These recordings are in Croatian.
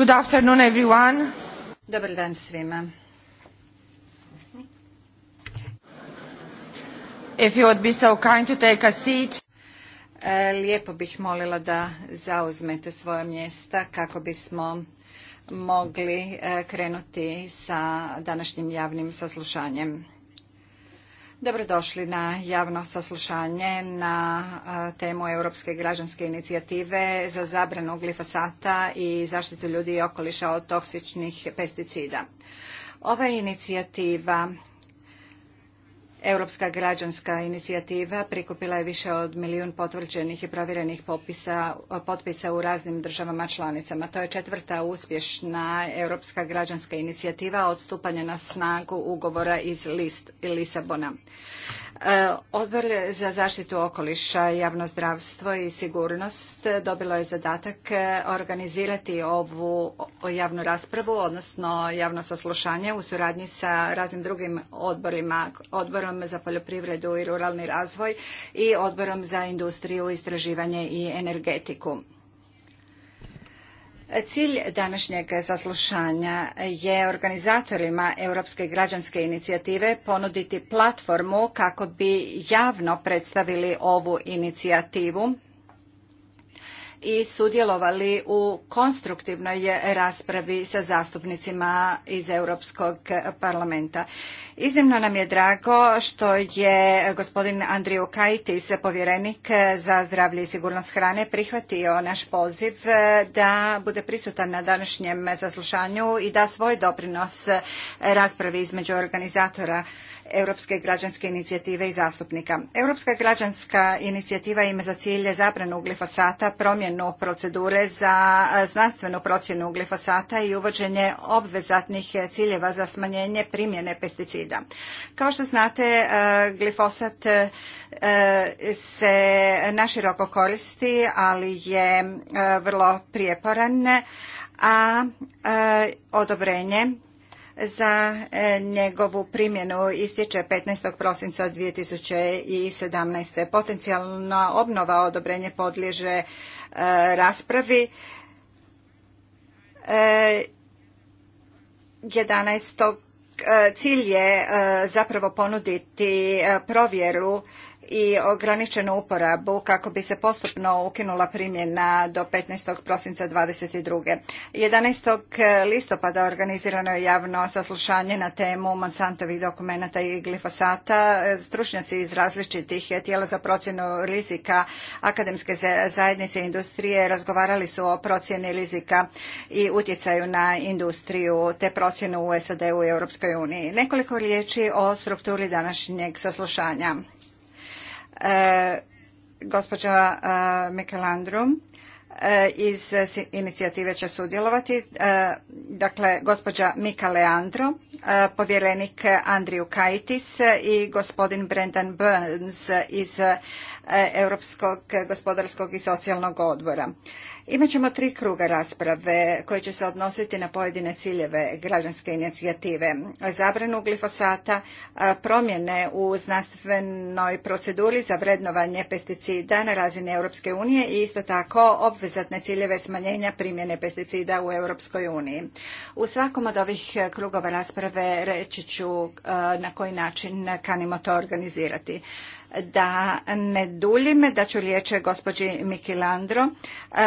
Good afternoon everyone. Dobar dan svima. Lijepo bih molila da zauzmete svoje mjesta kako bismo mogli e, krenuti sa današnjim javnim saslušanjem. Dobrodošli na javno saslušanje na temu Europske građanske inicijative za zabranu glifosata i zaštitu ljudi i okoliša od toksičnih pesticida. Ova inicijativa Europska građanska inicijativa prikupila je više od milijun potvrđenih i provjerenih popisa, potpisa u raznim državama članicama. To je četvrta uspješna Europska građanska inicijativa od stupanja na snagu ugovora iz List, Lisabona. E, Odbor za zaštitu okoliša, javno zdravstvo i sigurnost dobilo je zadatak e, organizirati ovu javnu raspravu, odnosno javno saslušanje u suradnji sa raznim drugim odborima, odborom odborom za poljoprivredu i ruralni razvoj i odborom za industriju, istraživanje i energetiku. Cilj današnjeg saslušanja je organizatorima Europske građanske inicijative ponuditi platformu kako bi javno predstavili ovu inicijativu i sudjelovali u konstruktivnoj raspravi sa zastupnicima iz Europskog parlamenta. Iznimno nam je drago što je gospodin Andriju Kajtis, povjerenik za zdravlje i sigurnost hrane, prihvatio naš poziv da bude prisutan na današnjem saslušanju i da svoj doprinos raspravi između organizatora Europske građanske inicijative i zastupnika. Europska građanska inicijativa ima za cilje zabranu glifosata, promjenu procedure za znanstvenu procjenu glifosata i uvođenje obvezatnih ciljeva za smanjenje primjene pesticida. Kao što znate, e, glifosat e, se naširoko koristi, ali je e, vrlo prijeporan, a odobrenje za e, njegovu primjenu istječe 15. prosinca 2017. Potencijalna obnova odobrenje podliježe e, raspravi 11. E, cilj je zapravo ponuditi provjeru i ograničenu uporabu kako bi se postupno ukinula primjena do 15. prosinca 22. 11. listopada organizirano je javno saslušanje na temu Monsantovih dokumenata i glifosata. Stručnjaci iz različitih tijela za procjenu rizika akademske zajednice i industrije razgovarali su o procjeni rizika i utjecaju na industriju te procjenu u SAD-u i Europskoj uniji. Nekoliko riječi o strukturi današnjeg saslušanja. E, gospođa e, Mikelandro e, iz inicijative će sudjelovati. Dakle, gospođa Mika Leandro, povjerenik Andriju Kajtis i gospodin Brendan Burns iz Europskog gospodarskog i socijalnog odbora ćemo tri kruga rasprave koje će se odnositi na pojedine ciljeve građanske inicijative. Zabranu glifosata, promjene u znanstvenoj proceduri za vrednovanje pesticida na razini Europske unije i isto tako obvezatne ciljeve smanjenja primjene pesticida u Europskoj uniji. U svakom od ovih krugova rasprave reći ću na koji način kanimo to organizirati. Da ne duljim, da ću riječ gospođi Mikilandro,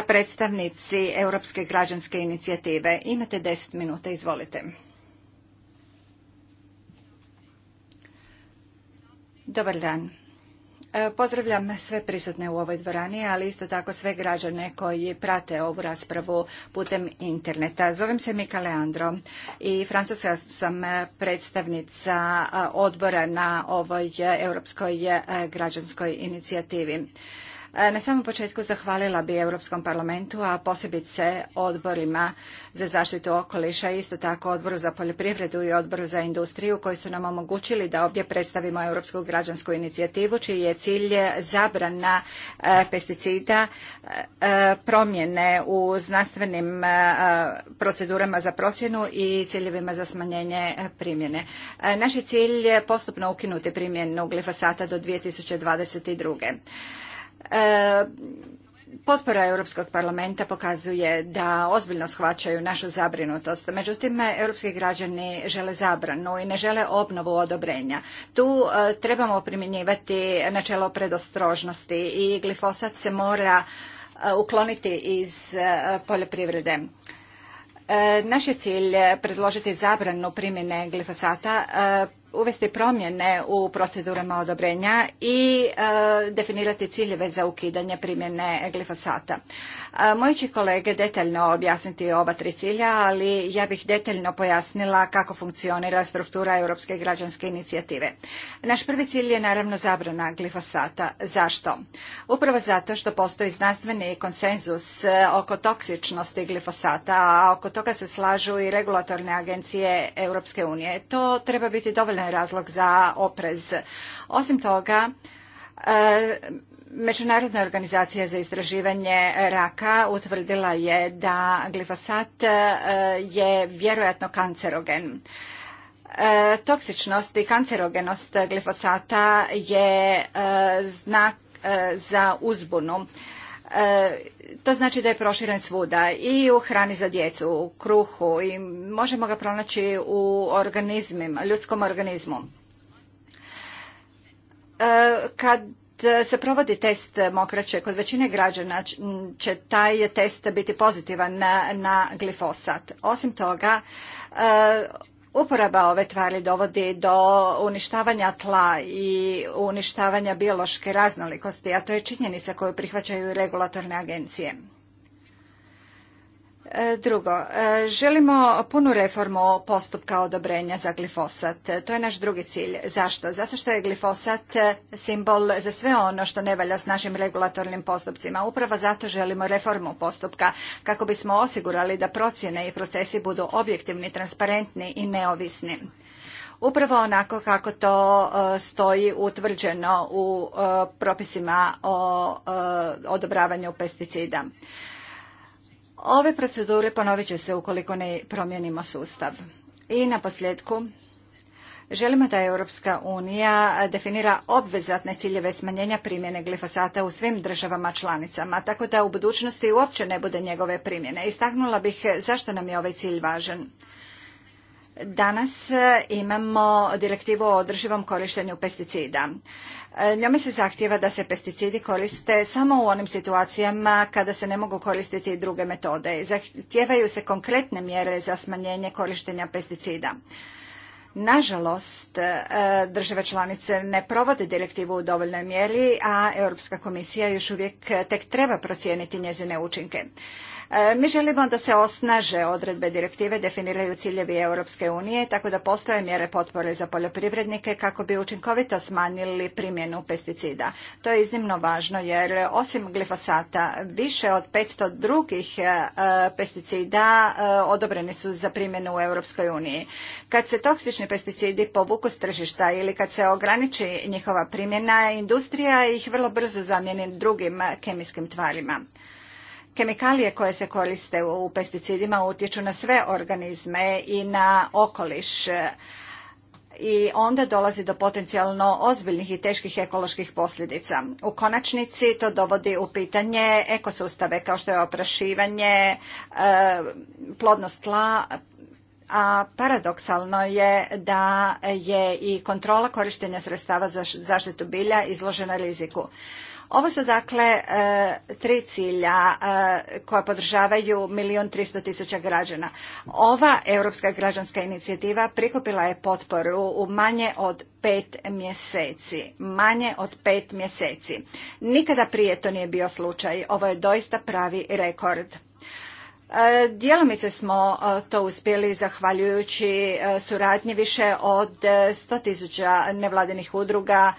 predstavnici Europske građanske inicijative. Imate deset minuta, izvolite. Dobar dan. E, pozdravljam sve prisutne u ovoj dvorani, ali isto tako sve građane koji prate ovu raspravu putem interneta. Zovem se Mika Leandro i francuska sam predstavnica e, odbora na ovoj e, Europskoj građanskoj inicijativi. E, na samom početku zahvalila bi Europskom parlamentu, a posebice odborima za zaštitu okoliša, isto tako odboru za poljoprivredu i odboru za industriju koji su nam omogućili da ovdje predstavimo Europsku građansku inicijativu čiji je cilj zabrana e, pesticida, e, promjene u znanstvenim procedurama za procjenu i ciljevima za smanjenje primjene. Naš je postupno ukinuti primjenu glifosata do 2022. E, potpora Europskog parlamenta pokazuje da ozbiljno shvaćaju našu zabrinutost. Međutim, europski građani žele zabranu i ne žele obnovu odobrenja. Tu e, trebamo primjenjivati načelo predostrožnosti i glifosat se mora e, ukloniti iz poljoprivrede. Naš je cilj predložiti zabranu primjene glifosata uvesti promjene u procedurama odobrenja i e, definirati ciljeve za ukidanje primjene glifosata. E, moji će kolege detaljno objasniti ova tri cilja, ali ja bih detaljno pojasnila kako funkcionira struktura Europske građanske inicijative. Naš prvi cilj je naravno zabrana glifosata. Zašto? Upravo zato što postoji znanstveni konsenzus oko toksičnosti glifosata, a oko toga se slažu i regulatorne agencije Europske unije. To treba biti dovoljno razlog za oprez. Osim toga, e, Međunarodna organizacija za istraživanje raka utvrdila je da glifosat e, je vjerojatno kancerogen. E, toksičnost i kancerogenost glifosata je znak za uzbunu E, to znači da je proširen svuda i u hrani za djecu, u kruhu i možemo ga pronaći u organizmima, ljudskom organizmu. E, kad se provodi test mokraće, kod većine građana će taj test biti pozitivan na glifosat. Osim toga, e, Uporaba ove tvari dovodi do uništavanja tla i uništavanja biološke raznolikosti, a to je činjenica koju prihvaćaju regulatorne agencije. E, drugo, e, želimo punu reformu postupka odobrenja za glifosat. E, to je naš drugi cilj. Zašto? Zato što je glifosat simbol za sve ono što ne valja s našim regulatornim postupcima. Upravo zato želimo reformu postupka kako bismo osigurali da procjene i procesi budu objektivni, transparentni i neovisni. Upravo onako kako to stoji utvrđeno u propisima o odobravanju pesticida. Ove procedure ponovit će se ukoliko ne promijenimo sustav. I na posljedku, Želimo da Europska unija definira obvezatne ciljeve smanjenja primjene glifosata u svim državama članicama, tako da u budućnosti uopće ne bude njegove primjene. Istaknula bih zašto nam je ovaj cilj važan. Danas e, imamo direktivu o održivom korištenju pesticida. E, njome se zahtjeva da se pesticidi koriste samo u onim situacijama kada se ne mogu koristiti druge metode. Zahtijevaju se konkretne mjere za smanjenje korištenja pesticida. Nažalost, e, države članice ne provode direktivu u dovoljnoj mjeri, a Europska komisija još uvijek tek treba procijeniti njezine učinke. E, mi želimo da se osnaže odredbe direktive, definiraju ciljevi Europske unije, tako da postoje mjere potpore za poljoprivrednike kako bi učinkovito smanjili primjenu pesticida. To je iznimno važno jer osim glifosata više od 500 drugih e, pesticida e, odobreni su za primjenu u Europskoj uniji. Kad se toksični pesticidi povuku s tržišta ili kad se ograniči njihova primjena, industrija ih vrlo brzo zamijeni drugim kemijskim tvarima. Kemikalije koje se koriste u pesticidima utječu na sve organizme i na okoliš i onda dolazi do potencijalno ozbiljnih i teških ekoloških posljedica. U konačnici to dovodi u pitanje ekosustave kao što je oprašivanje, e, plodnost tla, a paradoksalno je da je i kontrola korištenja sredstava za zaštitu bilja izložena riziku. Ovo su dakle e, tri cilja e, koja podržavaju milijun tristo tisuća građana. Ova Europska građanska inicijativa prikupila je potporu u manje od pet mjeseci. Manje od pet mjeseci. Nikada prije to nije bio slučaj. Ovo je doista pravi rekord. E, djelomice smo to uspjeli zahvaljujući suradnji više od sto tisuća nevladinih udruga,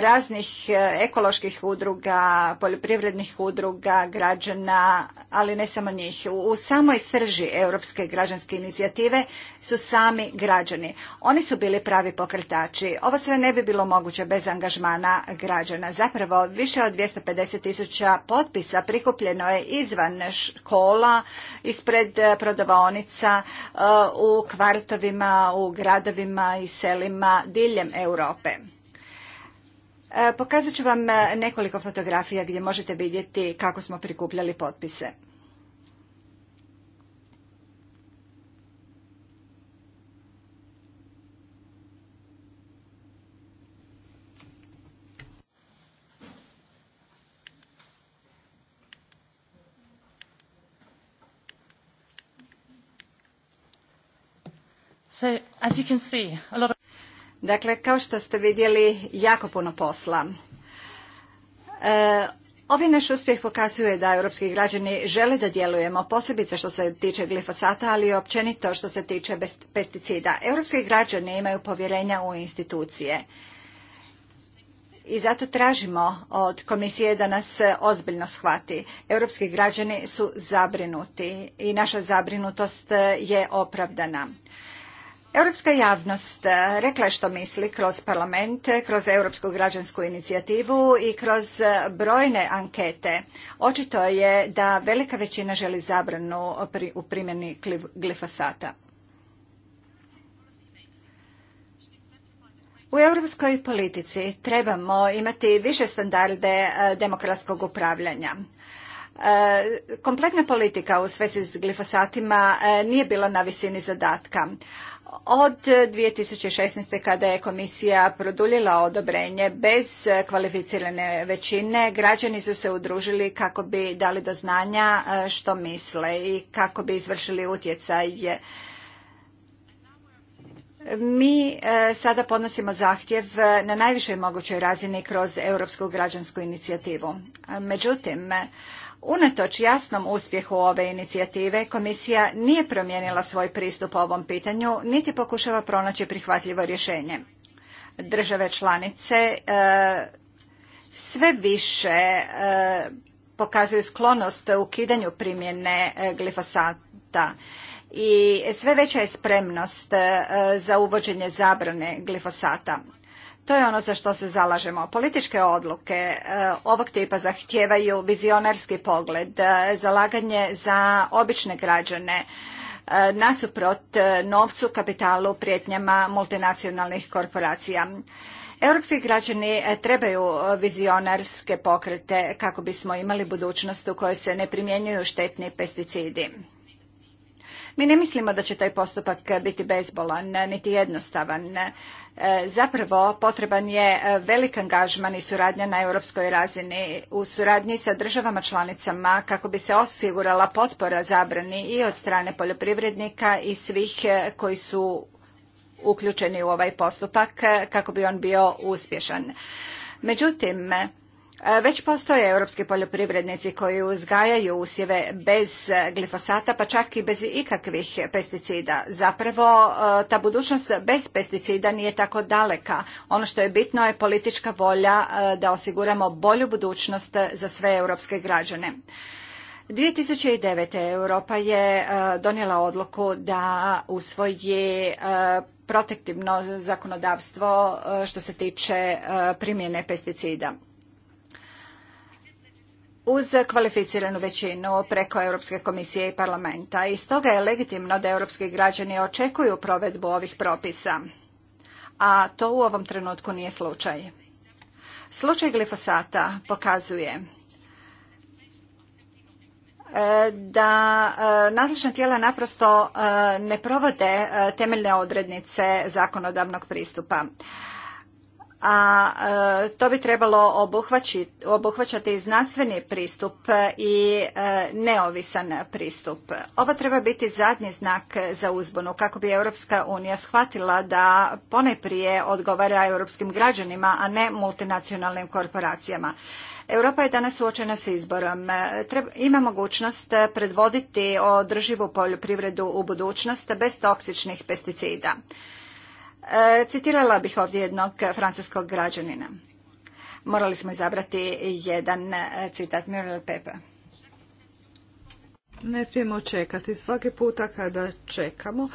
raznih e, ekoloških udruga, poljoprivrednih udruga, građana, ali ne samo njih. U samoj srži Europske građanske inicijative su sami građani. Oni su bili pravi pokretači. Ovo sve ne bi bilo moguće bez angažmana građana. Zapravo više od 250 tisuća potpisa prikupljeno je izvan škola, ispred e, prodavaonica, e, u kvartovima, u gradovima i selima diljem Europe. E, pokazat ću vam e, nekoliko fotografija gdje možete vidjeti kako smo prikupljali potpise. So, as Dakle, kao što ste vidjeli, jako puno posla. E, Ovaj naš uspjeh pokazuje da europski građani žele da djelujemo, posebice što se tiče glifosata, ali i općenito što se tiče pesticida. Europski građani imaju povjerenja u institucije i zato tražimo od komisije da nas ozbiljno shvati. Europski građani su zabrinuti i naša zabrinutost je opravdana. Europska javnost eh, rekla je što misli kroz parlament, kroz Europsku građansku inicijativu i kroz eh, brojne ankete. Očito je da velika većina želi zabranu u primjeni glifosata. U europskoj politici trebamo imati više standarde eh, demokratskog upravljanja. Kompletna politika u svezi s glifosatima nije bila na visini zadatka. Od 2016. kada je komisija produljila odobrenje bez kvalificirane većine, građani su se udružili kako bi dali do znanja e, što misle i kako bi izvršili utjecaj. Mi e, sada podnosimo zahtjev e, na najvišoj mogućoj razini kroz Europsku građansku inicijativu. Međutim, Unatoč jasnom uspjehu ove inicijative, komisija nije promijenila svoj pristup ovom pitanju, niti pokušava pronaći prihvatljivo rješenje. Države članice e, sve više e, pokazuju sklonost ukidanju primjene e, glifosata i sve veća je spremnost za uvođenje zabrane glifosata. To je ono za što se zalažemo. Političke odluke e, ovog tipa zahtijevaju vizionarski pogled, e, zalaganje za obične građane, e, nasuprot novcu, kapitalu, prijetnjama multinacionalnih korporacija. Europski građani trebaju vizionarske pokrete kako bismo imali budućnost u kojoj se ne primjenjuju štetni pesticidi. Mi ne mislimo da će taj postupak biti bezbolan, niti jednostavan. E, zapravo potreban je e, velik angažman i suradnja na europskoj razini u suradnji sa državama članicama kako bi se osigurala potpora zabrani i od strane poljoprivrednika i svih e, koji su uključeni u ovaj postupak kako bi on bio uspješan. Međutim, E, već postoje europski poljoprivrednici koji uzgajaju usjeve bez e, glifosata, pa čak i bez ikakvih pesticida. Zapravo, e, ta budućnost bez pesticida nije tako daleka. Ono što je bitno je politička volja da osiguramo bolju budućnost za sve europske građane. 2009. Europa je donijela odluku da usvoji protektivno zakonodavstvo što se tiče primjene pesticida uz kvalificiranu većinu preko Europske komisije i parlamenta. I stoga je legitimno da europski građani očekuju provedbu ovih propisa. A to u ovom trenutku nije slučaj. Slučaj glifosata pokazuje e, da e, nadležna tijela naprosto e, ne provode temeljne odrednice zakonodavnog pristupa a e, to bi trebalo obuhvaćati i znanstveni pristup i e, neovisan pristup. Ovo treba biti zadnji znak za uzbunu kako bi Europska unija shvatila da poneprije odgovara europskim građanima, a ne multinacionalnim korporacijama. Europa je danas suočena s izborom. E, ima mogućnost predvoditi održivu poljoprivredu u budućnost bez toksičnih pesticida. E, citirala bih ovdje jednog francuskog građanina. Morali smo izabrati jedan e, citat Muriel Pepe. Ne smijemo čekati. Svaki puta kada čekamo,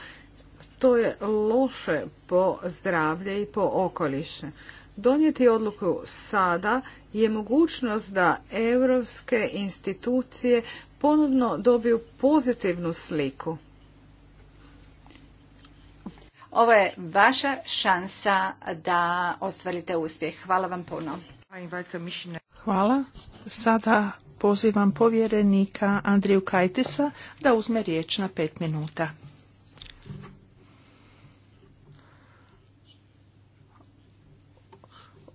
to je loše po zdravlje i po okoliše. Donijeti odluku sada je mogućnost da europske institucije ponovno dobiju pozitivnu sliku. Ovo je vaša šansa da ostvarite uspjeh. Hvala vam puno. Hvala. Sada pozivam povjerenika Andriju Kajtisa da uzme riječ na pet minuta.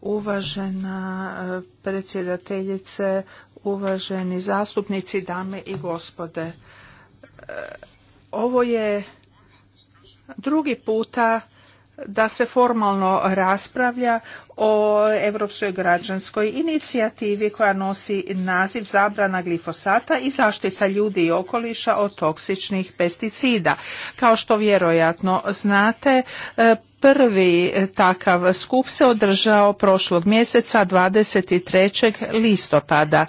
Uvažena eh, predsjedateljice, uvaženi zastupnici, dame i gospode. Eh, ovo je drugi puta da se formalno raspravlja o Europskoj građanskoj inicijativi koja nosi naziv zabrana glifosata i zaštita ljudi i okoliša od toksičnih pesticida. Kao što vjerojatno znate, e, prvi takav skup se održao prošlog mjeseca 23. listopada.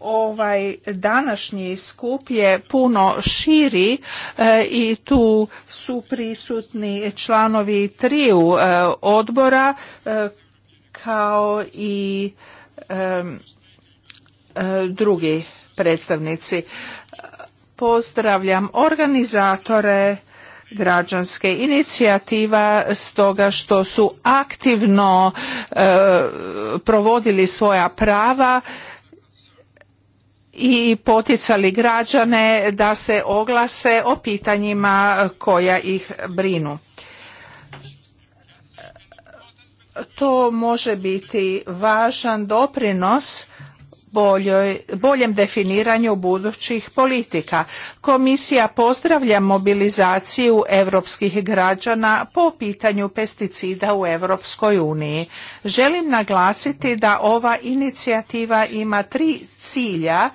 ovaj današnji skup je puno širi e, i tu su prisutni članovi triju e, odbora e, kao i drugi predstavnici. Pozdravljam organizatore građanske inicijativa stoga što su aktivno provodili svoja prava i poticali građane da se oglase o pitanjima koja ih brinu. To može biti važan doprinos boljem definiranju budućih politika. Komisija pozdravlja mobilizaciju europskih građana po pitanju pesticida u Europskoj uniji. Želim naglasiti da ova inicijativa ima tri cilja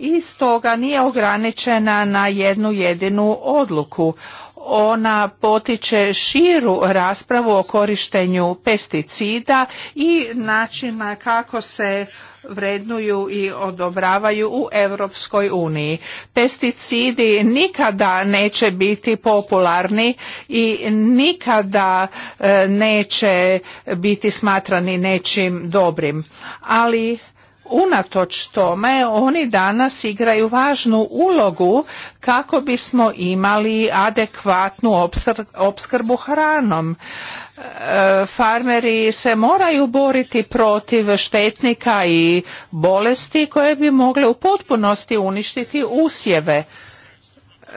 i stoga nije ograničena na jednu jedinu odluku. Ona potiče širu raspravu o korištenju pesticida i načina kako se vrednuju i odobravaju u Europskoj uniji. Pesticidi nikada neće biti popularni i nikada e, neće biti smatrani nečim dobrim, ali Unatoč tome oni danas igraju važnu ulogu kako bismo imali adekvatnu opskrbu hranom. E, farmeri se moraju boriti protiv štetnika i bolesti koje bi mogle u potpunosti uništiti usjeve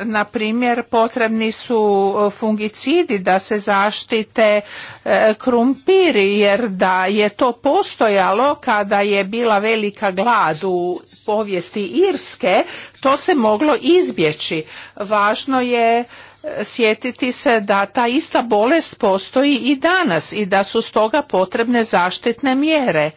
na primjer potrebni su e, fungicidi da se zaštite e, krumpiri jer da je to postojalo kada je bila velika glad u povijesti Irske to se moglo izbjeći. Važno je e, sjetiti se da ta ista bolest postoji i danas i da su stoga potrebne zaštitne mjere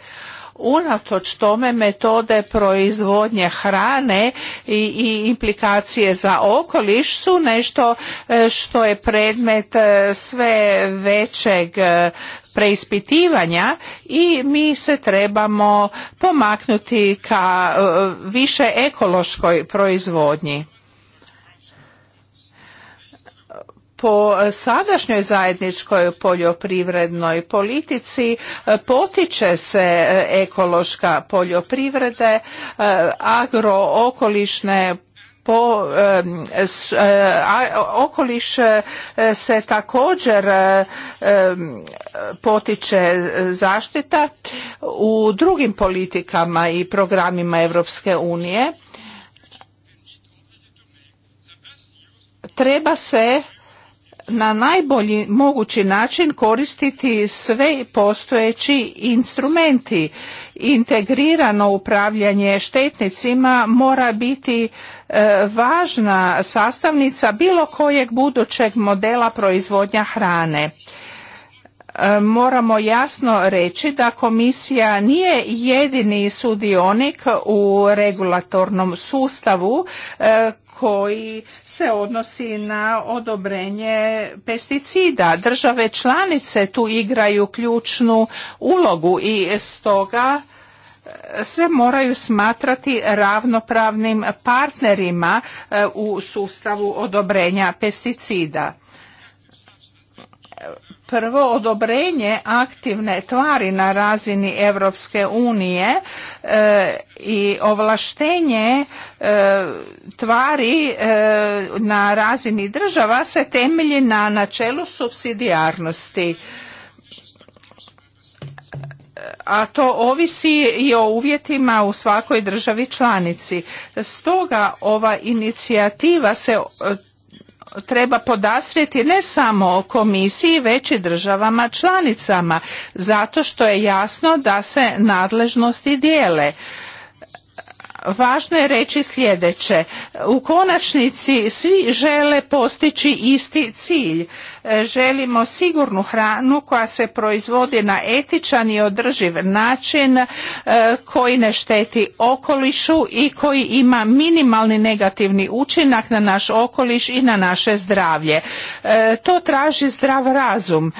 Unatoč tome metode proizvodnje hrane i, i implikacije za okoliš su nešto e, što je predmet e, sve većeg e, preispitivanja i mi se trebamo pomaknuti ka više ekološkoj proizvodnji. po eh, sadašnjoj zajedničkoj poljoprivrednoj politici eh, potiče se eh, ekološka poljoprivrede, agrookolišne okoliš se također potiče zaštita u drugim politikama i programima Europske unije treba se na najbolji mogući način koristiti sve postojeći instrumenti. Integrirano upravljanje štetnicima mora biti e, važna sastavnica bilo kojeg budućeg modela proizvodnja hrane moramo jasno reći da komisija nije jedini sudionik u regulatornom sustavu e, koji se odnosi na odobrenje pesticida. Države članice tu igraju ključnu ulogu i stoga e, se moraju smatrati ravnopravnim partnerima e, u sustavu odobrenja pesticida prvo odobrenje aktivne tvari na razini Europske unije e, i ovlaštenje e, tvari e, na razini država se temelji na načelu subsidijarnosti a to ovisi i o uvjetima u svakoj državi članici. Stoga ova inicijativa se treba podastrijeti ne samo komisiji već i državama članicama zato što je jasno da se nadležnosti dijele važno je reći sljedeće. U konačnici svi žele postići isti cilj. E, želimo sigurnu hranu koja se proizvodi na etičan i održiv način e, koji ne šteti okolišu i koji ima minimalni negativni učinak na naš okoliš i na naše zdravlje. E, to traži zdrav razum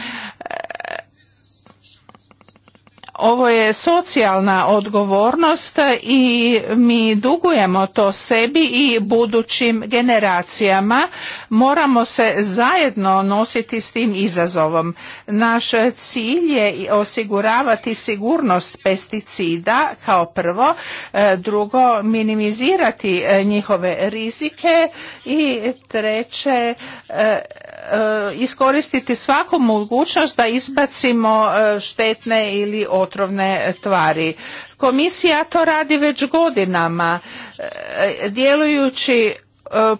ovo je socijalna odgovornost i mi dugujemo to sebi i budućim generacijama. Moramo se zajedno nositi s tim izazovom. Naš cilj je osiguravati sigurnost pesticida kao prvo, e, drugo minimizirati e, njihove rizike i treće e, E, iskoristiti svaku mogućnost da izbacimo e, štetne ili otrovne tvari. Komisija to radi već godinama, e, djelujući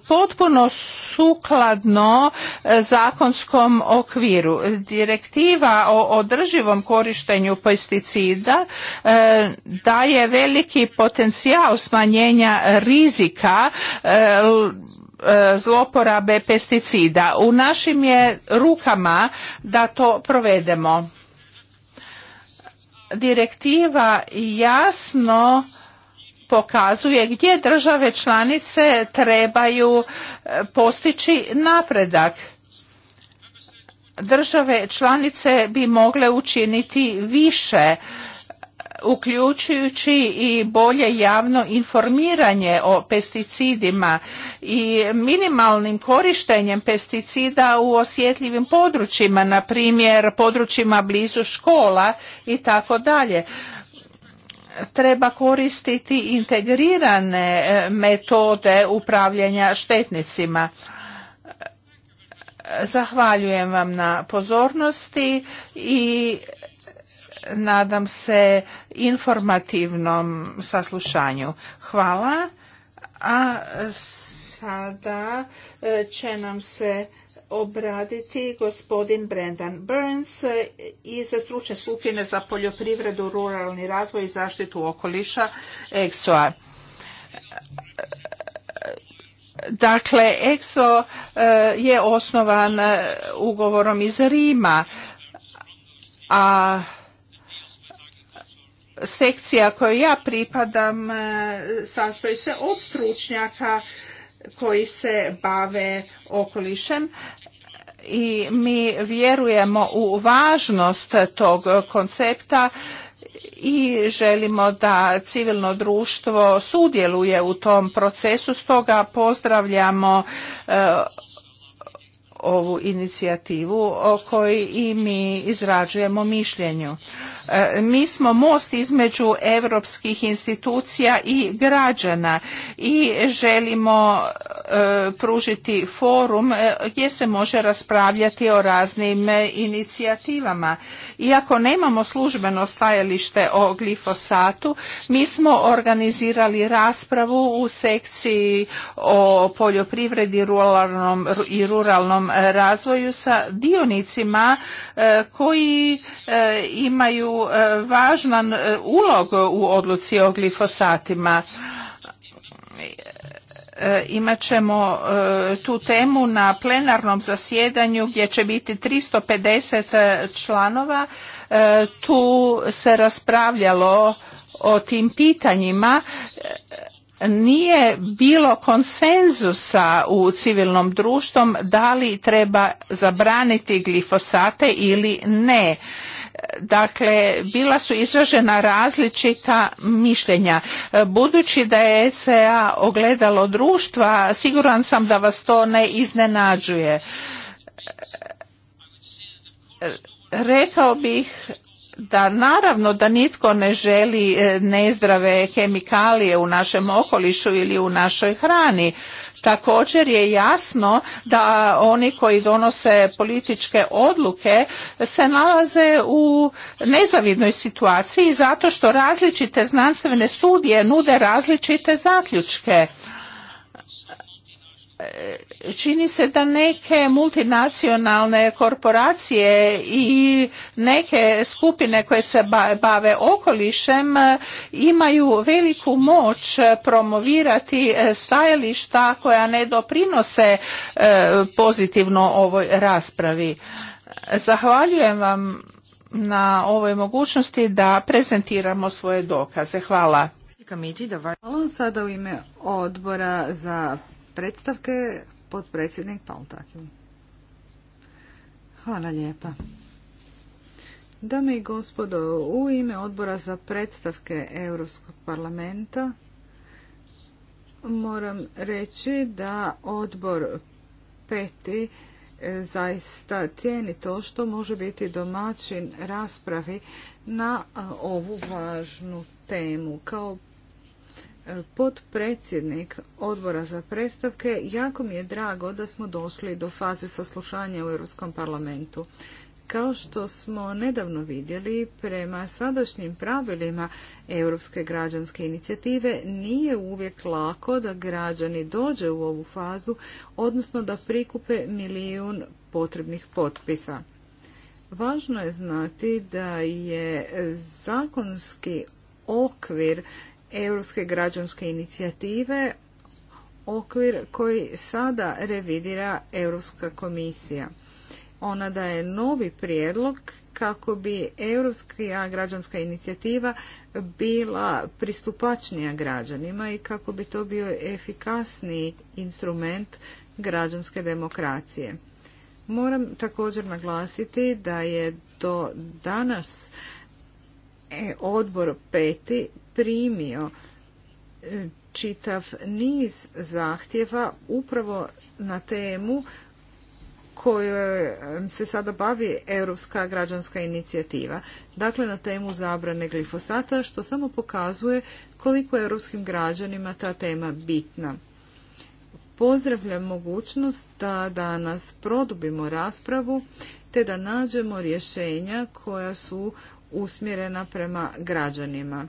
potpuno sukladno zakonskom okviru. Direktiva o održivom korištenju pesticida daje veliki potencijal smanjenja rizika E, zloporabe pesticida. U našim je rukama da to provedemo. Direktiva jasno pokazuje gdje države članice trebaju e, postići napredak. Države članice bi mogle učiniti više uključujući i bolje javno informiranje o pesticidima i minimalnim korištenjem pesticida u osjetljivim područjima, na primjer područjima blizu škola i tako dalje treba koristiti integrirane e, metode upravljanja štetnicima. Zahvaljujem vam na pozornosti i nadam se, informativnom saslušanju. Hvala. A sada e, će nam se obraditi gospodin Brendan Burns iz stručne skupine za poljoprivredu, ruralni razvoj i zaštitu okoliša EXO-a. Dakle, EXO e, je osnovan e, ugovorom iz Rima, a sekcija kojoj ja pripadam e, sastoji se od stručnjaka koji se bave okolišem i mi vjerujemo u važnost tog koncepta i želimo da civilno društvo sudjeluje u tom procesu stoga pozdravljamo e, ovu inicijativu o kojoj i mi izrađujemo mišljenju E, mi smo most između europskih institucija i građana i želimo e, pružiti forum e, gdje se može raspravljati o raznim inicijativama. Iako nemamo službeno stajalište o glifosatu, mi smo organizirali raspravu u sekciji o poljoprivredi ruralnom i ruralnom razvoju sa dionicima koji imaju E, važan e, ulog u odluci o glifosatima e, Imaćemo tu temu na plenarnom zasjedanju gdje će biti 350 članova. Tu se raspravljalo o tim pitanjima nije bilo konsenzusa u civilnom društvom da li treba zabraniti glifosate ili ne. Dakle, bila su izražena različita mišljenja. Budući da je ECA ogledalo društva, siguran sam da vas to ne iznenađuje. Rekao bih da naravno da nitko ne želi e, nezdrave kemikalije u našem okolišu ili u našoj hrani. Također je jasno da oni koji donose političke odluke se nalaze u nezavidnoj situaciji zato što različite znanstvene studije nude različite zaključke čini se da neke multinacionalne korporacije i neke skupine koje se bave okolišem e, imaju veliku moć promovirati e, stajališta koja ne doprinose e, pozitivno ovoj raspravi. Zahvaljujem vam na ovoj mogućnosti da prezentiramo svoje dokaze. Hvala. Hvala sada u ime odbora za predstavke potpredsjednik Hvala lijepa. Dame i gospodo, u ime odbora za predstavke Europskog parlamenta moram reći da odbor peti e, zaista cijeni to što može biti domaćin raspravi na ovu važnu temu. Kao potpredsjednik odbora za predstavke, jako mi je drago da smo došli do faze saslušanja u Europskom parlamentu. Kao što smo nedavno vidjeli, prema sadašnjim pravilima Europske građanske inicijative nije uvijek lako da građani dođe u ovu fazu, odnosno da prikupe milijun potrebnih potpisa. Važno je znati da je zakonski okvir Europske građanske inicijative, okvir koji sada revidira Europska komisija. Ona daje novi prijedlog kako bi Europska građanska inicijativa bila pristupačnija građanima i kako bi to bio efikasniji instrument građanske demokracije. Moram također naglasiti da je do danas E, odbor peti primio e, čitav niz zahtjeva upravo na temu kojom se sada bavi Europska građanska inicijativa. Dakle, na temu zabrane glifosata, što samo pokazuje koliko je europskim građanima ta tema bitna. Pozdravljam mogućnost da danas produbimo raspravu te da nađemo rješenja koja su usmjerena prema građanima.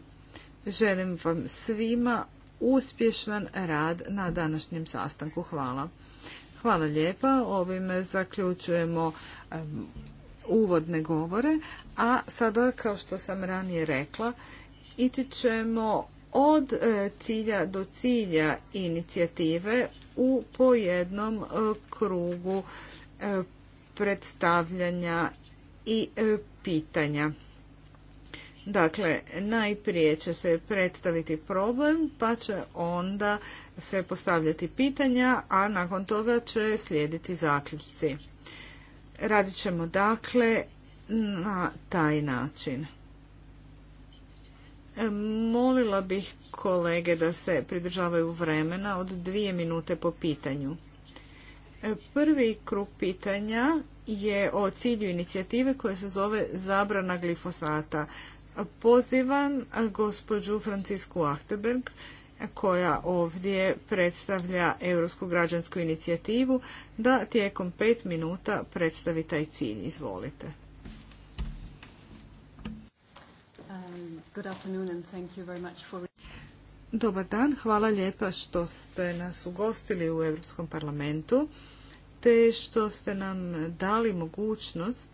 Želim vam svima uspješan rad na današnjem sastanku. Hvala. Hvala lijepa. Ovime zaključujemo uvodne govore, a sada kao što sam ranije rekla, iti ćemo od e, cilja do cilja inicijative u pojednom e, krugu e, predstavljanja i pitanja. Dakle, najprije će se predstaviti problem, pa će onda se postavljati pitanja, a nakon toga će slijediti zaključci. Radit ćemo dakle na taj način. Molila bih kolege da se pridržavaju vremena od dvije minute po pitanju. Prvi krug pitanja je o cilju inicijative koja se zove zabrana glifosata. Pozivam gospođu Francisku Achterberg koja ovdje predstavlja Europsku građansku inicijativu da tijekom pet minuta predstavi taj cilj. Izvolite. Dobar dan, hvala lijepa što ste nas ugostili u Europskom parlamentu te što ste nam dali mogućnost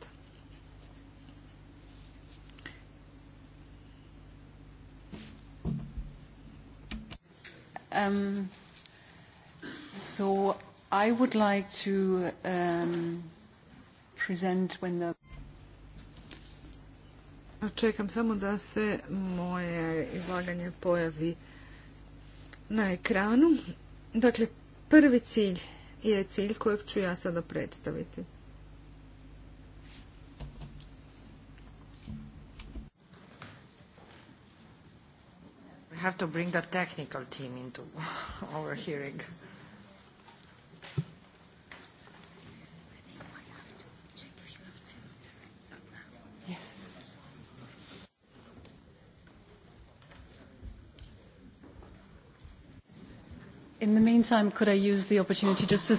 Um, so I would like to um, present when Čekam samo da se moje izlaganje pojavi na ekranu. Dakle, prvi cilj je cilj kojeg ću ja sada predstaviti. have to bring the technical team into our hearing. In the meantime, could I use the opportunity just to...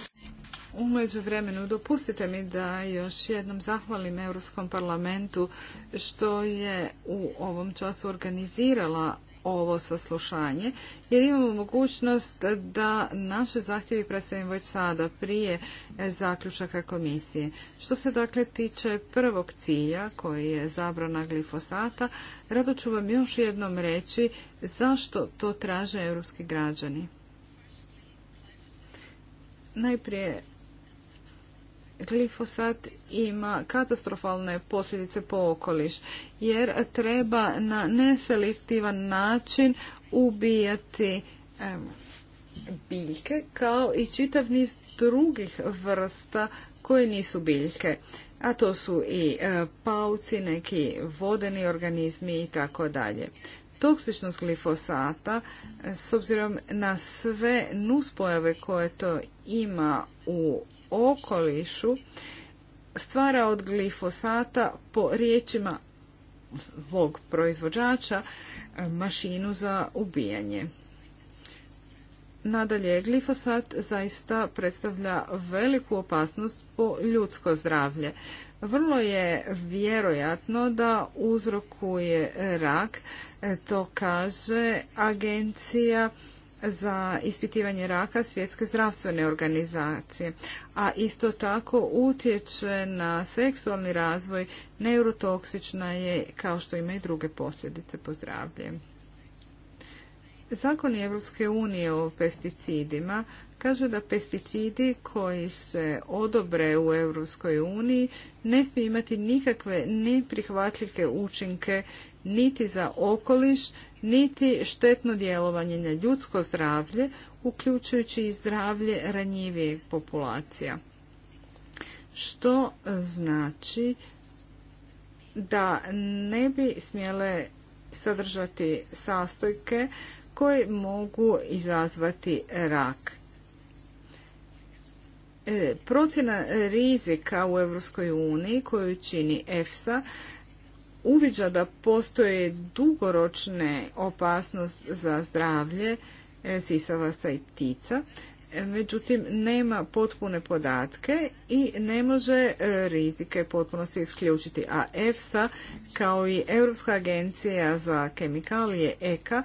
U međuvremenu dopustite mi da još jednom zahvalim Europskom parlamentu što je u ovom času organizirala ovo saslušanje jer imamo mogućnost da naše zahtjevi predstavimo već sada prije e, zaključaka komisije. Što se dakle tiče prvog cilja koji je zabrana glifosata, rado ću vam još jednom reći zašto to traže europski građani. Najprije glifosat ima katastrofalne posljedice po okoliš jer treba na neselektivan način ubijati biljke kao i čitav niz drugih vrsta koje nisu biljke a to su i e, pauci, neki vodeni organizmi i tako dalje. Toksičnost glifosata s obzirom na sve nuspojave koje to ima u okolišu stvara od glifosata po riječima svog proizvođača e, mašinu za ubijanje. Nadalje, glifosat zaista predstavlja veliku opasnost po ljudsko zdravlje. Vrlo je vjerojatno da uzrokuje rak, e, to kaže agencija za ispitivanje raka svjetske zdravstvene organizacije, a isto tako utječe na seksualni razvoj, neurotoksična je kao što ima i druge posljedice po zdravlje. Zakoni Europske unije o pesticidima kaže da pesticidi koji se odobre u Europskoj uniji ne smije imati nikakve neprihvatljive učinke niti za okoliš, niti štetno djelovanje na ljudsko zdravlje, uključujući i zdravlje ranjivijeg populacija. Što znači da ne bi smjele sadržati sastojke koje mogu izazvati rak. E, procjena rizika u EU koju čini EFSA uviđa da postoje dugoročne opasnost za zdravlje e, sisavaca i ptica, e, međutim nema potpune podatke i ne može e, rizike potpuno se isključiti. A EFSA kao i Europska agencija za kemikalije EKA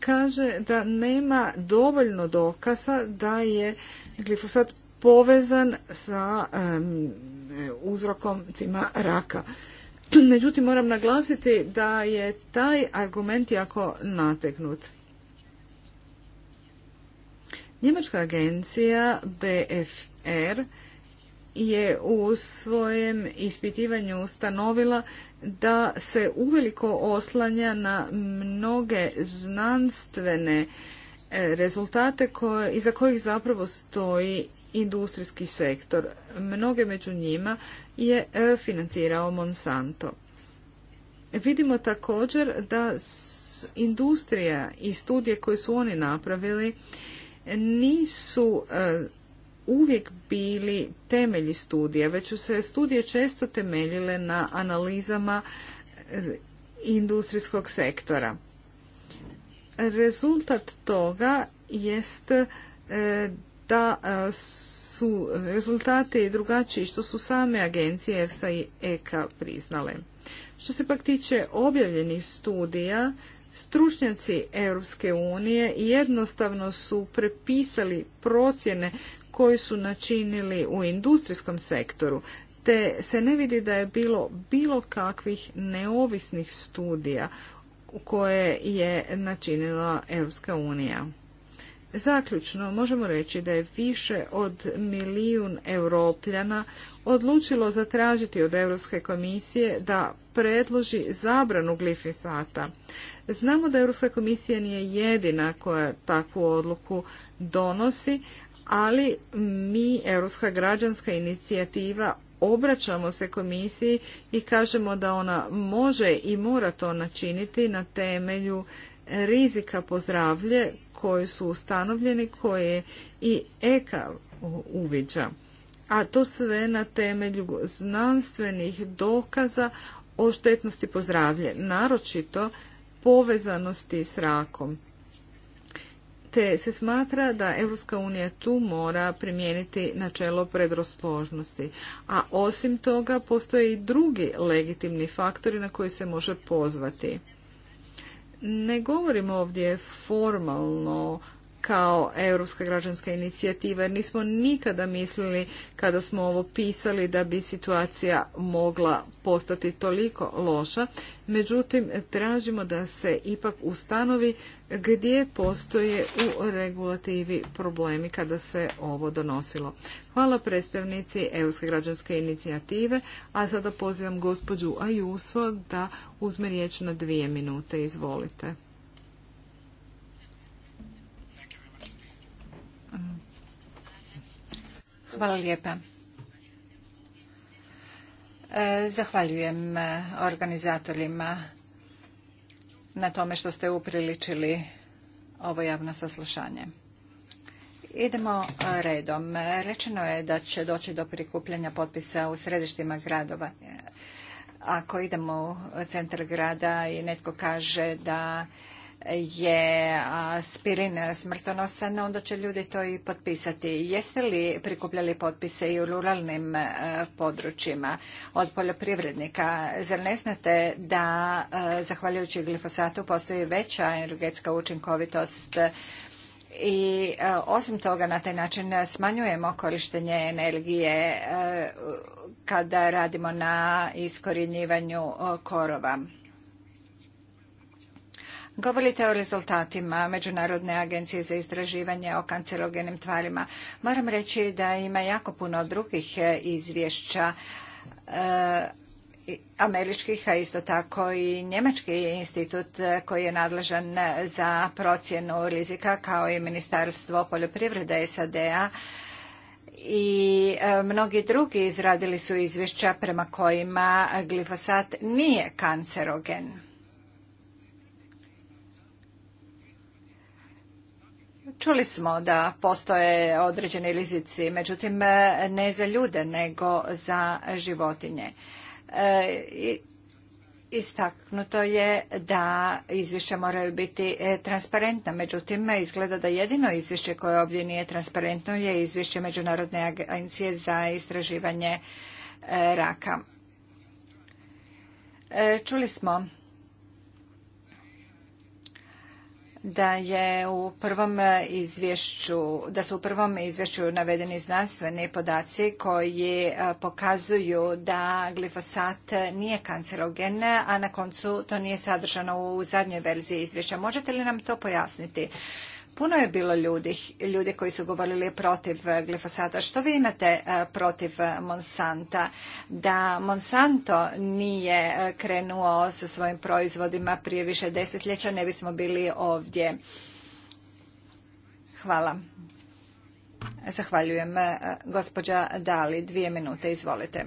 kaže da nema dovoljno dokaza da je glifosat povezan sa uzrokom cima raka. Međutim, moram naglasiti da je taj argument jako nategnut. Njemačka agencija BFR je u svojem ispitivanju ustanovila da se uveliko oslanja na mnoge znanstvene eh, rezultate iza kojih zapravo stoji industrijski sektor. Mnoge među njima je e, financirao Monsanto. Vidimo također da industrija i studije koje su oni napravili nisu e, uvijek bili temelji studija, već su se studije često temeljile na analizama e, industrijskog sektora. Rezultat toga jest da e, su rezultati drugačiji što su same agencije EFSA i EKA priznale. Što se pak tiče objavljenih studija, stručnjaci Europske unije jednostavno su prepisali procjene koje su načinili u industrijskom sektoru, te se ne vidi da je bilo bilo kakvih neovisnih studija koje je načinila Europska unija. Zaključno, možemo reći da je više od milijun europljana odlučilo zatražiti od Europske komisije da predloži zabranu glifisata. Znamo da Europska komisija nije jedina koja takvu odluku donosi, ali mi, Europska građanska inicijativa, obraćamo se komisiji i kažemo da ona može i mora to načiniti na temelju rizika po zdravlje koji su ustanovljeni, koje i EKA uviđa. A to sve na temelju znanstvenih dokaza o štetnosti pozdravlje, naročito povezanosti s rakom. Te se smatra da Europska unija tu mora primijeniti načelo predrosložnosti, a osim toga postoje i drugi legitimni faktori na koji se može pozvati ne govorimo ovdje formalno kao Europska građanska inicijativa jer nismo nikada mislili kada smo ovo pisali da bi situacija mogla postati toliko loša. Međutim, tražimo da se ipak ustanovi gdje postoje u regulativi problemi kada se ovo donosilo. Hvala predstavnici Europske građanske inicijative, a sada pozivam gospođu Ajuso da uzme riječ na dvije minute. Izvolite. Hvala lijepa. E, zahvaljujem e, organizatorima na tome što ste upriličili ovo javno saslušanje. Idemo e, redom. Rečeno je da će doći do prikupljanja potpisa u središtima gradova. Ako idemo u centar grada i netko kaže da je aspirin smrtonosan, onda će ljudi to i potpisati. Jeste li prikupljali potpise i u ruralnim e, područjima od poljoprivrednika? Zar ne znate da e, zahvaljujući glifosatu postoji veća energetska učinkovitost i e, osim toga na taj način smanjujemo korištenje energije kada radimo na iskorjenjivanju korova. Govorite o rezultatima Međunarodne agencije za istraživanje o kancerogenim tvarima. Moram reći da ima jako puno drugih e, izvješća e, američkih, a isto tako i njemački institut e, koji je nadležan za procjenu rizika kao i Ministarstvo poljoprivrede SAD-a i mnogi drugi izradili su izvješća prema kojima glifosat nije kancerogen. Čuli smo da postoje određeni rizici, međutim ne za ljude nego za životinje. E, istaknuto je da izvješća moraju biti e, transparentna, međutim izgleda da jedino izvješće koje ovdje nije transparentno je izvješće Međunarodne agencije za istraživanje e, raka. Čuli smo da je u prvom izvješću, da su u prvom izvješću navedeni znanstveni podaci koji e, pokazuju da glifosat nije kancerogen, a na koncu to nije sadržano u zadnjoj verziji izvješća. Možete li nam to pojasniti? Puno je bilo ljudi, ljudi koji su govorili protiv eh, glifosata. Što vi imate eh, protiv eh, Monsanta? Da Monsanto nije krenuo sa svojim proizvodima prije više desetljeća, ne bismo bili ovdje. Hvala. Zahvaljujem. Gospođa Dali, dvije minute, izvolite.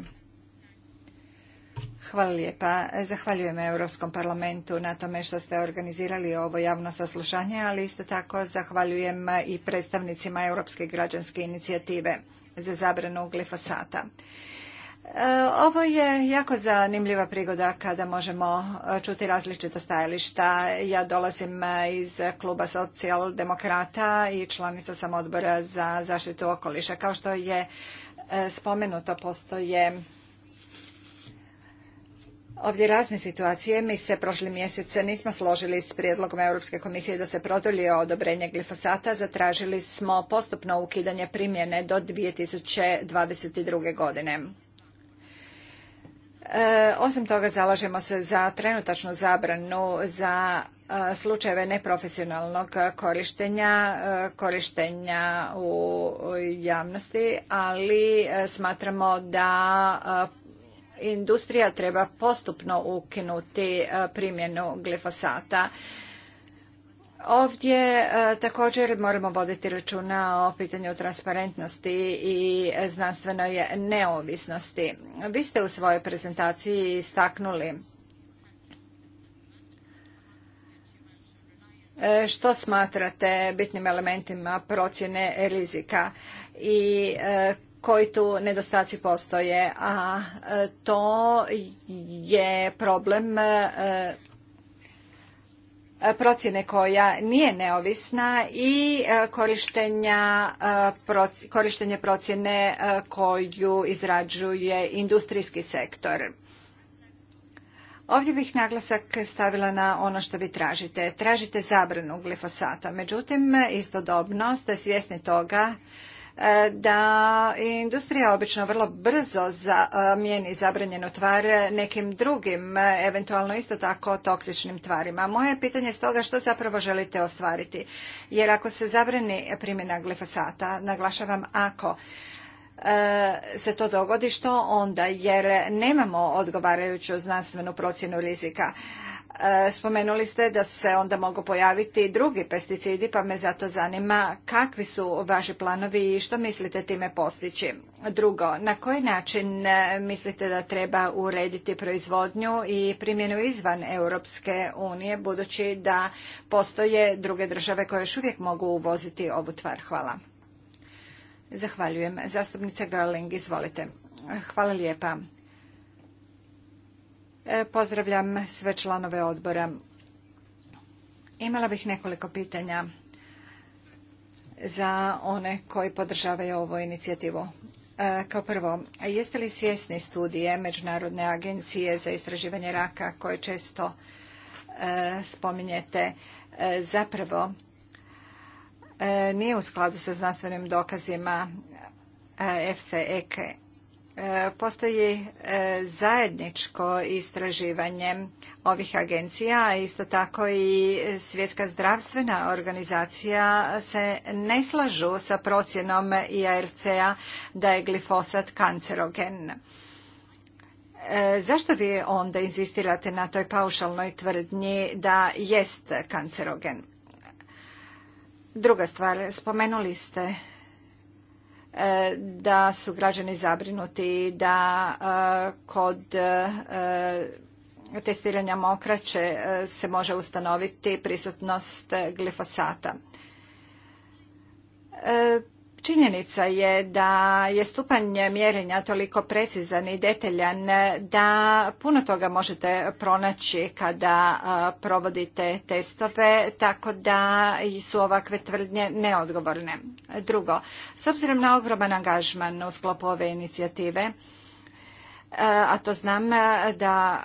Hvala lijepa. Zahvaljujem Europskom parlamentu na tome što ste organizirali ovo javno saslušanje, ali isto tako zahvaljujem i predstavnicima Europske građanske inicijative za zabranu glifosata. E, ovo je jako zanimljiva prigoda kada možemo čuti različita stajališta. Ja dolazim iz kluba socijaldemokrata i članica sam odbora za zaštitu okoliša. Kao što je e, spomenuto, postoje ovdje razne situacije. Mi se prošli mjesec nismo složili s prijedlogom Europske komisije da se produlji odobrenje glifosata. Zatražili smo postupno ukidanje primjene do 2022. godine. E, osim toga zalažemo se za trenutačnu zabranu za e, slučajeve neprofesionalnog korištenja, e, korištenja u javnosti, ali smatramo da industrija treba postupno ukinuti e, primjenu glifosata. Ovdje e, također moramo voditi računa o pitanju transparentnosti i znanstvenoj neovisnosti. Vi ste u svojoj prezentaciji istaknuli e, što smatrate bitnim elementima procjene rizika i koji tu nedostaci postoje, a e, to je problem e, e, procjene koja nije neovisna i korištenja, korištenje procjene koju izrađuje industrijski sektor. Ovdje bih naglasak stavila na ono što vi tražite. Tražite zabranu glifosata, međutim istodobno ste svjesni toga da industrija obično vrlo brzo zamijeni e, zabranjenu tvar nekim drugim, e, eventualno isto tako toksičnim tvarima. Moje pitanje je stoga što zapravo želite ostvariti. Jer ako se zabrani primjena glifosata, naglašavam ako, e, se to dogodi, što onda? Jer nemamo odgovarajuću znanstvenu procjenu rizika. E, spomenuli ste da se onda mogu pojaviti drugi pesticidi, pa me zato zanima kakvi su vaši planovi i što mislite time postići. Drugo, na koji način e, mislite da treba urediti proizvodnju i primjenu izvan Europske unije, budući da postoje druge države koje još uvijek mogu uvoziti ovu tvar? Hvala. Zahvaljujem. Zastupnica Garling, izvolite. Hvala lijepa. E, pozdravljam sve članove odbora. Imala bih nekoliko pitanja za one koji podržavaju ovu inicijativu. E, kao prvo, jeste li svjesni studije Međunarodne agencije za istraživanje raka koje često e, spominjete zapravo nije u skladu sa znanstvenim dokazima fcek E, postoji e, zajedničko istraživanje ovih agencija, a isto tako i Svjetska zdravstvena organizacija se ne slažu sa procjenom IARC-a da je glifosat kancerogen. E, zašto vi onda inzistirate na toj paušalnoj tvrdnji da jest kancerogen? Druga stvar, spomenuli ste E, da su građani zabrinuti da e, kod e, testiranja mokraće se može ustanoviti prisutnost glifosata. Činjenica je da je stupanj mjerenja toliko precizan i detaljan da puno toga možete pronaći kada provodite testove, tako da su ovakve tvrdnje neodgovorne. Drugo, s obzirom na ogroman angažman u sklopu ove inicijative, a to znam da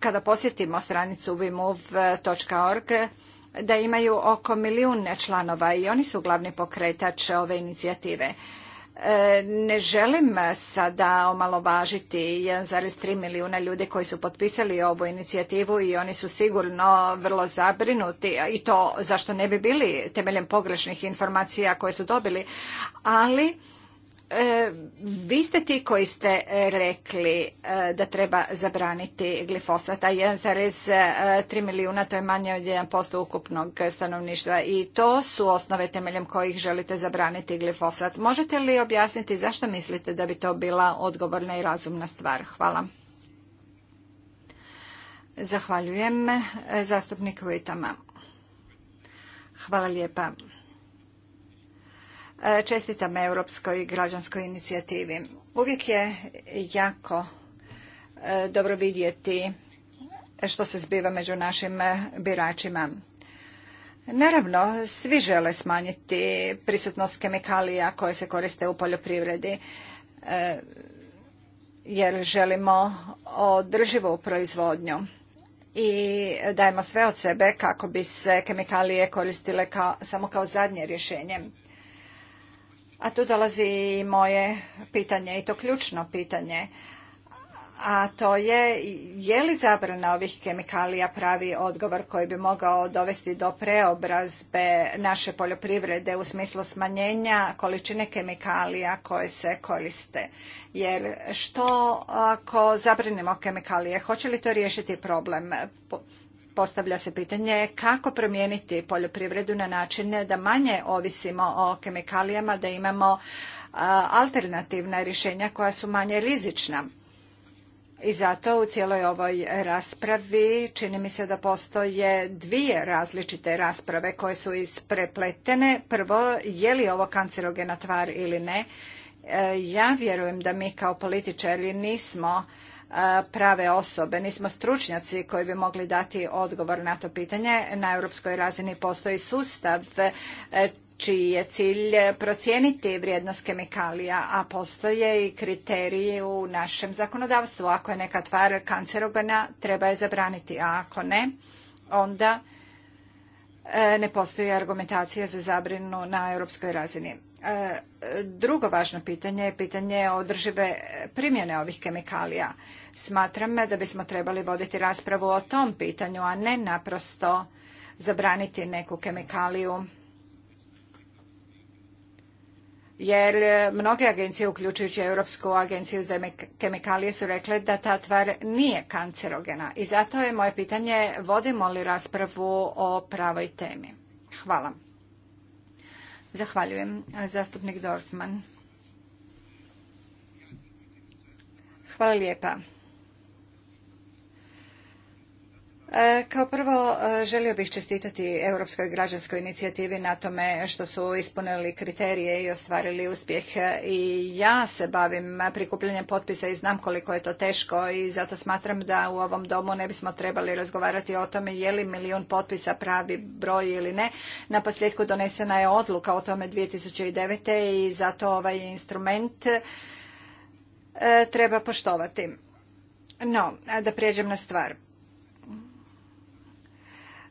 kada posjetimo stranicu wimove.org, da imaju oko milijun članova i oni su glavni pokretač ove inicijative. E, ne želim sada omalovažiti 1,3 milijuna ljudi koji su potpisali ovu inicijativu i oni su sigurno vrlo zabrinuti i to zašto ne bi bili temeljem pogrešnih informacija koje su dobili, ali E, vi ste ti koji ste rekli e, da treba zabraniti glifosat, a 1,3 milijuna to je manje od 1% ukupnog stanovništva i to su osnove temeljem kojih želite zabraniti glifosat. Možete li objasniti zašto mislite da bi to bila odgovorna i razumna stvar? Hvala. Zahvaljujem e, zastupniku Vojtama. Hvala lijepa. E, čestitam Europskoj građanskoj inicijativi. Uvijek je jako e, dobro vidjeti što se zbiva među našim e, biračima. Naravno, svi žele smanjiti prisutnost kemikalija koje se koriste u poljoprivredi jer želimo održivu proizvodnju i dajemo sve od sebe kako bi se kemikalije koristile samo kao zadnje rješenje. A tu dolazi i moje pitanje, i to ključno pitanje, a to je je li zabrana ovih kemikalija pravi odgovor koji bi mogao dovesti do preobrazbe naše poljoprivrede u smislu smanjenja količine kemikalija koje se koriste. Jer što ako zabranimo kemikalije, hoće li to riješiti problem? Postavlja se pitanje kako promijeniti poljoprivredu na način da manje ovisimo o kemikalijama, da imamo alternativna rješenja koja su manje rizična. I zato u cijeloj ovoj raspravi čini mi se da postoje dvije različite rasprave koje su isprepletene. Prvo, je li ovo kancerogena tvar ili ne? E, ja vjerujem da mi kao političari nismo prave osobe. Nismo stručnjaci koji bi mogli dati odgovor na to pitanje. Na europskoj razini postoji sustav e, čiji je cilj procijeniti vrijednost kemikalija, a postoje i kriteriji u našem zakonodavstvu. Ako je neka tvar kancerogena, treba je zabraniti, a ako ne, onda e, ne postoji argumentacija za zabrinu na europskoj razini. Drugo važno pitanje je pitanje održive primjene ovih kemikalija. Smatram da bismo trebali voditi raspravu o tom pitanju, a ne naprosto zabraniti neku kemikaliju. Jer mnoge agencije, uključujući Europsku agenciju za kemikalije, su rekle da ta tvar nije kancerogena. I zato je moje pitanje vodimo li raspravu o pravoj temi. Hvala. Zahvaljujem. Zastupnik Dorfman. Hvala lijepa. Kao prvo, e, želio bih čestitati Europskoj građanskoj inicijativi na tome što su ispunili kriterije i ostvarili uspjeh. I ja se bavim prikupljanjem potpisa i znam koliko je to teško i zato smatram da u ovom domu ne bismo trebali razgovarati o tome je li milijun potpisa pravi broj ili ne. Na posljedku donesena je odluka o tome 2009. i zato ovaj instrument e, treba poštovati. No, da prijeđem na stvar.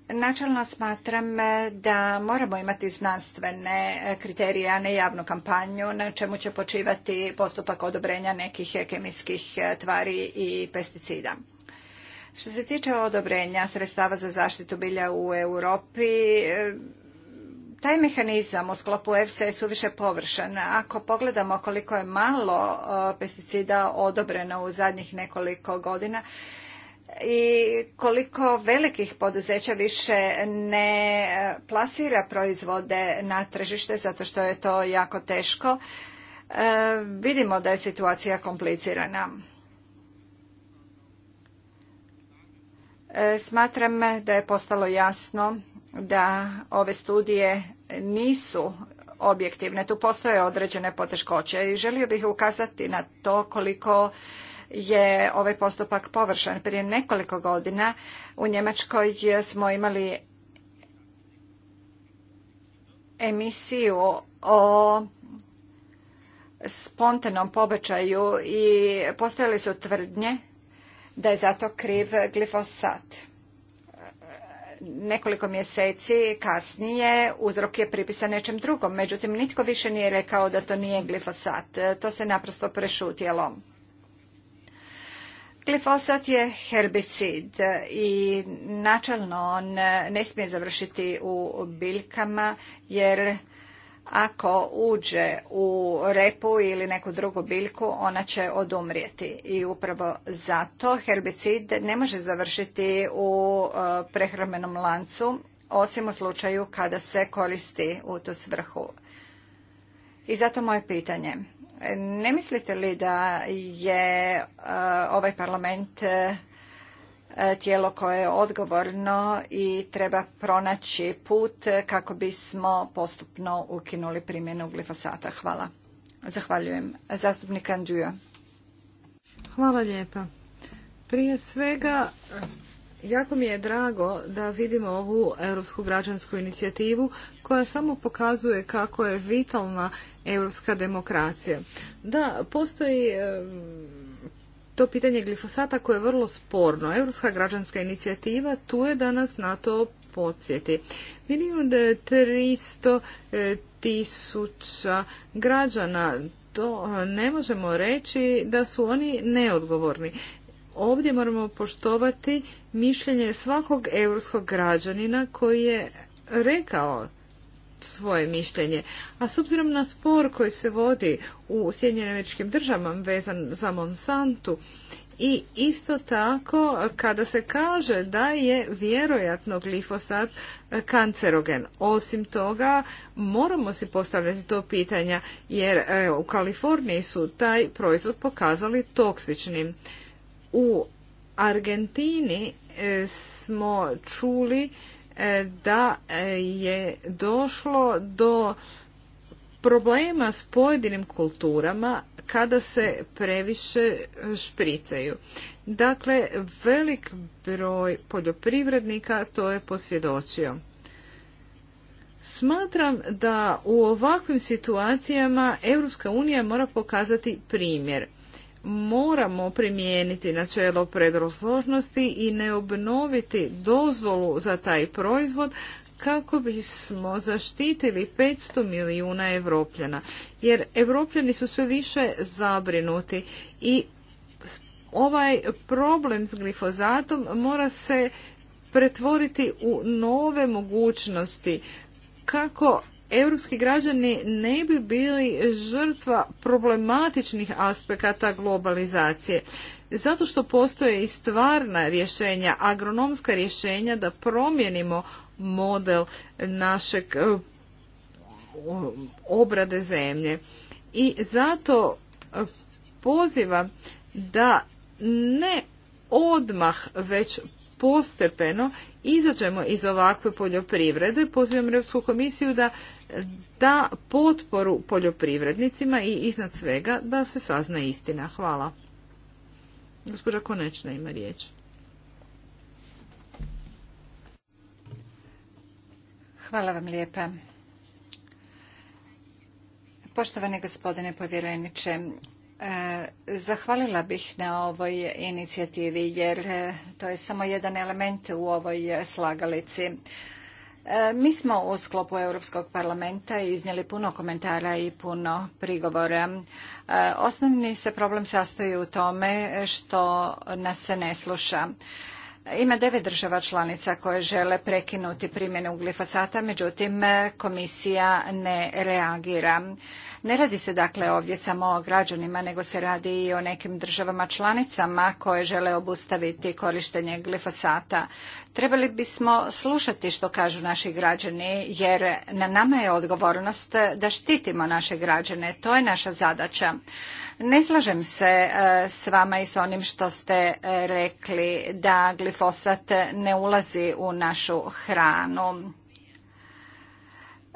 Načelno smatram e, da moramo imati znanstvene e, kriterije, a ne javnu kampanju na čemu će počivati postupak odobrenja nekih kemijskih e, tvari i pesticida. Što se tiče odobrenja sredstava za zaštitu bilja u Europi, taj mehanizam u sklopu EFSA je suviše površan. Ako pogledamo koliko je malo pesticida odobreno u zadnjih nekoliko godina, i koliko velikih poduzeća više ne e, plasira proizvode na tržište zato što je to jako teško. E, vidimo da je situacija komplicirana. E, smatram da je postalo jasno da ove studije nisu objektivne. Tu postoje određene poteškoće i želio bih ukazati na to koliko je ovaj postupak površan. Prije nekoliko godina u Njemačkoj smo imali emisiju o spontanom pobačaju i postojali su tvrdnje da je zato kriv glifosat. Nekoliko mjeseci kasnije uzrok je pripisan nečem drugom, međutim nitko više nije rekao da to nije glifosat. To se naprosto prešutjelo. Glifosat je herbicid i načalno on ne smije završiti u biljkama jer ako uđe u repu ili neku drugu biljku, ona će odumrijeti. I upravo zato herbicid ne može završiti u e, prehrambenom lancu, osim u slučaju kada se koristi u tu svrhu. I zato moje pitanje. Ne mislite li da je eh, ovaj parlament eh, tijelo koje je odgovorno i treba pronaći put kako bismo postupno ukinuli primjenu glifosata? Hvala. Zahvaljujem. Zastupnik Hvala lijepa. Prije svega Jako mi je drago da vidimo ovu europsku građansku inicijativu koja samo pokazuje kako je vitalna europska demokracija. Da, postoji to pitanje glifosata koje je vrlo sporno. Europska građanska inicijativa tu je danas na to podsjeti. Milijun 300 e, tisuća građana to ne možemo reći da su oni neodgovorni. Ovdje moramo poštovati mišljenje svakog europskog građanina koji je rekao svoje mišljenje. A s obzirom na spor koji se vodi u Sjedinjenim američkim državama vezan za Monsantu i isto tako kada se kaže da je vjerojatno glifosat e, kancerogen. Osim toga moramo si postavljati to pitanja jer u Kaliforniji su taj proizvod pokazali toksičnim. U Argentini e, smo čuli e, da e, je došlo do problema s pojedinim kulturama kada se previše špricaju. Dakle, velik broj poljoprivrednika to je posvjedočio. Smatram da u ovakvim situacijama Europska unija mora pokazati primjer moramo primijeniti načelo predrosložnosti i ne obnoviti dozvolu za taj proizvod kako bismo zaštitili 500 milijuna evropljana. Jer evropljani su sve više zabrinuti i ovaj problem s glifozatom mora se pretvoriti u nove mogućnosti kako europski građani ne bi bili žrtva problematičnih aspekata globalizacije. Zato što postoje i stvarna rješenja, agronomska rješenja da promijenimo model našeg e, obrade zemlje. I zato e, pozivam da ne odmah već postepeno izađemo iz ovakve poljoprivrede. Pozivam Europsku komisiju da da potporu poljoprivrednicima i iznad svega da se sazna istina. Hvala. Gospođa Konečna ima riječ. Hvala vam lijepa. Poštovani gospodine povjereniče, e, Zahvalila bih na ovoj inicijativi jer e, to je samo jedan element u ovoj slagalici. E, mi smo u sklopu Europskog parlamenta iznijeli puno komentara i puno prigovora. E, osnovni se problem sastoji u tome što nas se ne sluša. Ima devet država članica koje žele prekinuti primjenu glifosata, međutim komisija ne reagira. Ne radi se dakle ovdje samo o građanima, nego se radi i o nekim državama članicama koje žele obustaviti korištenje glifosata. Trebali bismo slušati što kažu naši građani, jer na nama je odgovornost da štitimo naše građane. To je naša zadaća. Ne slažem se e, s vama i s onim što ste e, rekli da glifosat ne ulazi u našu hranu.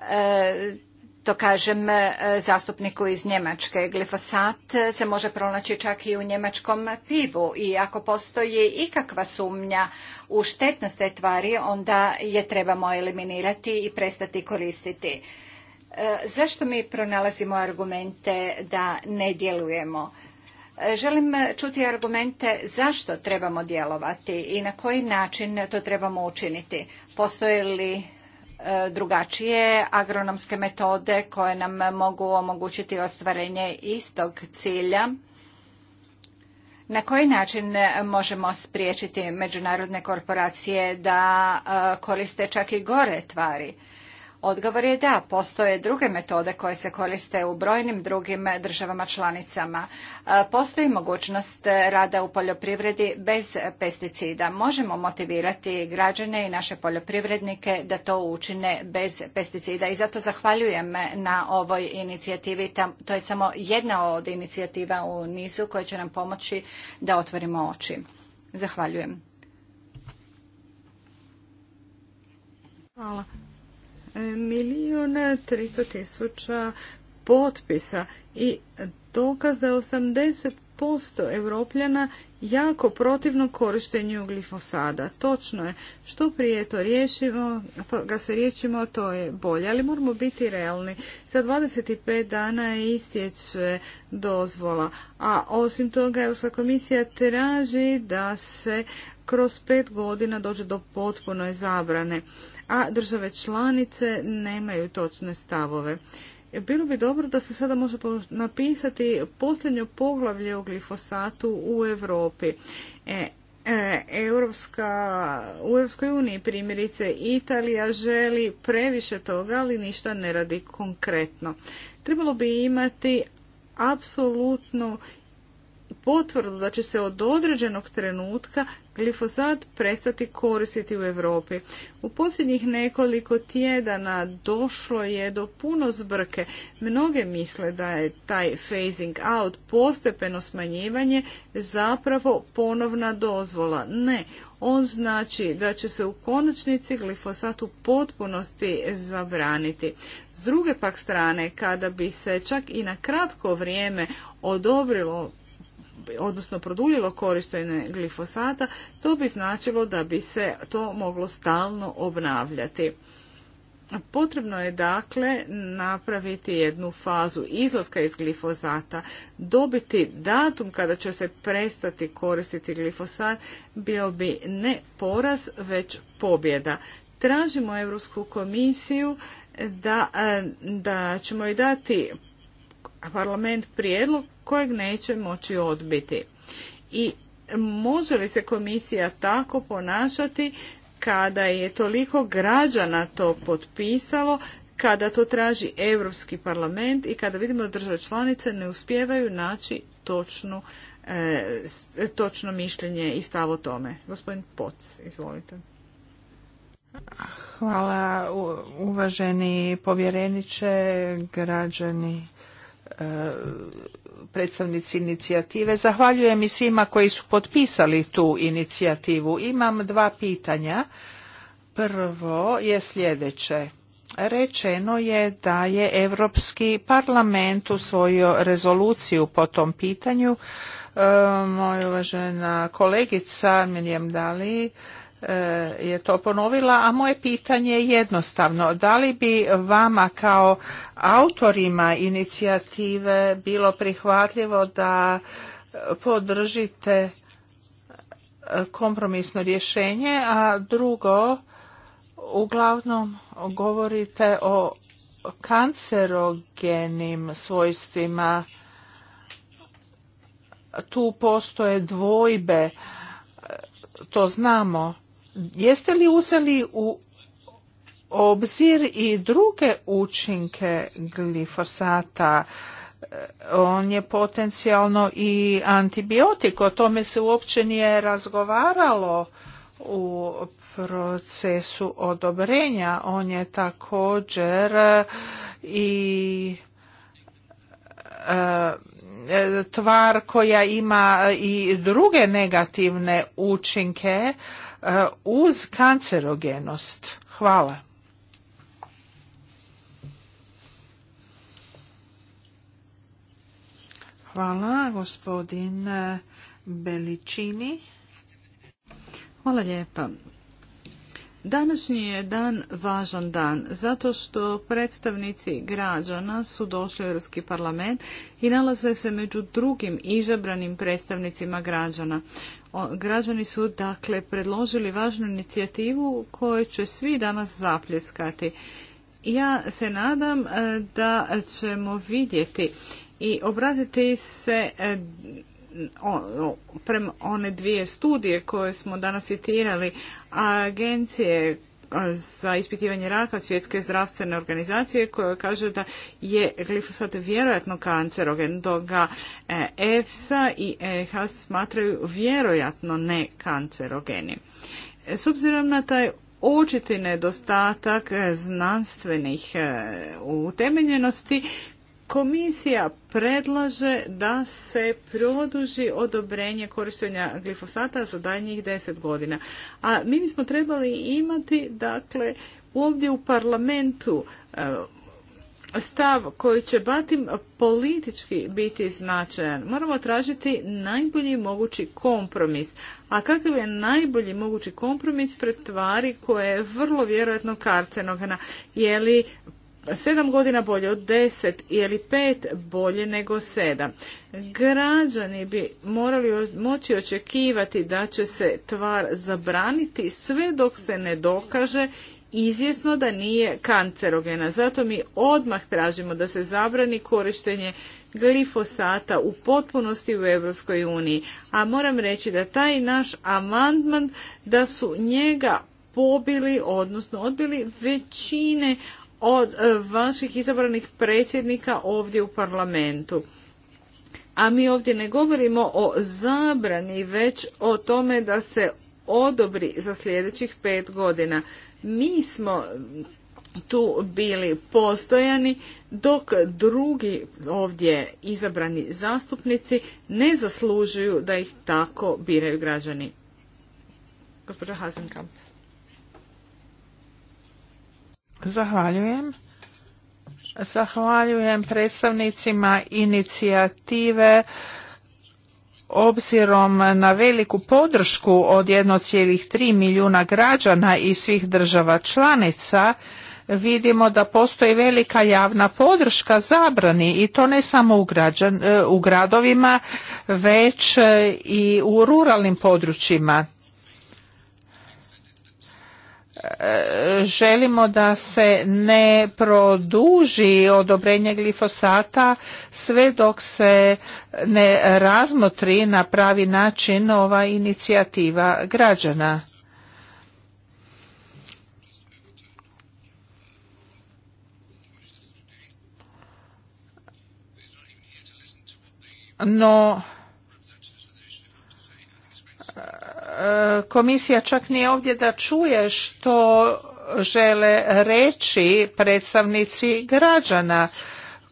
E, to kažem e, zastupniku iz Njemačke. Glifosat e, se može pronaći čak i u njemačkom pivu i ako postoji ikakva sumnja u štetnost te tvari, onda je trebamo eliminirati i prestati koristiti. E, zašto mi pronalazimo argumente da ne djelujemo? Želim čuti argumente zašto trebamo djelovati i na koji način to trebamo učiniti. Postoje li E, drugačije agronomske metode koje nam mogu omogućiti ostvarenje istog cilja. Na koji način možemo spriječiti međunarodne korporacije da e, koriste čak i gore tvari? Odgovor je da, postoje druge metode koje se koriste u brojnim drugim državama članicama. E, postoji mogućnost rada u poljoprivredi bez pesticida. Možemo motivirati građane i naše poljoprivrednike da to učine bez pesticida i zato zahvaljujem na ovoj inicijativi. To je samo jedna od inicijativa u nizu koja će nam pomoći da otvorimo oči. Zahvaljujem. Hvala milijuna 300 tisuća potpisa i dokaz da je 80% europljana jako protivno korištenju glifosada. Točno je, što prije to riješimo, to ga se riječimo to je bolje, ali moramo biti realni. Za 25 dana istječe dozvola, a osim toga Europska komisija traži da se kroz pet godina dođe do potpunoj zabrane a države članice nemaju točne stavove. Bilo bi dobro da se sada može napisati posljednje poglavlje o glifosatu u Europi. E, e u Europskoj uniji primjerice Italija želi previše toga, ali ništa ne radi konkretno. Trebalo bi imati apsolutno potvrdu da će se od određenog trenutka glifosat prestati koristiti u Europi. U posljednjih nekoliko tjedana došlo je do puno zbrke. Mnoge misle da je taj phasing out postepeno smanjivanje zapravo ponovna dozvola. Ne, on znači da će se u konačnici glifosat u potpunosti zabraniti. S druge pak strane, kada bi se čak i na kratko vrijeme odobrilo odnosno produljilo korištenje glifosata, to bi značilo da bi se to moglo stalno obnavljati. Potrebno je dakle napraviti jednu fazu izlaska iz glifosata, dobiti datum kada će se prestati koristiti glifosat, bio bi ne poraz, već pobjeda. Tražimo Europsku komisiju da, da ćemo i dati parlament prijedlog kojeg neće moći odbiti. I može li se komisija tako ponašati kada je toliko građana to potpisalo, kada to traži Europski parlament i kada vidimo da države članice ne uspijevaju naći točnu, eh, točno mišljenje i stav o tome. Gospodin Poc, izvolite. Hvala uvaženi povjereniče, građani E, predstavnici inicijative. Zahvaljujem i svima koji su potpisali tu inicijativu. Imam dva pitanja. Prvo je sljedeće. Rečeno je da je Europski parlament usvojio rezoluciju po tom pitanju. E, moja uvažena kolegica Mirjam Dali E, je to ponovila, a moje pitanje je jednostavno. Da li bi vama kao autorima inicijative bilo prihvatljivo da podržite e, kompromisno rješenje, a drugo, uglavnom govorite o kancerogenim svojstvima. Tu postoje dvojbe, e, to znamo Jeste li uzeli u obzir i druge učinke glifosata? On je potencijalno i antibiotik, o tome se uopće nije razgovaralo u procesu odobrenja. On je također i e, tvar koja ima i druge negativne učinke, E, uz kancerogenost. Hvala. Hvala, gospodin e, Beličini. Hvala lijepa. Današnji je dan važan dan, zato što predstavnici građana su došli u Europski parlament i nalaze se među drugim izabranim predstavnicima građana. Građani su dakle predložili važnu inicijativu koju će svi danas zapljeskati. Ja se nadam e, da ćemo vidjeti i obratiti se e, prema one dvije studije koje smo danas citirali, agencije za ispitivanje raka svjetske zdravstvene organizacije koja kaže da je glifosat vjerojatno kancerogen, dok ga e, EFSA i EHA smatraju vjerojatno ne kancerogenim. E, s obzirom na taj očiti nedostatak e, znanstvenih utemeljenosti Komisija predlaže da se produži odobrenje korištenja glifosata za daljnjih 10 godina. A mi bismo trebali imati, dakle, ovdje u parlamentu e, stav koji će batim politički biti značajan. Moramo tražiti najbolji mogući kompromis. A kakav je najbolji mogući kompromis pred tvari koje je vrlo vjerojatno karcenogena? Je li sedam godina bolje od deset ili pet bolje nego sedam. Građani bi morali moći očekivati da će se tvar zabraniti sve dok se ne dokaže izvjesno da nije kancerogena. Zato mi odmah tražimo da se zabrani korištenje glifosata u potpunosti u Europskoj uniji. A moram reći da taj naš amandman da su njega pobili, odnosno odbili većine od e, vaših izabranih predsjednika ovdje u parlamentu. A mi ovdje ne govorimo o zabrani, već o tome da se odobri za sljedećih pet godina. Mi smo tu bili postojani dok drugi ovdje izabrani zastupnici ne zaslužuju da ih tako biraju građani. Gospođa Hasenkamp. Zahvaljujem. Zahvaljujem predstavnicima inicijative obzirom na veliku podršku od 1,3 milijuna građana i svih država članica vidimo da postoji velika javna podrška zabrani i to ne samo u, u gradovima već i u ruralnim područjima želimo da se ne produži odobrenje glifosata sve dok se ne razmotri na pravi način ova inicijativa građana. No, E, komisija čak nije ovdje da čuje što žele reći predstavnici građana.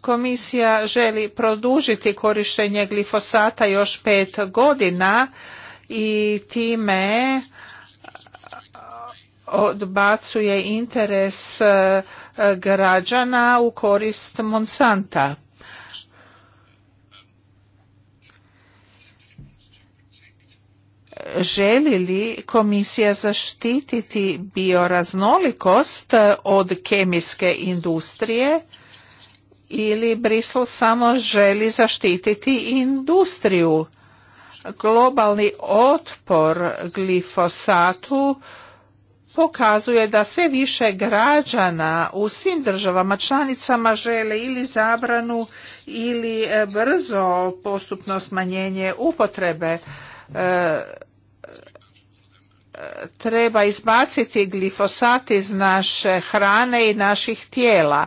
Komisija želi produžiti korištenje glifosata još pet godina i time e, odbacuje interes e, građana u korist Monsanta. želi li komisija zaštititi bioraznolikost eh, od kemijske industrije ili Brisel samo želi zaštititi industriju? Globalni otpor glifosatu pokazuje da sve više građana u svim državama članicama žele ili zabranu ili eh, brzo postupno smanjenje upotrebe eh, treba izbaciti glifosat iz naše hrane i naših tijela.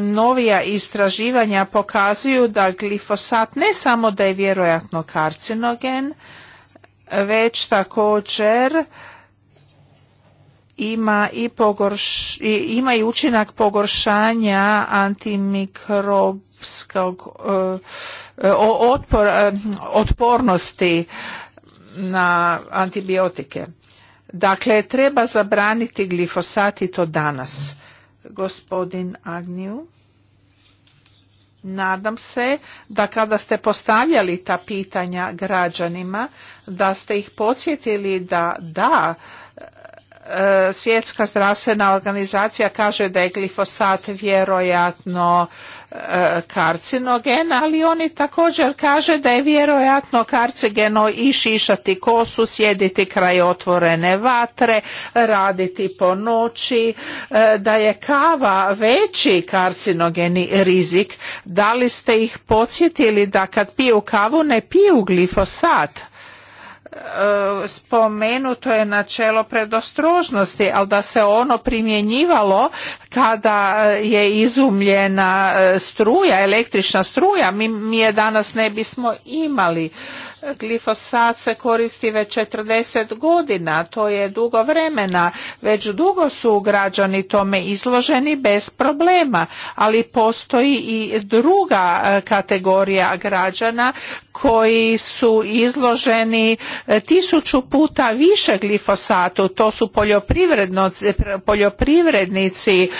Novija istraživanja pokazuju da glifosat ne samo da je vjerojatno karcinogen, već također ima i, pogorš, ima i učinak pogoršanja antimikrobskog eh, otpor, eh, otpornosti na antibiotike. Dakle, treba zabraniti glifosat i to danas. Gospodin Agniju. Nadam se da kada ste postavljali ta pitanja građanima, da ste ih podsjetili da da, e, Svjetska zdravstvena organizacija kaže da je glifosat vjerojatno E, karcinogen, ali oni također kaže da je vjerojatno karcigeno i šišati kosu, sjediti kraj otvorene vatre, raditi po noći, e, da je kava veći karcinogeni rizik. Da li ste ih podsjetili da kad piju kavu ne piju glifosat? E, spomenuto je načelo predostrožnosti, ali da se ono primjenjivalo kada je izumljena e, struja, električna struja, mi, mi je danas ne bismo imali glifosat se koristi već 40 godina, to je dugo vremena, već dugo su građani tome izloženi bez problema, ali postoji i druga e, kategorija građana koji su izloženi e, tisuću puta više glifosatu, to su poljoprivrednici, e,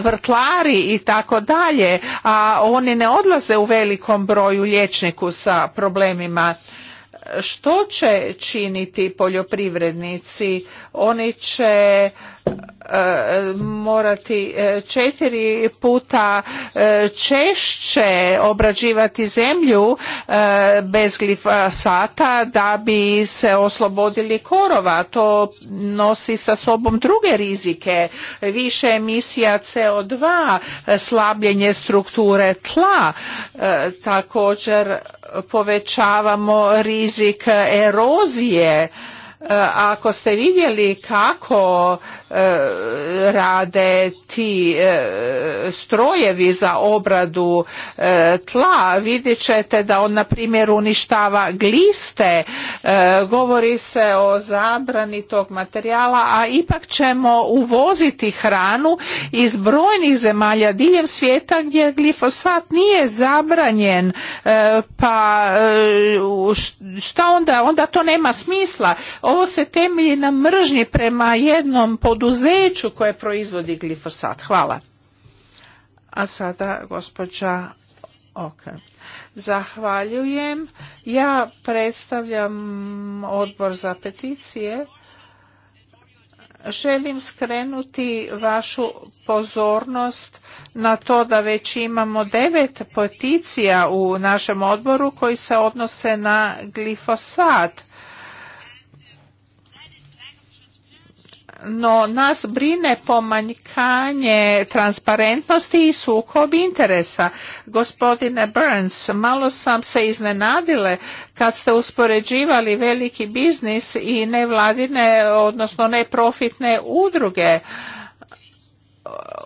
vrtlari i tako dalje, a oni ne odlaze u velikom broju liječniku sa problemima što će činiti poljoprivrednici? Oni će E, morati e, četiri puta e, češće obrađivati zemlju bez glifosata da bi se oslobodili korova. To nosi sa sobom druge rizike, više emisija CO2, slabljenje strukture tla, također povećavamo rizik erozije E, ako ste vidjeli kako e, rade ti e, strojevi za obradu tla, vidjet ćete da on na primjer uništava gliste, govori se o zabrani tog materijala, a ipak ćemo uvoziti hranu iz brojnih zemalja diljem svijeta gdje glifosat nije zabranjen, pa šta onda, onda to nema smisla ovo se temelji na mržnji prema jednom poduzeću koje proizvodi glifosat. Hvala. A sada gospođa ok. Zahvaljujem. Ja predstavljam odbor za peticije. Želim skrenuti vašu pozornost na to da već imamo devet peticija u našem odboru koji se odnose na glifosat. no nas brine pomanjkanje transparentnosti i sukob interesa. Gospodine Burns, malo sam se iznenadile kad ste uspoređivali veliki biznis i nevladine, odnosno neprofitne udruge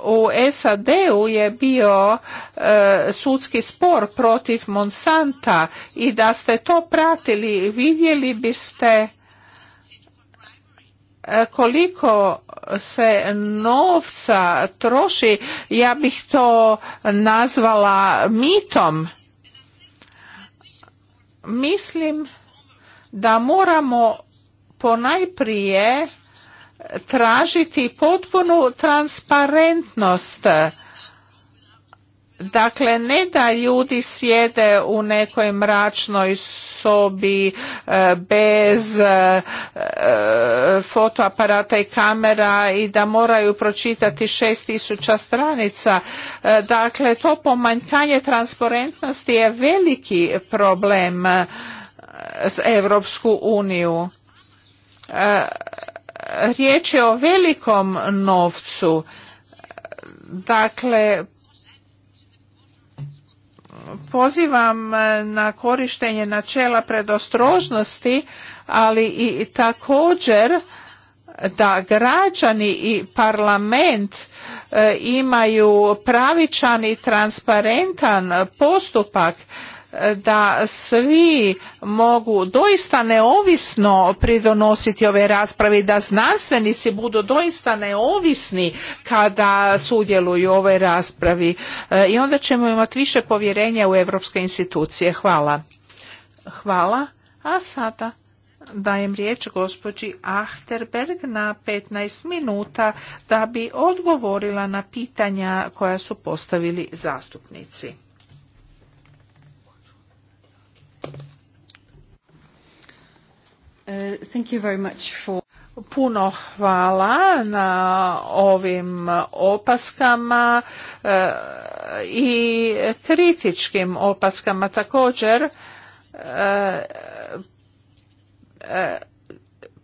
u SAD-u je bio e, sudski spor protiv Monsanta i da ste to pratili vidjeli biste E, koliko se novca troši, ja bih to nazvala mitom. Mislim da moramo ponajprije tražiti potpunu transparentnost Dakle, ne da ljudi sjede u nekoj mračnoj sobi e, bez e, fotoaparata i kamera i da moraju pročitati tisuća stranica. E, dakle, to pomanjkanje transparentnosti je veliki problem s Europsku uniju. Riječ je o velikom novcu. Dakle, pozivam e, na korištenje načela predostrožnosti, ali i također da građani i parlament e, imaju pravičan i transparentan postupak da svi mogu doista neovisno pridonositi ove raspravi, da znanstvenici budu doista neovisni kada sudjeluju u ovoj raspravi e, i onda ćemo imati više povjerenja u europske institucije. Hvala. Hvala. A sada dajem riječ gospođi Achterberg na 15 minuta da bi odgovorila na pitanja koja su postavili zastupnici. Uh, thank you very Puno hvala na ovim opaskama uh, i kritičkim opaskama također uh,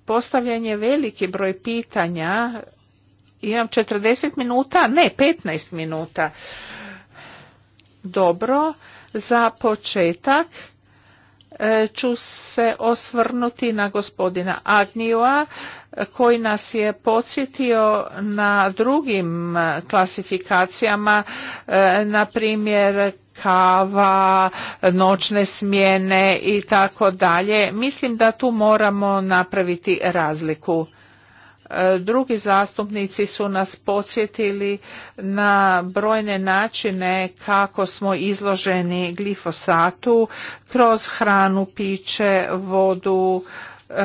postavljen je veliki broj pitanja. Imam 40 minuta, ne 15 minuta. Dobro, za početak E, ću se osvrnuti na gospodina Agnijua koji nas je podsjetio na drugim e, klasifikacijama, e, na primjer kava, noćne smjene i tako dalje. Mislim da tu moramo napraviti razliku. Drugi zastupnici su nas podsjetili na brojne načine kako smo izloženi glifosatu kroz hranu, piće, vodu, E,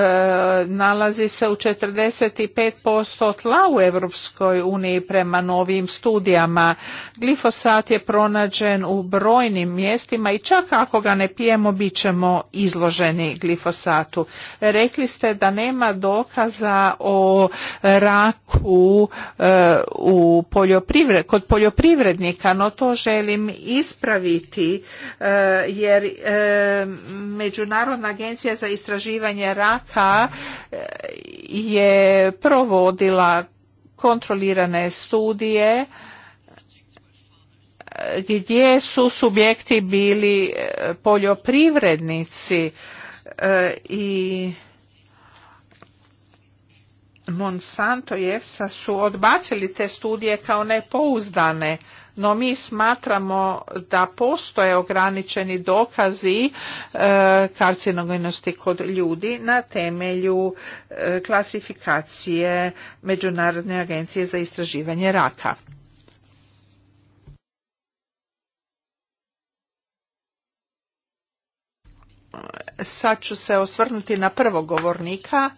nalazi se u 45% tla u Europskoj uniji prema novim studijama. Glifosat je pronađen u brojnim mjestima i čak ako ga ne pijemo bit ćemo izloženi glifosatu. Rekli ste da nema dokaza o raku e, u kod poljoprivrednika, no to želim ispraviti e, jer Međunarodna agencija za istraživanje raka ka eh, je provodila kontrolirane studije eh, gdje su subjekti bili eh, poljoprivrednici i Monsanto i EFSA su odbacili te studije kao nepouzdane no mi smatramo da postoje ograničeni dokazi e, karcinogenosti kod ljudi na temelju e, klasifikacije Međunarodne agencije za istraživanje raka. Sad ću se osvrnuti na prvog govornika.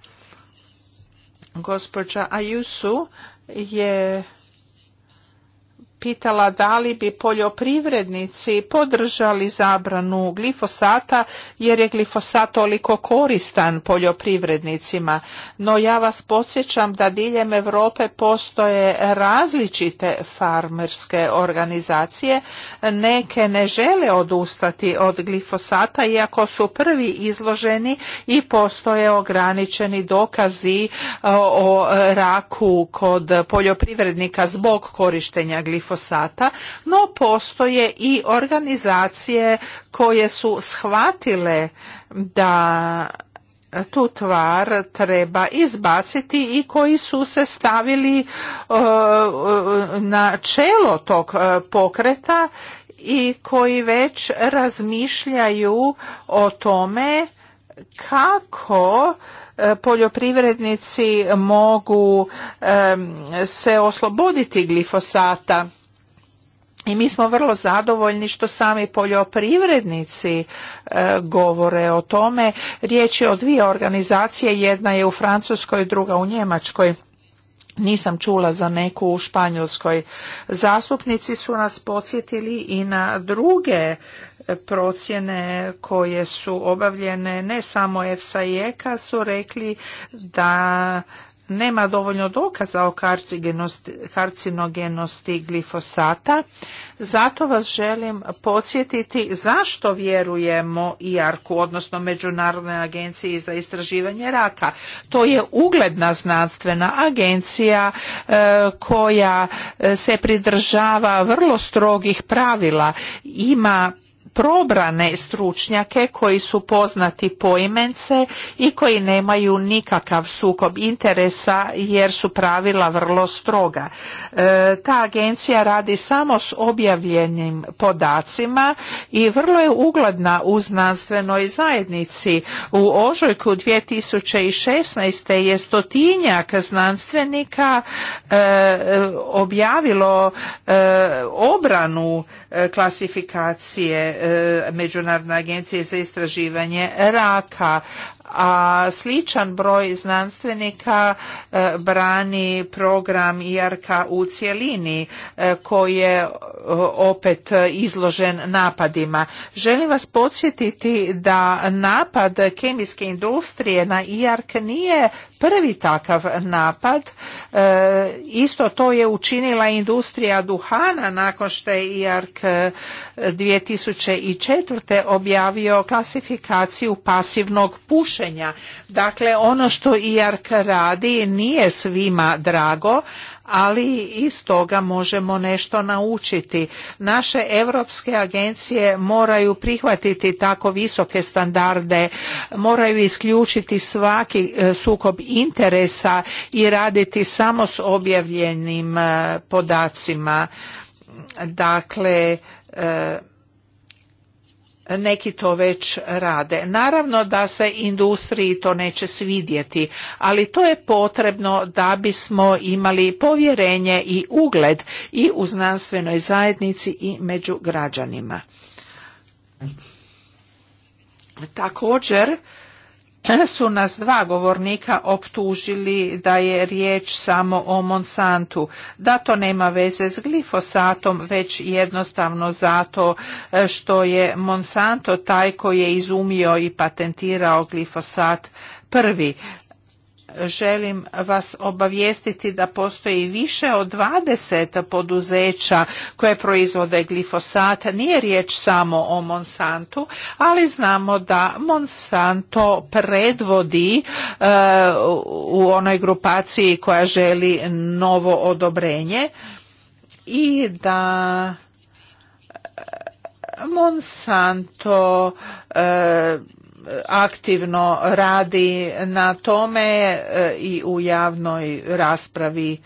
Gospođa Ajusu je pitala da li bi poljoprivrednici podržali zabranu glifosata jer je glifosat toliko koristan poljoprivrednicima. No ja vas podsjećam da diljem Europe postoje različite farmerske organizacije. Neke ne žele odustati od glifosata iako su prvi izloženi i postoje ograničeni dokazi e, o raku kod poljoprivrednika zbog korištenja glifosata glifosata, no postoje i organizacije koje su shvatile da tu tvar treba izbaciti i koji su se stavili e, na čelo tog e, pokreta i koji već razmišljaju o tome kako e, poljoprivrednici mogu se osloboditi glifosata i mi smo vrlo zadovoljni što sami poljoprivrednici e, govore o tome. Riječ je o dvije organizacije, jedna je u Francuskoj, druga u Njemačkoj. Nisam čula za neku u Španjolskoj. Zastupnici su nas podsjetili i na druge procjene koje su obavljene ne samo EFSA i EKA su rekli da nema dovoljno dokaza o karcinogenosti glifosata, zato vas želim podsjetiti zašto vjerujemo IARC-u, odnosno Međunarodnoj agenciji za istraživanje raka. To je ugledna znanstvena agencija e, koja e, se pridržava vrlo strogih pravila. Ima probrane stručnjake koji su poznati poimence i koji nemaju nikakav sukob interesa jer su pravila vrlo stroga. E, ta agencija radi samo s objavljenim podacima i vrlo je ugledna u znanstvenoj zajednici. U ožujku 2016. je stotinjak znanstvenika e, e, objavilo obranu E, klasifikacije e, Međunarodne agencije za istraživanje raka, a sličan broj znanstvenika e, brani program IRK u cjelini e, koji je e, opet izložen napadima. Želim vas podsjetiti da napad kemijske industrije na IRK nije prvi takav napad. Isto to je učinila industrija duhana nakon što je IRK 2004. objavio klasifikaciju pasivnog pušenja Dakle, ono što IARK radi nije svima drago, ali iz toga možemo nešto naučiti. Naše europske agencije moraju prihvatiti tako visoke standarde, moraju isključiti svaki e, sukob interesa i raditi samo s objavljenim e, podacima. Dakle, e, neki to već rade. Naravno da se industriji to neće svidjeti, ali to je potrebno da bismo imali povjerenje i ugled i u znanstvenoj zajednici i među građanima. Također su nas dva govornika optužili da je riječ samo o Monsantu. Da to nema veze s glifosatom, već jednostavno zato e, što je Monsanto taj koji je izumio i patentirao glifosat prvi želim vas obavijestiti da postoji više od 20 poduzeća koje proizvode glifosat. Nije riječ samo o Monsantu, ali znamo da Monsanto predvodi e, u onoj grupaciji koja želi novo odobrenje i da e, Monsanto e, aktivno radi na tome e, i u javnoj raspravi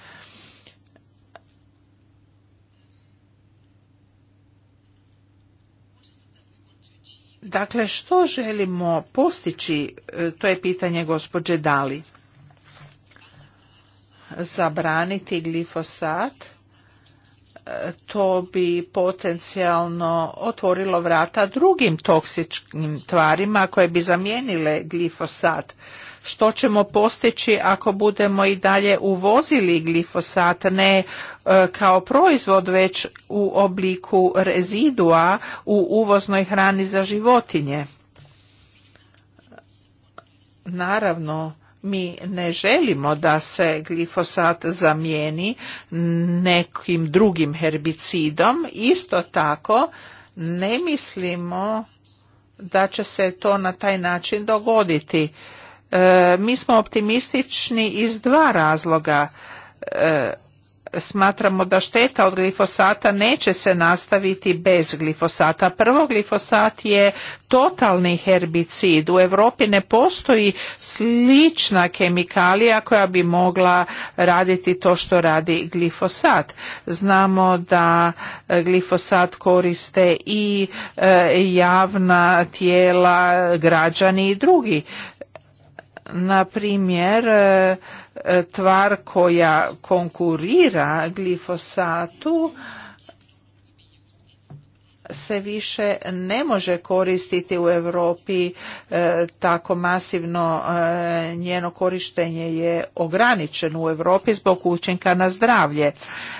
Dakle, što želimo postići, e, to je pitanje gospođe Dali. Zabraniti glifosat to bi potencijalno otvorilo vrata drugim toksičnim tvarima koje bi zamijenile glifosat. Što ćemo postići ako budemo i dalje uvozili glifosat ne e, kao proizvod već u obliku rezidua u uvoznoj hrani za životinje? Naravno mi ne želimo da se glifosat zamijeni nekim drugim herbicidom isto tako ne mislimo da će se to na taj način dogoditi e, mi smo optimistični iz dva razloga e, smatramo da šteta od glifosata neće se nastaviti bez glifosata. Prvo glifosat je totalni herbicid. U Europi ne postoji slična kemikalija koja bi mogla raditi to što radi glifosat. Znamo da e, glifosat koriste i e, javna tijela, građani i drugi. Na primjer, e, E, tvar koja konkurira glifosatu se više ne može koristiti u Europi e, tako masivno e, njeno korištenje je ograničeno u Europi zbog učinka na zdravlje.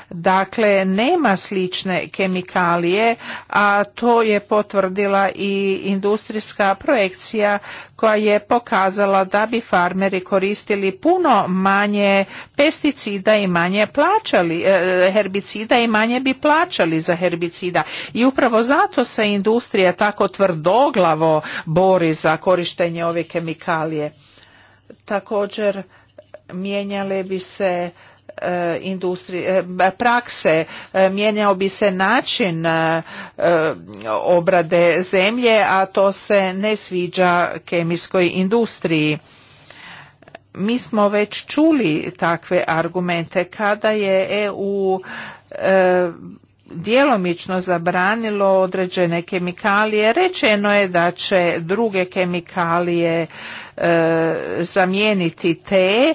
Dakle nema slične kemikalije, a to je potvrdila i industrijska projekcija koja je pokazala da bi farmeri koristili puno manje pesticida i manje plaćali e, herbicida i manje bi plaćali za herbicida i upravo zato se industrija tako tvrdoglavo bori za korištenje ove kemikalije također mijenjale bi se Eh, industrije, eh, prakse, eh, mijenjao bi se način obrade zemlje, a to se ne sviđa kemijskoj industriji. Mi smo već čuli takve argumente kada je EU djelomično zabranilo određene kemikalije rečeno je da će druge kemikalije e, zamijeniti te e,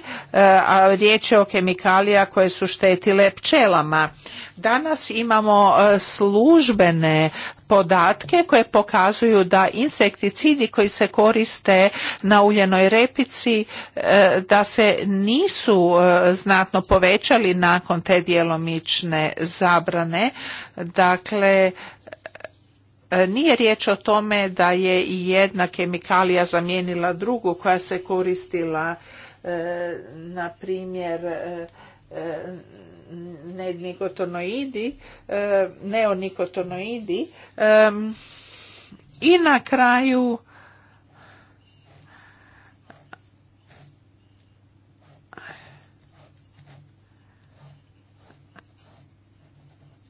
a riječ je o kemikalija koje su štetile pčelama danas imamo e, službene podatke koje pokazuju da insekticidi koji se koriste na uljenoj repici e, da se nisu e, znatno povećali nakon te djelomične zabrane. Dakle, e, nije riječ o tome da je i jedna kemikalija zamijenila drugu koja se koristila na primjer nikotonoidi e, neonikotonoidi. E, I na kraju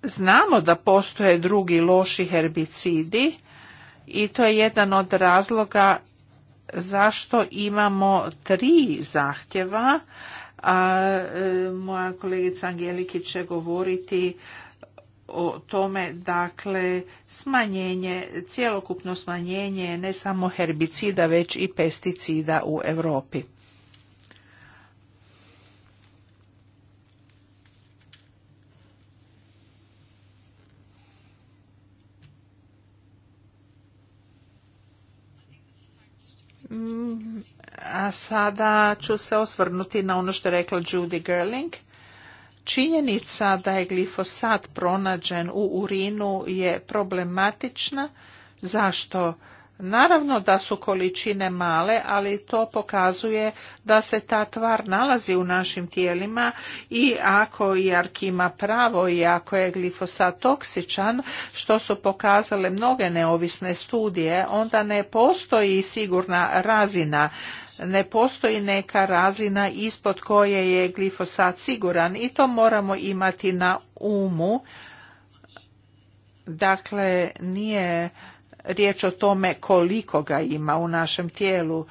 znamo da postoje drugi loši herbicidi i to je jedan od razloga zašto imamo tri zahtjeva a e, moja kolegica Angeliki će govoriti o tome dakle smanjenje, cjelokupno smanjenje ne samo herbicida već i pesticida u Europi. A sada ću se osvrnuti na ono što je rekla Judy Gerling. Činjenica da je glifosat pronađen u urinu je problematična. Zašto? Naravno da su količine male, ali to pokazuje da se ta tvar nalazi u našim tijelima i ako Jark ima pravo i ako je glifosat toksičan, što su pokazale mnoge neovisne studije, onda ne postoji sigurna razina ne postoji neka razina ispod koje je glifosat siguran i to moramo imati na umu. Dakle, nije riječ o tome koliko ga ima u našem tijelu.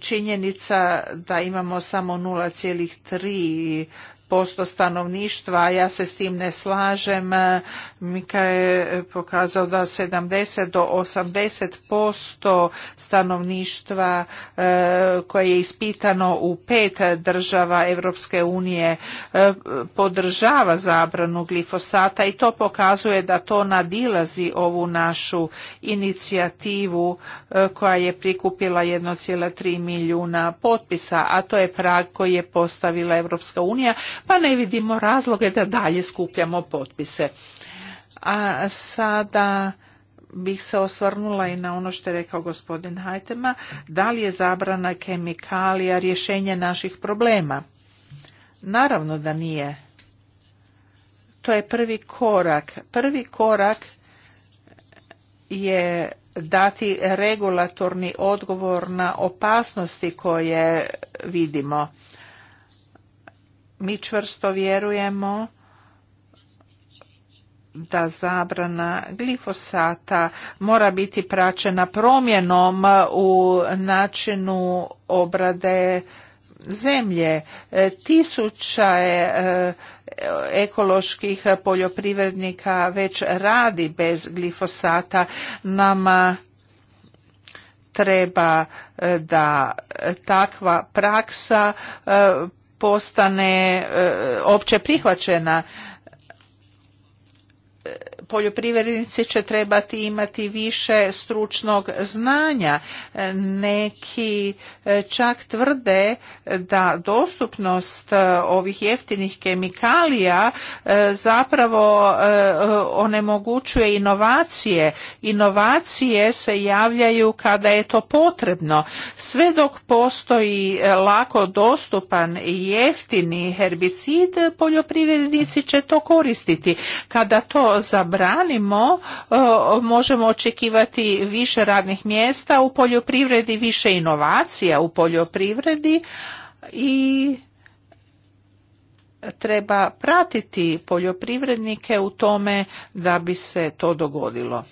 Činjenica da imamo samo 0,3 posto stanovništva, ja se s tim ne slažem. E, Mika je pokazao da 70 do 80 posto stanovništva e, koje je ispitano u pet država Europske unije e, podržava zabranu glifosata i to pokazuje da to nadilazi ovu našu inicijativu koja je prikupila 1,3 milijuna potpisa, a to je prag koji je postavila Europska unija pa ne vidimo razloge da dalje skupljamo potpise. A sada bih se osvrnula i na ono što je rekao gospodin Hajtema, da li je zabrana kemikalija rješenje naših problema? Naravno da nije. To je prvi korak. Prvi korak je dati regulatorni odgovor na opasnosti koje vidimo. Mi čvrsto vjerujemo da zabrana glifosata mora biti praćena promjenom u načinu obrade zemlje. E, tisuća je e, ekoloških poljoprivrednika već radi bez glifosata. Nama treba e, da takva praksa postane e, opće prihvaćena poljoprivrednici će trebati imati više stručnog znanja. Neki e, čak tvrde da dostupnost e, ovih jeftinih kemikalija e, zapravo onemogućuje inovacije. Inovacije se javljaju kada je to potrebno. Sve dok postoji lako dostupan i jeftini herbicid, poljoprivrednici će to koristiti. Kada to za branimo, e, možemo očekivati više radnih mjesta u poljoprivredi, više inovacija u poljoprivredi i treba pratiti poljoprivrednike u tome da bi se to dogodilo.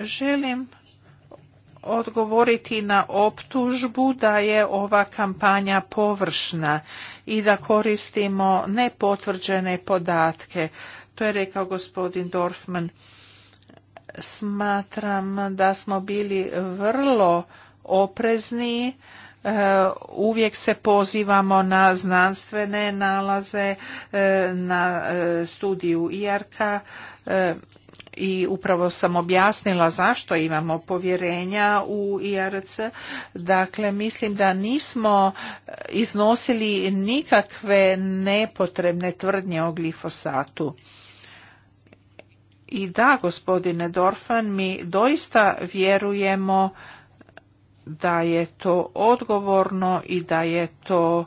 Želim odgovoriti na optužbu da je ova kampanja površna i da koristimo nepotvrđene podatke. To je rekao gospodin Dorfman. Smatram da smo bili vrlo oprezni e, uvijek se pozivamo na znanstvene nalaze, e, na e, studiju IARKA i upravo sam objasnila zašto imamo povjerenja u IRC. Dakle, mislim da nismo iznosili nikakve nepotrebne tvrdnje o glifosatu. I da, gospodine Dorfan, mi doista vjerujemo da je to odgovorno i da je to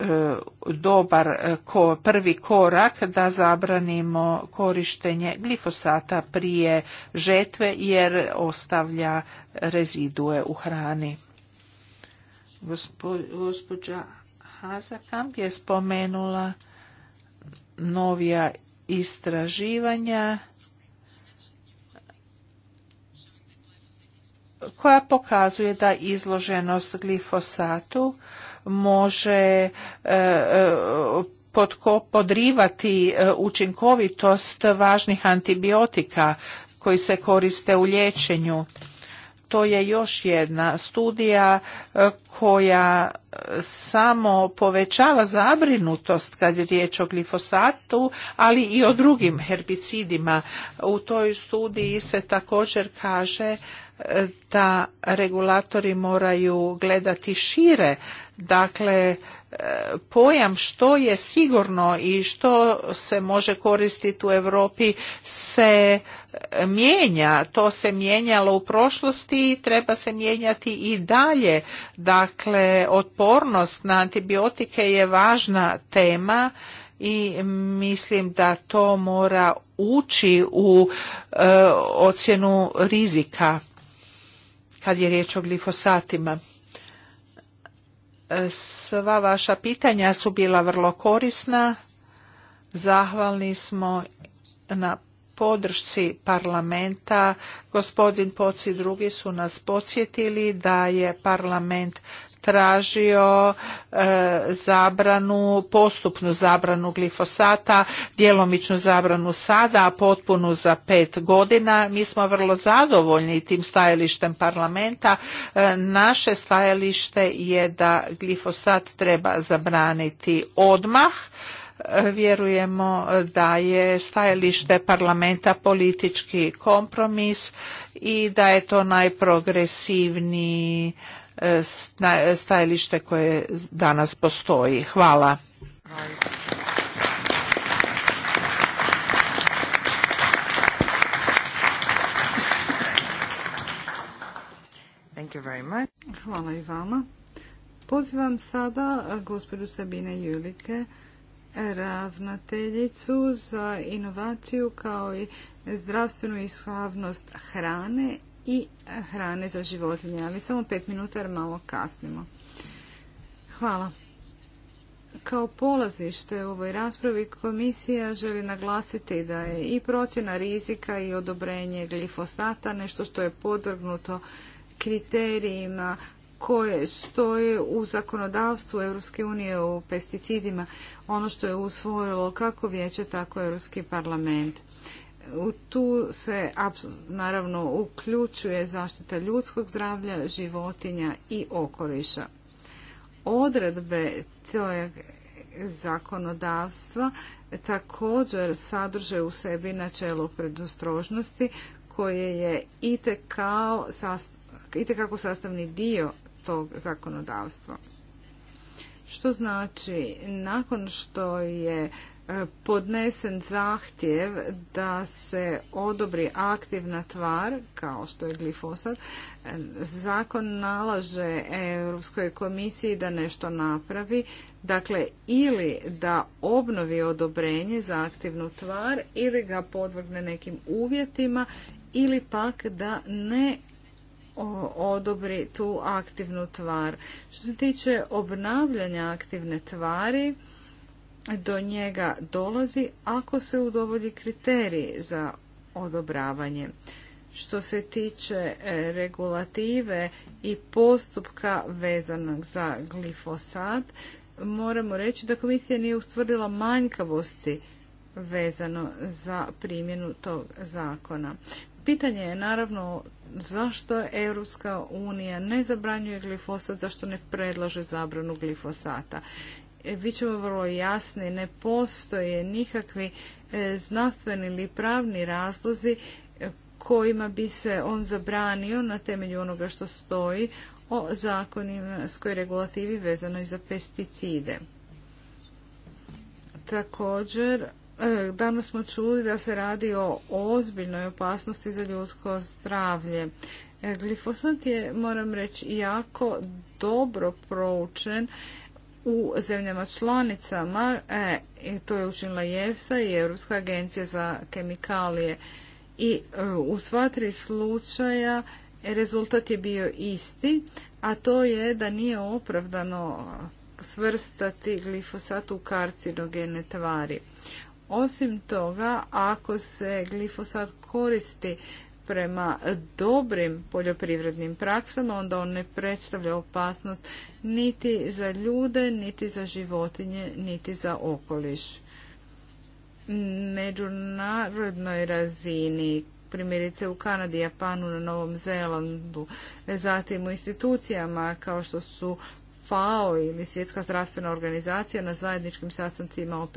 E, dobar e, prvi korak da zabranimo korištenje glifosata prije žetve jer ostavlja rezidue u hrani. gospođa Hazakamp je spomenula novija istraživanja koja pokazuje da izloženost glifosatu može e, e, podrivati e, učinkovitost važnih antibiotika koji se koriste u liječenju. To je još jedna studija koja samo povećava zabrinutost kad je riječ o glifosatu, ali i o drugim herbicidima. U toj studiji se također kaže da regulatori moraju gledati šire dakle e, pojam što je sigurno i što se može koristiti u Europi se mijenja to se mijenjalo u prošlosti i treba se mijenjati i dalje dakle otpornost na antibiotike je važna tema i mislim da to mora ući u e, ocjenu rizika kad je riječ o glifosatima. E, sva vaša pitanja su bila vrlo korisna. Zahvalni smo na podršci parlamenta. Gospodin Poci i drugi su nas podsjetili da je parlament tražio e, zabranu, postupnu zabranu glifosata, djelomičnu zabranu sada, a potpunu za pet godina. Mi smo vrlo zadovoljni tim stajalištem parlamenta. E, naše stajalište je da glifosat treba zabraniti odmah e, vjerujemo da je stajalište parlamenta politički kompromis i da je to najprogresivniji E, stajalište koje danas postoji. Hvala. Hvala i vama. Pozivam sada e, gospodu Sabine Julike, ravnateljicu za inovaciju kao i zdravstvenu ishlavnost hrane i hrane za životinje, ali samo pet minuta jer malo kasnimo. Hvala. Kao polazište u ovoj raspravi komisija želi naglasiti da je i procjena rizika i odobrenje glifosata nešto što je podvrgnuto kriterijima koje stoje u zakonodavstvu Europske unije o pesticidima, ono što je usvojilo kako vijeće, tako Europski parlament tu se naravno uključuje zaštita ljudskog zdravlja, životinja i okoliša. Odredbe tog zakonodavstva također sadrže u sebi načelo predostrožnosti koje je itekako sastavni dio tog zakonodavstva. Što znači, nakon što je podnesen zahtjev da se odobri aktivna tvar, kao što je glifosat, zakon nalaže Europskoj komisiji da nešto napravi, dakle ili da obnovi odobrenje za aktivnu tvar ili ga podvrgne nekim uvjetima ili pak da ne odobri tu aktivnu tvar. Što se tiče obnavljanja aktivne tvari, do njega dolazi ako se udovolji kriteriji za odobravanje. Što se tiče e, regulative i postupka vezanog za glifosat, moramo reći da komisija nije ustvrdila manjkavosti vezano za primjenu tog zakona. Pitanje je naravno zašto Europska unija ne zabranjuje glifosat, zašto ne predlaže zabranu glifosata. E, bit ćemo vrlo jasni, ne postoje nikakvi e, znanstveni ili pravni razlozi e, kojima bi se on zabranio na temelju onoga što stoji o zakonskoj regulativi vezanoj za pesticide. Također, danas smo čuli da se radi o ozbiljnoj opasnosti za ljudsko zdravlje. Glifosat je, moram reći, jako dobro proučen u zemljama članicama, e, to je učinila i i Europska agencija za kemikalije. I e, u sva tri slučaja rezultat je bio isti, a to je da nije opravdano svrstati glifosat u karcinogene tvari. Osim toga, ako se glifosat koristi prema dobrim poljoprivrednim praksama, onda on ne predstavlja opasnost niti za ljude, niti za životinje, niti za okoliš. Međunarodnoj razini primjerice u Kanadi, Japanu, na Novom Zelandu, zatim u institucijama kao što su FAO ili Svjetska zdravstvena organizacija na zajedničkim sastancima o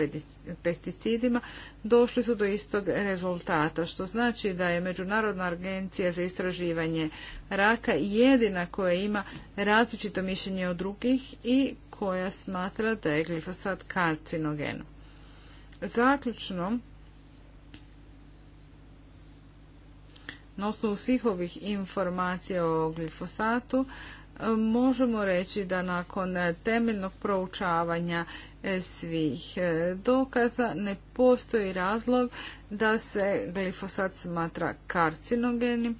pesticidima došli su do istog rezultata, što znači da je Međunarodna agencija za istraživanje raka jedina koja ima različito mišljenje od drugih i koja smatra da je glifosat karcinogen. Zaključno, na osnovu svih ovih informacija o glifosatu, možemo reći da nakon e, temeljnog proučavanja e, svih e, dokaza ne postoji razlog da se glifosat smatra karcinogenim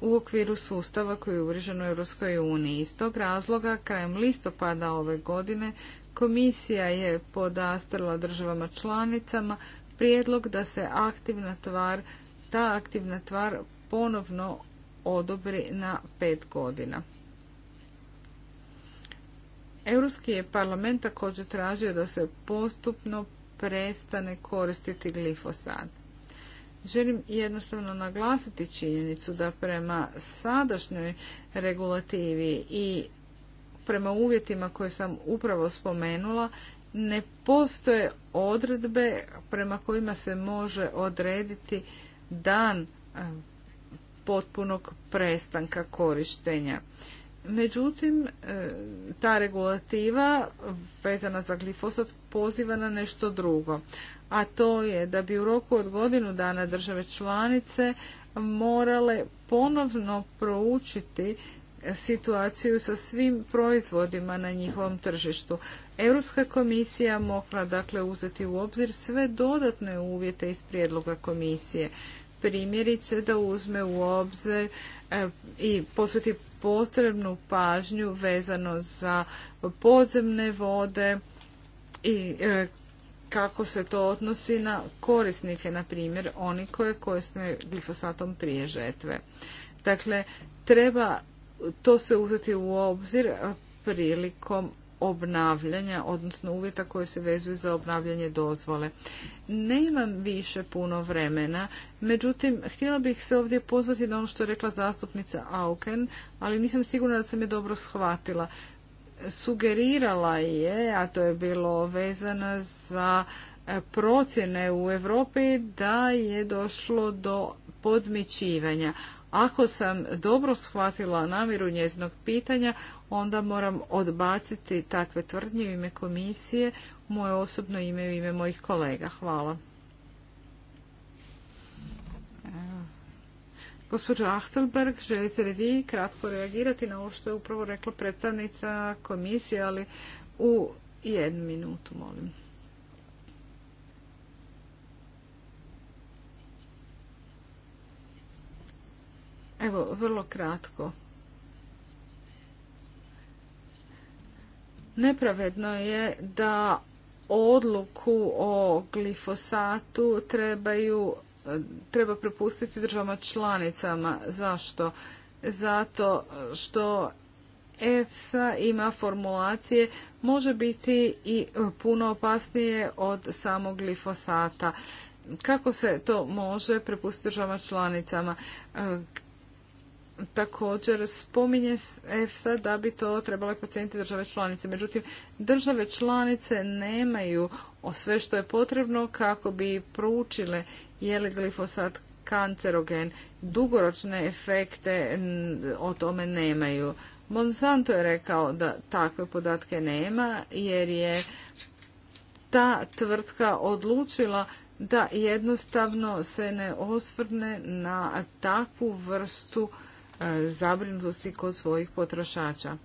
u okviru sustava koji je uvrižen u Europskoj uniji. Iz tog razloga krajem listopada ove godine komisija je podastrla državama članicama prijedlog da se aktivna tvar, ta aktivna tvar ponovno odobri na pet godina. Europski je parlament također tražio da se postupno prestane koristiti glifosat. Želim jednostavno naglasiti činjenicu da prema sadašnjoj regulativi i prema uvjetima koje sam upravo spomenula ne postoje odredbe prema kojima se može odrediti dan eh, potpunog prestanka korištenja. Međutim, e, ta regulativa vezana za glifosat poziva na nešto drugo, a to je da bi u roku od godinu dana države članice morale ponovno proučiti situaciju sa svim proizvodima na njihovom tržištu. Europska komisija mogla dakle uzeti u obzir sve dodatne uvjete iz prijedloga komisije. Primjerice da uzme u obzir e, i posveti potrebnu pažnju vezano za podzemne vode i e, kako se to odnosi na korisnike, na primjer, oni koje korisne glifosatom prije žetve. Dakle, treba to se uzeti u obzir prilikom obnavljanja, odnosno uvjeta koje se vezuju za obnavljanje dozvole. Nemam više puno vremena, međutim, htjela bih se ovdje pozvati na ono što je rekla zastupnica Auken, ali nisam sigurna da sam je dobro shvatila. Sugerirala je, a to je bilo vezano za e, procjene u Europi da je došlo do podmićivanja. Ako sam dobro shvatila namjeru njeznog pitanja, onda moram odbaciti takve tvrdnje u ime komisije, u moje osobno ime i u ime mojih kolega. Hvala. Gospođo Achtelberg, želite li vi kratko reagirati na ovo što je upravo rekla predstavnica komisije, ali u jednu minutu, molim. Evo, vrlo kratko. Nepravedno je da odluku o glifosatu trebaju, treba prepustiti državama članicama. Zašto? Zato što EFSA ima formulacije može biti i puno opasnije od samog glifosata. Kako se to može prepustiti državama članicama? također spominje EFSA da bi to trebale procijeniti države članice. Međutim, države članice nemaju sve što je potrebno kako bi proučile je li glifosat kancerogen. Dugoročne efekte o tome nemaju. Monsanto je rekao da takve podatke nema jer je ta tvrtka odlučila da jednostavno se ne osvrne na takvu vrstu E, zabrinutosti kod svojih potrošača.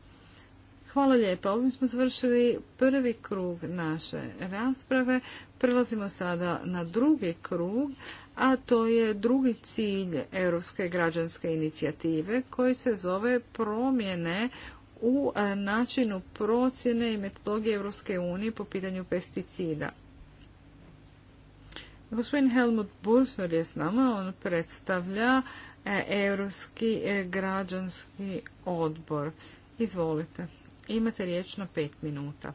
Hvala lijepa. Ovim smo završili prvi krug naše rasprave. Prelazimo sada na drugi krug, a to je drugi cilj Europske građanske inicijative koji se zove promjene u e, načinu procjene i metodologije Europske unije po pitanju pesticida. Gospodin Helmut Bursner je s nama, on predstavlja E, Europski e, građanski odbor. Izvolite. Imate riječ na pet minuta.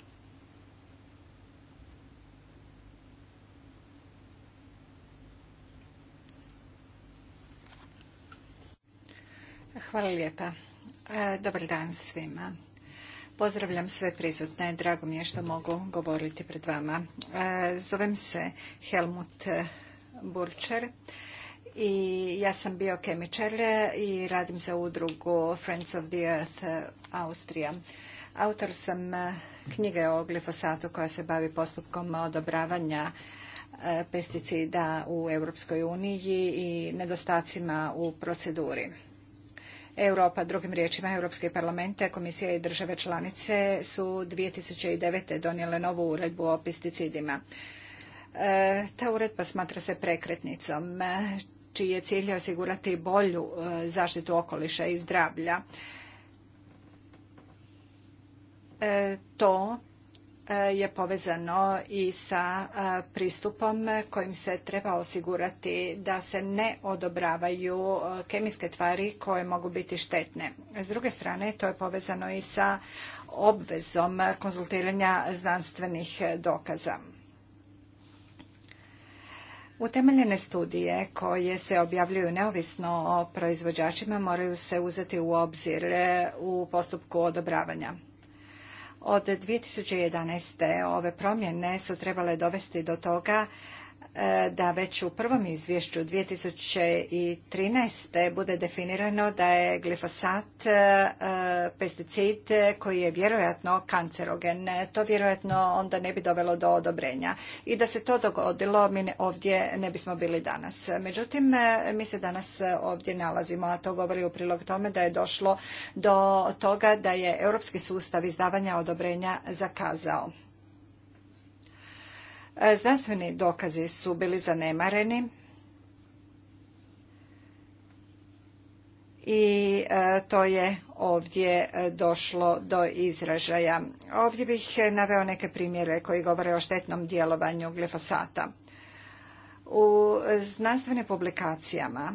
Hvala lijepa. E, dobar dan svima. Pozdravljam sve prisutne. Drago mi je što mogu govoriti pred vama. Zovem se Helmut Burčer i ja sam bio kemičar i radim za udrugu Friends of the Earth eh, Austrija. Autor sam eh, knjige o glifosatu koja se bavi postupkom odobravanja eh, pesticida u Europskoj uniji i nedostacima u proceduri. Europa, drugim riječima Europske parlamente, komisija i države članice su 2009. donijele novu uredbu o pesticidima. Ta uredba smatra se prekretnicom čiji je cilj osigurati bolju e, zaštitu okoliša i zdravlja. E, to e, je povezano i sa pristupom kojim se treba osigurati da se ne odobravaju kemijske tvari koje mogu biti štetne. S druge strane, to je povezano i sa obvezom konzultiranja znanstvenih dokaza. Utemeljene studije koje se objavljuju neovisno o proizvođačima moraju se uzeti u obzir e, u postupku odobravanja. Od 2011. ove promjene su trebale dovesti do toga E, da već u prvom izvješću 2013. bude definirano da je glifosat e, pesticid koji je vjerojatno kancerogen. To vjerojatno onda ne bi dovelo do odobrenja. I da se to dogodilo, mi ovdje ne bismo bili danas. Međutim, e, mi se danas ovdje nalazimo, a to govori u prilog tome da je došlo do toga da je europski sustav izdavanja odobrenja zakazao. E, znanstveni dokazi su bili zanemareni i e, to je ovdje e, došlo do izražaja. Ovdje bih naveo neke primjere koji govore o štetnom djelovanju glifosata. U znanstvenim publikacijama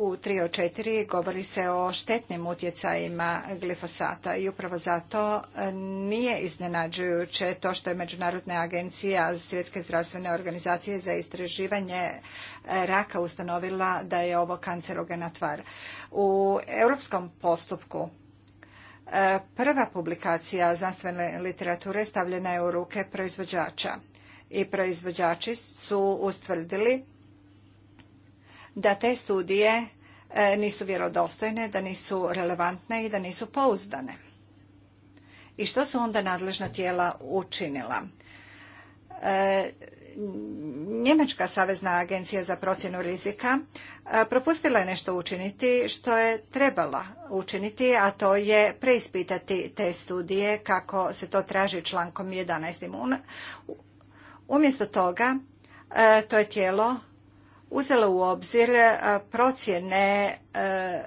u tri od četiri govori se o štetnim utjecajima glifosata i upravo zato e, nije iznenađujuće to što je Međunarodna agencija Svjetske zdravstvene organizacije za istraživanje e, raka ustanovila da je ovo kancerogena tvar. U europskom postupku e, prva publikacija znanstvene literature stavljena je u ruke proizvođača i proizvođači su ustvrdili da te studije e, nisu vjerodostojne, da nisu relevantne i da nisu pouzdane. I što su onda nadležna tijela učinila? E, Njemačka savezna agencija za procjenu rizika e, propustila je nešto učiniti što je trebala učiniti, a to je preispitati te studije kako se to traži člankom 11. Umjesto toga to je tijelo uzela u obzir e, procjene e,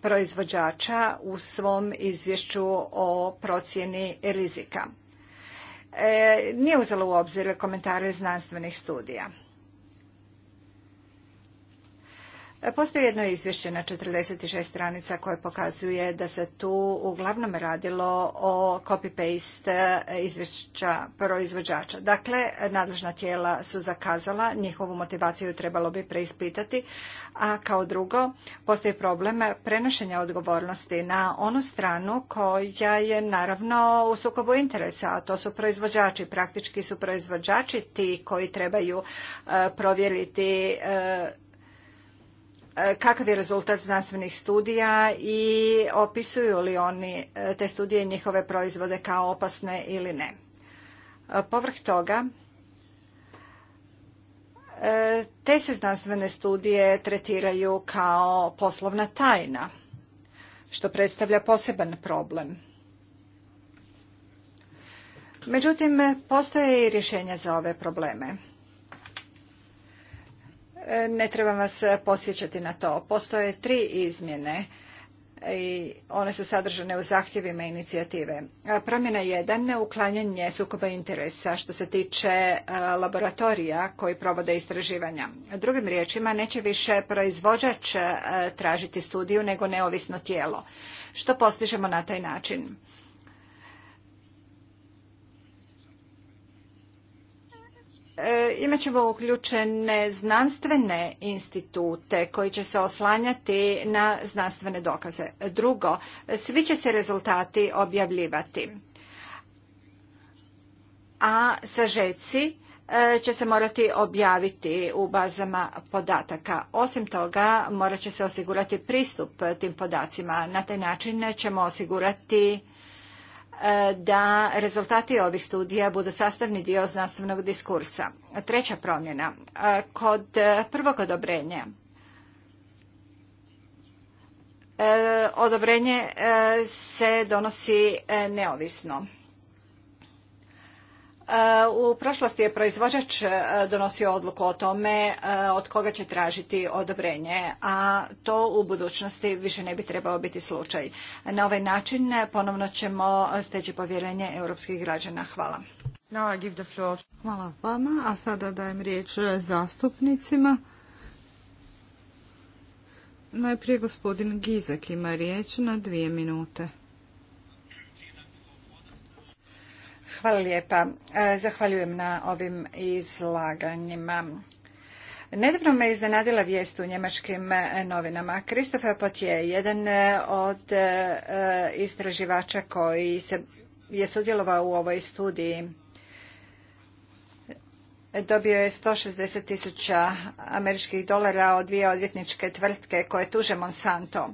proizvođača u svom izvješću o procjeni rizika. E, nije uzela u obzir komentare znanstvenih studija. Postoji jedno izvješće na 46 stranica koje pokazuje da se tu uglavnom radilo o copy-paste e, izvješća proizvođača. Dakle, nadležna tijela su zakazala, njihovu motivaciju trebalo bi preispitati, a kao drugo postoji problem prenošenja odgovornosti na onu stranu koja je naravno u sukobu interesa, a to su proizvođači. Praktički su proizvođači ti koji trebaju e, provjeriti e, E, kakav je rezultat znanstvenih studija i opisuju li oni e, te studije i njihove proizvode kao opasne ili ne. E, povrh toga, te se znanstvene studije tretiraju kao poslovna tajna, što predstavlja poseban problem. Međutim, postoje i rješenja za ove probleme. Ne trebam vas podsjećati na to. Postoje tri izmjene i one su sadržane u zahtjevima inicijative. Promjena 1. Uklanjanje sukoba interesa što se tiče e, laboratorija koji provode istraživanja. Drugim riječima, neće više proizvođač e, tražiti studiju nego neovisno tijelo. Što postižemo na taj način? E, imat ćemo uključene znanstvene institute koji će se oslanjati na znanstvene dokaze. Drugo, svi će se rezultati objavljivati. A sažeci e, će se morati objaviti u bazama podataka. Osim toga, morat će se osigurati pristup tim podacima. Na taj način ćemo osigurati E, da rezultati ovih studija budu sastavni dio znanstvenog diskursa. Treća promjena. E, kod prvog odobrenja e, odobrenje se donosi neovisno. U prošlosti je proizvođač e, donosio odluku o tome e, od koga će tražiti odobrenje, a to u budućnosti više ne bi trebao biti slučaj. Na ovaj način ponovno ćemo steći povjerenje europskih građana. Hvala. Hvala vama, a sada dajem riječ zastupnicima. Najprije gospodin Gizek ima riječ na dvije minute. Hvala lijepa. E, zahvaljujem na ovim izlaganjima. Nedavno me iznenadila vijest u njemačkim novinama. Christopher Potje, jedan e, od e, istraživača koji se je sudjelovao u ovoj studiji dobio je 160 tisuća američkih dolara od dvije odvjetničke tvrtke koje tuže Monsanto.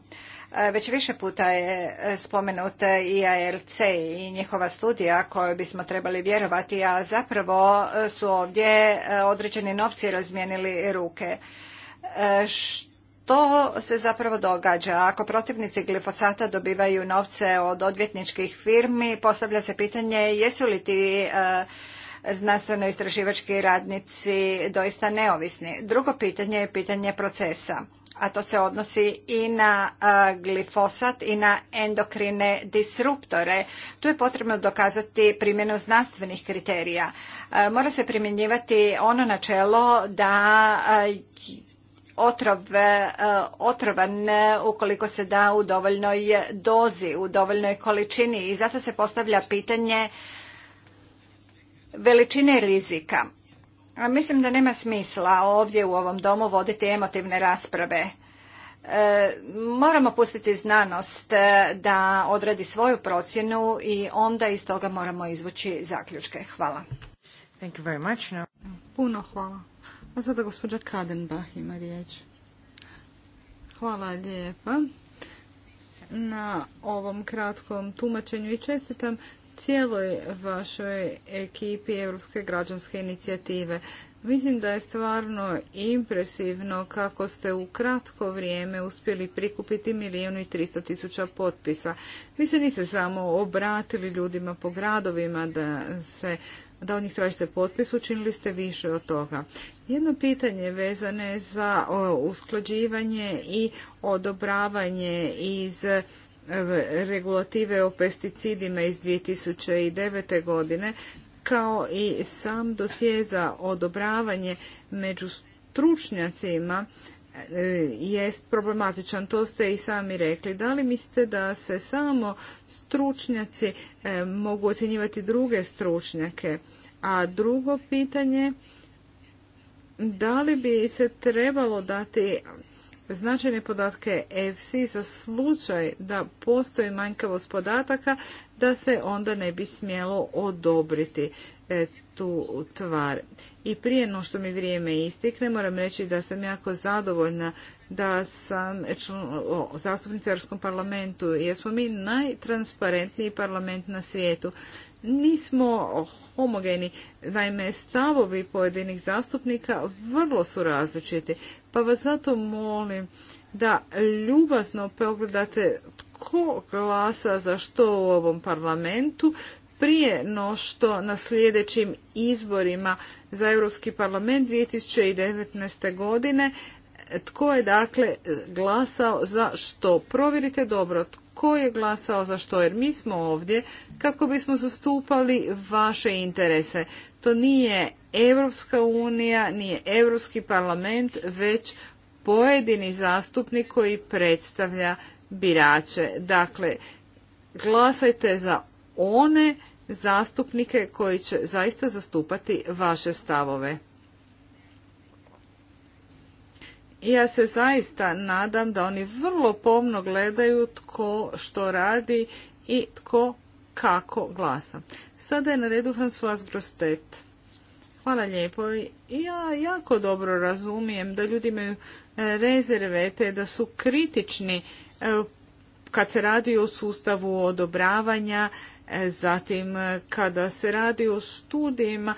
E, već više puta je e, spomenut IARC i njihova studija kojoj bismo trebali vjerovati, a zapravo e, su ovdje određeni novci razmijenili ruke. Što se zapravo događa? Ako protivnici glifosata dobivaju novce od odvjetničkih firmi, postavlja se pitanje jesu li ti znanstveno-istraživački radnici doista neovisni? Drugo pitanje je pitanje procesa, a to se odnosi i na glifosat i na endokrine disruptore. Tu je potrebno dokazati primjenu znanstvenih kriterija. Mora se primjenjivati ono načelo da otrov, otrovan ukoliko se da u dovoljnoj dozi, u dovoljnoj količini i zato se postavlja pitanje veličine rizika. Mislim da nema smisla ovdje u ovom domu voditi emotivne rasprave. E, moramo pustiti znanost e, da odradi svoju procjenu i onda iz toga moramo izvući zaključke. Hvala. Puno hvala. A sada gospođa Kadenbach ima riječ. Hvala lijepa na ovom kratkom tumačenju i čestitam cijeloj vašoj ekipi Europske građanske inicijative. Mislim da je stvarno impresivno kako ste u kratko vrijeme uspjeli prikupiti milijun i tristo tisuća potpisa. Vi se niste samo obratili ljudima po gradovima da se da od njih tražite potpis, učinili ste više od toga. Jedno pitanje vezane za usklađivanje i odobravanje iz regulative o pesticidima iz 2009. godine kao i sam dosje za odobravanje među stručnjacima e, jest problematičan. To ste i sami rekli. Da li mislite da se samo stručnjaci e, mogu ocjenjivati druge stručnjake? A drugo pitanje, da li bi se trebalo dati značajne podatke EFSI za slučaj da postoji manjkavost podataka da se onda ne bi smjelo odobriti e, tu tvar. I prije no što mi vrijeme istikne, moram reći da sam jako zadovoljna da sam zastupnica Europskom parlamentu, jer smo mi najtransparentniji parlament na svijetu nismo homogeni. Naime, stavovi pojedinih zastupnika vrlo su različiti. Pa vas zato molim da ljubazno pogledate tko glasa za što u ovom parlamentu prije no što na sljedećim izborima za Europski parlament 2019. godine tko je dakle glasao za što. Provjerite dobro tko je glasao za što, jer mi smo ovdje kako bismo zastupali vaše interese. To nije Europska unija, nije Europski parlament, već pojedini zastupnik koji predstavlja birače. Dakle, glasajte za one zastupnike koji će zaista zastupati vaše stavove. ja se zaista nadam da oni vrlo pomno gledaju tko što radi i tko kako glasa. Sada je na redu François Grostet. Hvala lijepo. Ja jako dobro razumijem da ljudi imaju e, rezerve da su kritični e, kad se radi o sustavu odobravanja, e, zatim kada se radi o studijima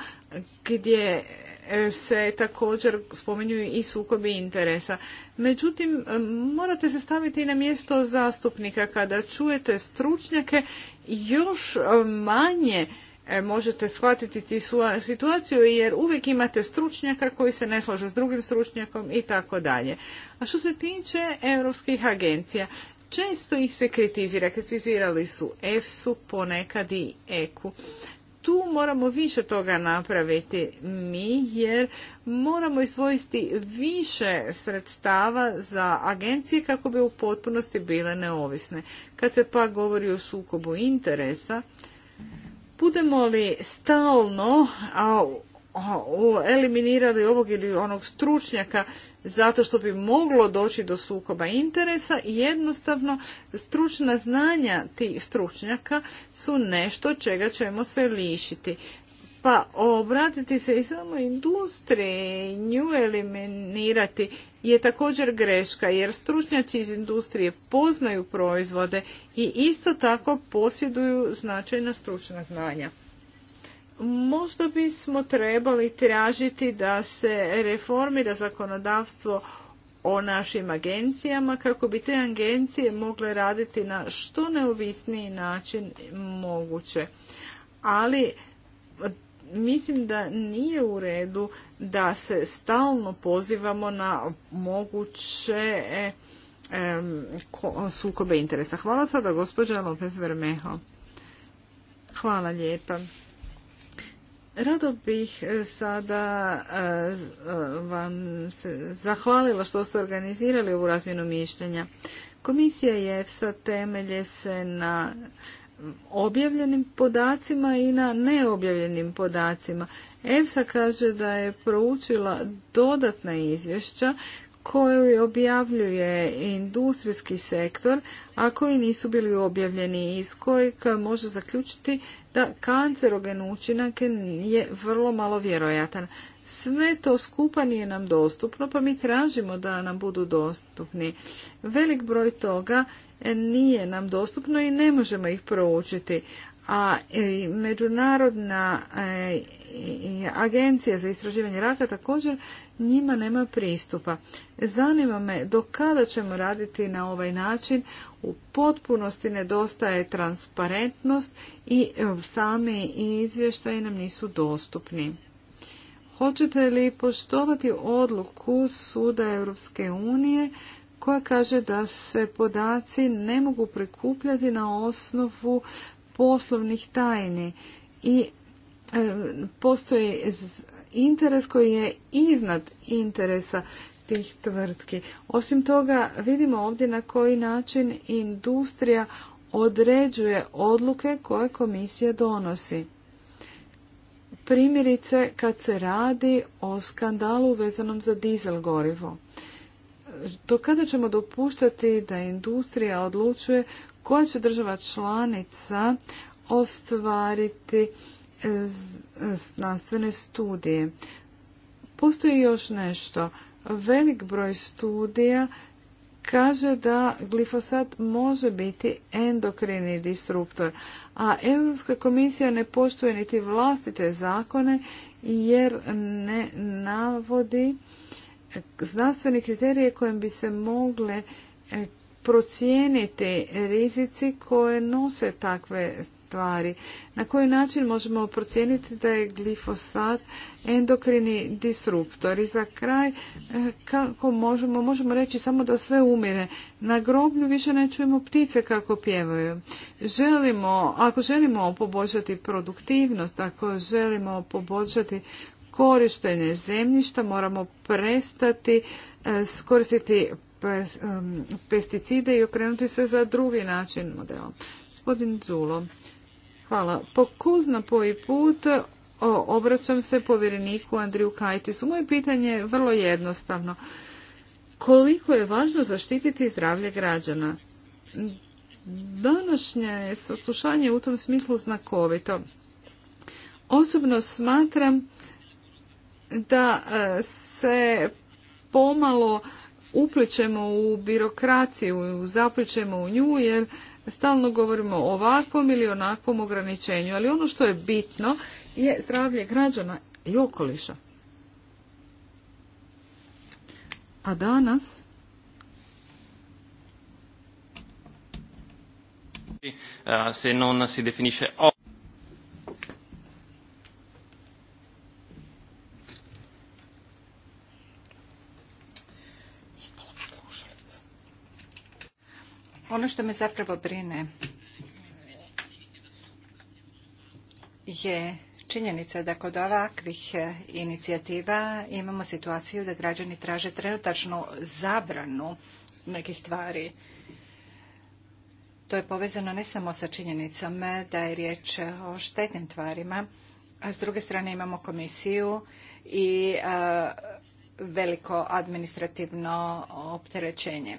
gdje se također spominju i sukobi interesa. Međutim, morate se staviti na mjesto zastupnika kada čujete stručnjake još manje e, možete shvatiti ti situaciju jer uvijek imate stručnjaka koji se ne slaže s drugim stručnjakom i tako dalje. A što se tiče europskih agencija, često ih se kritizira. Kritizirali su EFSU, ponekad i EKU tu moramo više toga napraviti mi jer moramo izvojiti više sredstava za agencije kako bi u potpunosti bile neovisne. Kad se pa govori o sukobu interesa, budemo li stalno a, eliminirali ovog ili onog stručnjaka zato što bi moglo doći do sukoba interesa i jednostavno stručna znanja tih stručnjaka su nešto čega ćemo se lišiti. Pa obratiti se i samo industriji, nju eliminirati je također greška jer stručnjaci iz industrije poznaju proizvode i isto tako posjeduju značajna stručna znanja. Možda bismo trebali tražiti da se reformira zakonodavstvo o našim agencijama kako bi te agencije mogle raditi na što neovisniji način moguće. Ali mislim da nije u redu da se stalno pozivamo na moguće e, sukobe interesa. Hvala sada gospođa Lopez Vermeho. Hvala lijepa. Rado bih e, sada e, vam se zahvalila što ste organizirali ovu razmjenu mišljenja. Komisija EFSA temelje se na objavljenim podacima i na neobjavljenim podacima. EFSA kaže da je proučila dodatna izvješća koju objavljuje industrijski sektor, a koji nisu bili objavljeni iz kojeg može zaključiti da kancerogen učinak je vrlo malo vjerojatan. Sve to skupa nije nam dostupno, pa mi tražimo da nam budu dostupni. Velik broj toga nije nam dostupno i ne možemo ih proučiti a međunarodna e, agencija za istraživanje raka također njima nema pristupa. Zanima me do kada ćemo raditi na ovaj način. U potpunosti nedostaje transparentnost i e, sami izvještaji nam nisu dostupni. Hoćete li poštovati odluku Suda Europske unije koja kaže da se podaci ne mogu prikupljati na osnovu poslovnih tajni i e, postoji interes koji je iznad interesa tih tvrtki. Osim toga, vidimo ovdje na koji način industrija određuje odluke koje komisija donosi. Primjerice kad se radi o skandalu vezanom za dizel gorivo. Do kada ćemo dopuštati da industrija odlučuje koja će država članica ostvariti e, e, znanstvene studije. Postoji još nešto. Velik broj studija kaže da glifosat može biti endokrini disruptor, a Europska komisija ne poštuje niti vlastite zakone jer ne navodi znanstvene kriterije kojim bi se mogle e, procijeniti rizici koje nose takve stvari? Na koji način možemo procijeniti da je glifosat endokrini disruptor? I za kraj, eh, kako možemo, možemo reći samo da sve umire. Na groblju više ne čujemo ptice kako pjevaju. Želimo, ako želimo poboljšati produktivnost, ako želimo poboljšati korištenje zemljišta, moramo prestati eh, koristiti pesticide i okrenuti se za drugi način modela. Gospodin Zulo, hvala. Po ko zna i put obraćam se povjereniku Andriju Kajtisu. Moje pitanje je vrlo jednostavno. Koliko je važno zaštititi zdravlje građana? Današnje saslušanje u tom smislu znakovito. Osobno smatram da e, se pomalo upličemo u birokraciju, zapličemo u nju jer stalno govorimo o ovakvom ili onakvom ograničenju. Ali ono što je bitno je zdravlje građana i okoliša. A danas... Eh, se non si definisce Ono što me zapravo brine je činjenica da kod ovakvih e, inicijativa imamo situaciju da građani traže trenutačnu zabranu nekih tvari. To je povezano ne samo sa činjenicom da je riječ o štetnim tvarima, a s druge strane imamo komisiju i e, veliko administrativno opterećenje.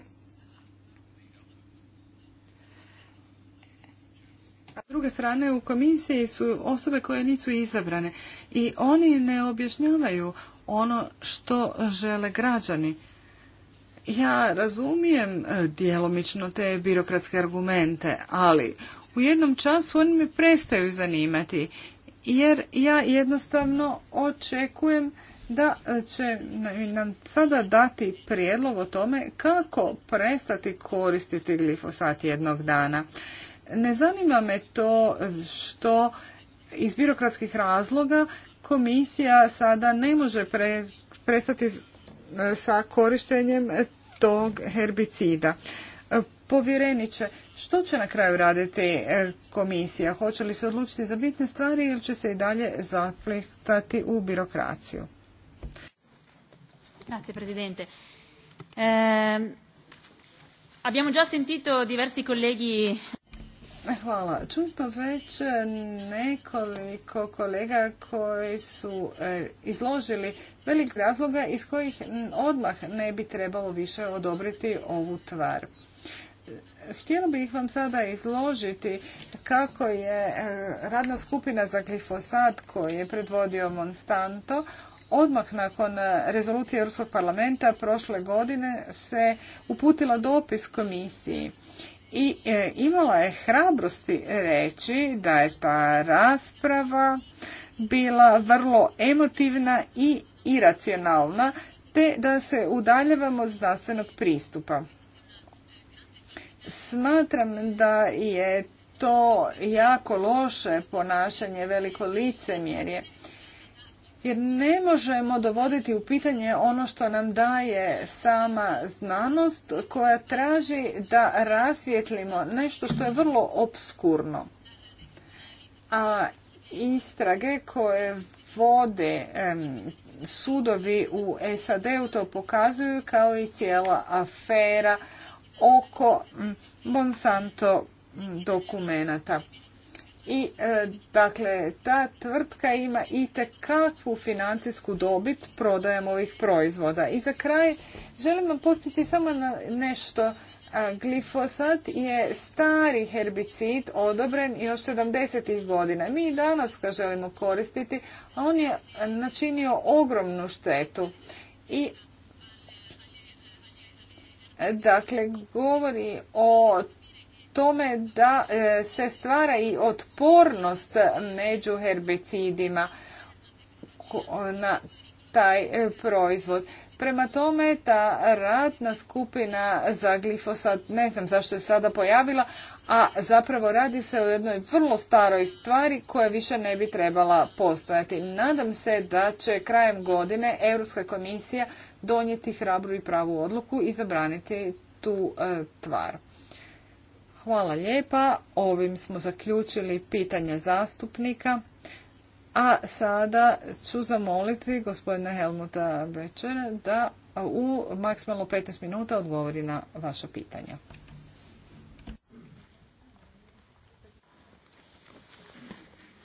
A s druge strane u komisiji su osobe koje nisu izabrane i oni ne objašnjavaju ono što žele građani. Ja razumijem e, djelomično te birokratske argumente, ali u jednom času oni me prestaju zanimati jer ja jednostavno očekujem da će nam sada dati prijedlog o tome kako prestati koristiti glifosat jednog dana. Ne zanima me to što iz birokratskih razloga komisija sada ne može prestati sa korištenjem tog herbicida. Povjereniče, što će na kraju raditi e, komisija? Hoće li se odlučiti za bitne stvari ili će se i dalje zapletati u birokraciju? Grazie Presidente. Eh, abbiamo già sentito diversi colleghi Hvala. Čuli smo već e, nekoliko kolega koji su e, izložili velik razloga iz kojih odmah ne bi trebalo više odobriti ovu tvar. E, htjela bih vam sada izložiti kako je radna skupina za glifosat koji je predvodio monstanto odmah nakon rezolucije Europskog parlamenta prošle godine se uputila dopis komisiji i e, imala je hrabrosti reći da je ta rasprava bila vrlo emotivna i iracionalna te da se udaljavamo od znanstvenog pristupa. Smatram da je to jako loše ponašanje, veliko licemjerje jer ne možemo dovoditi u pitanje ono što nam daje sama znanost koja traži da rasvjetlimo nešto što je vrlo obskurno. A istrage koje vode sudovi u SAD-u to pokazuju kao i cijela afera oko mm, Monsanto mm, dokumenata. I e, dakle, ta tvrtka ima i kakvu financijsku dobit prodajem ovih proizvoda. I za kraj želim vam postiti samo na nešto. E, glifosat je stari herbicid odobren još 70. godina. Mi i danas ga želimo koristiti, a on je načinio ogromnu štetu. I e, Dakle, govori o tome da e, se stvara i otpornost među herbicidima na taj e, proizvod. Prema tome, ta radna skupina za glifosat, ne znam zašto je sada pojavila, a zapravo radi se o jednoj vrlo staroj stvari koja više ne bi trebala postojati. Nadam se da će krajem godine Europska komisija donijeti hrabru i pravu odluku i zabraniti tu e, tvar. Hvala lijepa. Ovim smo zaključili pitanje zastupnika. A sada ću zamoliti gospodina Helmuta večer da u maksimalno 15 minuta odgovori na vaša pitanja.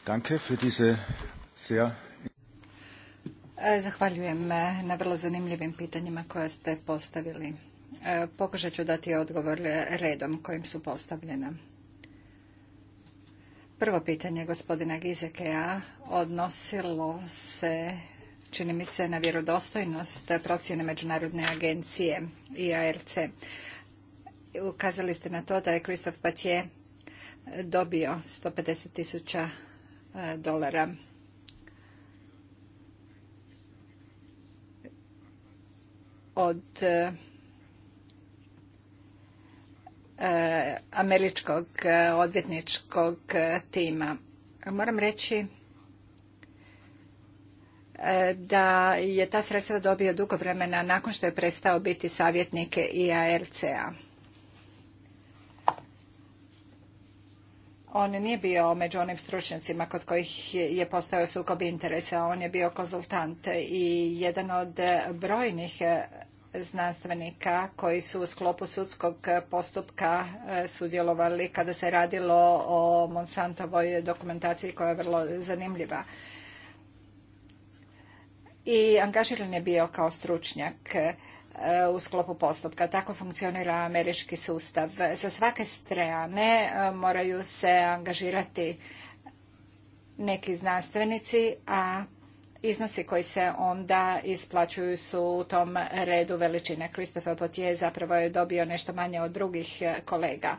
Danke für diese sehr... Zahvaljujem na vrlo zanimljivim pitanjima koja ste postavili. E, pokušat ću dati odgovor redom kojim su postavljena. Prvo pitanje gospodina Gizekea odnosilo se, čini mi se, na vjerodostojnost procjene Međunarodne agencije ARC. Ukazali ste na to da je Christophe Patje dobio 150 tisuća e, dolara od Eh, američkog eh, odvjetničkog eh, tima. Moram reći da je ta sredstva dobio dugo vremena nakon što je prestao biti savjetnik IARC-a. On nije bio među onim stručnjacima kod kojih je postao sukob interesa, on je bio konzultant i jedan od brojnih znanstvenika koji su u sklopu sudskog postupka e, sudjelovali kada se radilo o Monsantovoj dokumentaciji koja je vrlo zanimljiva. I angažiran je bio kao stručnjak e, u sklopu postupka. Tako funkcionira američki sustav. Sa svake strane e, moraju se angažirati neki znanstvenici, a Iznosi koji se onda isplaćuju su u tom redu veličine. Christopher Potier zapravo je dobio nešto manje od drugih e, kolega.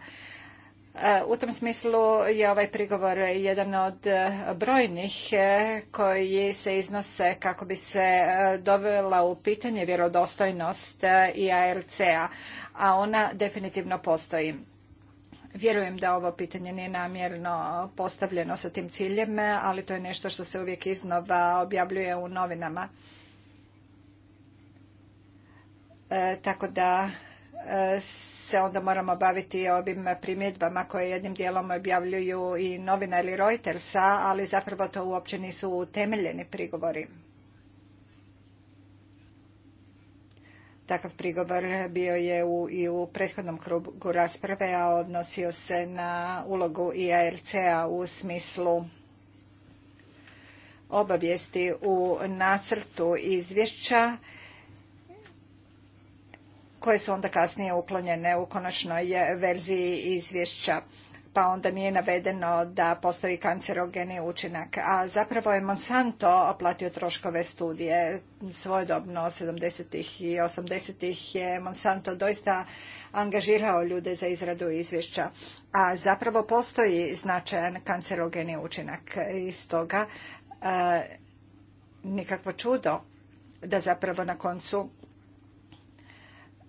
E, u tom smislu je ovaj prigovor jedan od e, brojnih koji se iznose kako bi se dovela u pitanje vjerodostojnost IARC-a, a ona definitivno postoji. Vjerujem da ovo pitanje nije namjerno postavljeno sa tim ciljem, ali to je nešto što se uvijek iznova objavljuje u novinama. E, tako da e, se onda moramo baviti ovim primjedbama koje jednim dijelom objavljuju i ili Reutersa, ali zapravo to uopće nisu utemeljeni prigovori. Takav prigovor bio je u, i u prethodnom krugu rasprave, a odnosio se na ulogu IARC-a u smislu obavijesti u nacrtu izvješća koje su onda kasnije uklonjene u konačnoj verziji izvješća pa onda nije navedeno da postoji kancerogeni učinak. A zapravo je Monsanto oplatio troškove studije. Svojedobno 70. i 80. je Monsanto doista angažirao ljude za izradu izvješća. A zapravo postoji značajan kancerogeni učinak. I stoga e, nikakvo čudo da zapravo na koncu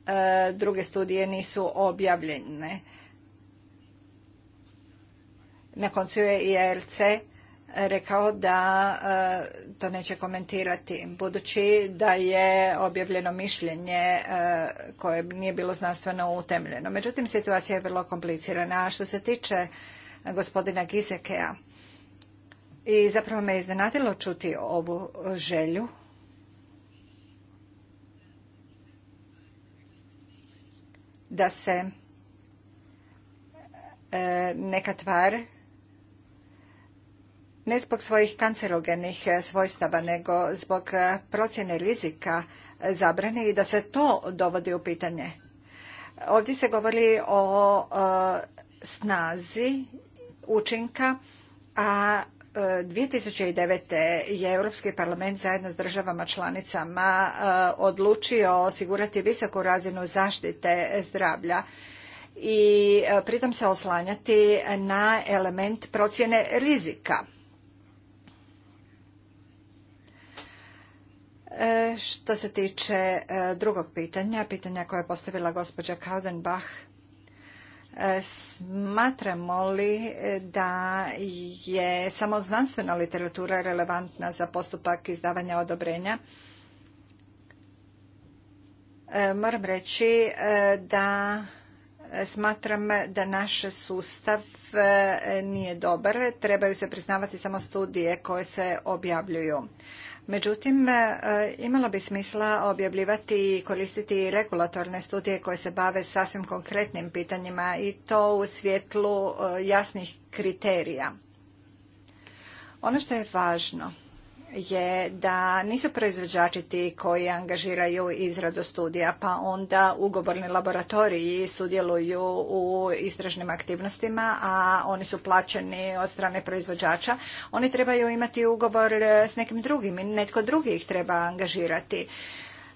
e, druge studije nisu objavljene. Na koncu je ELC rekao da e, to neće komentirati, budući da je objavljeno mišljenje e, koje nije bilo znanstveno utemljeno. Međutim, situacija je vrlo komplicirana. A što se tiče gospodina Gisekea, i zapravo me je iznenadilo čuti ovu želju da se e, neka tvar ne zbog svojih kancerogenih e, svojstava, nego zbog e, procjene rizika zabrane i da se to dovodi u pitanje. Ovdje se govori o e, snazi učinka, a 2009. je Europski parlament zajedno s državama članicama odlučio osigurati visoku razinu zaštite zdravlja i pritom se oslanjati na element procjene rizika E, što se tiče e, drugog pitanja, pitanja koje je postavila gospođa Kaudenbach, e, Smatramo li da je samo znanstvena literatura relevantna za postupak izdavanja odobrenja? Moram reći da smatram da naš sustav nije dobar. Trebaju se priznavati samo studije koje se objavljuju. Međutim, e, imalo bi smisla objavljivati i koristiti regulatorne studije koje se bave sasvim konkretnim pitanjima i to u svjetlu e, jasnih kriterija. Ono što je važno je da nisu proizvođači ti koji angažiraju izradu studija, pa onda ugovorni laboratoriji sudjeluju u istražnim aktivnostima, a oni su plaćeni od strane proizvođača. Oni trebaju imati ugovor s nekim drugim i netko drugi ih treba angažirati.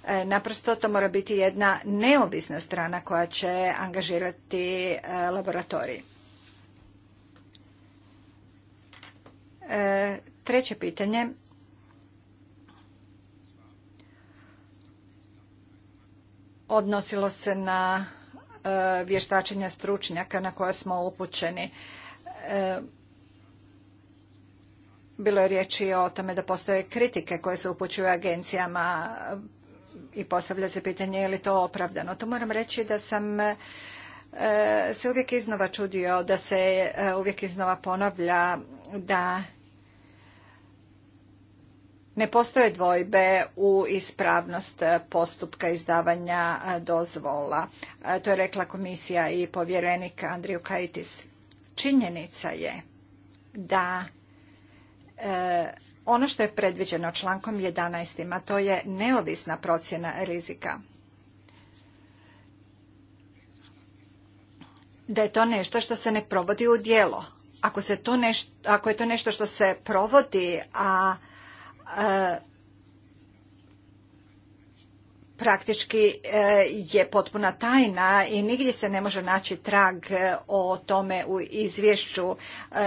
E, naprosto to mora biti jedna neovisna strana koja će angažirati e, laboratorij. E, treće pitanje odnosilo se na e, vještačenja stručnjaka na koja smo upućeni. E, bilo je riječi o tome da postoje kritike koje se upućuju agencijama i postavlja se pitanje je li to opravdano. To moram reći da sam e, se uvijek iznova čudio, da se uvijek iznova ponavlja da ne postoje dvojbe u ispravnost postupka izdavanja dozvola. To je rekla komisija i povjerenik Andriju Kajtis. Činjenica je da e, ono što je predviđeno člankom 11. a to je neovisna procjena rizika. Da je to nešto što se ne provodi u djelo. Ako, se ako je to nešto što se provodi, a E, praktički e, je potpuna tajna i nigdje se ne može naći trag e, o tome u izvješću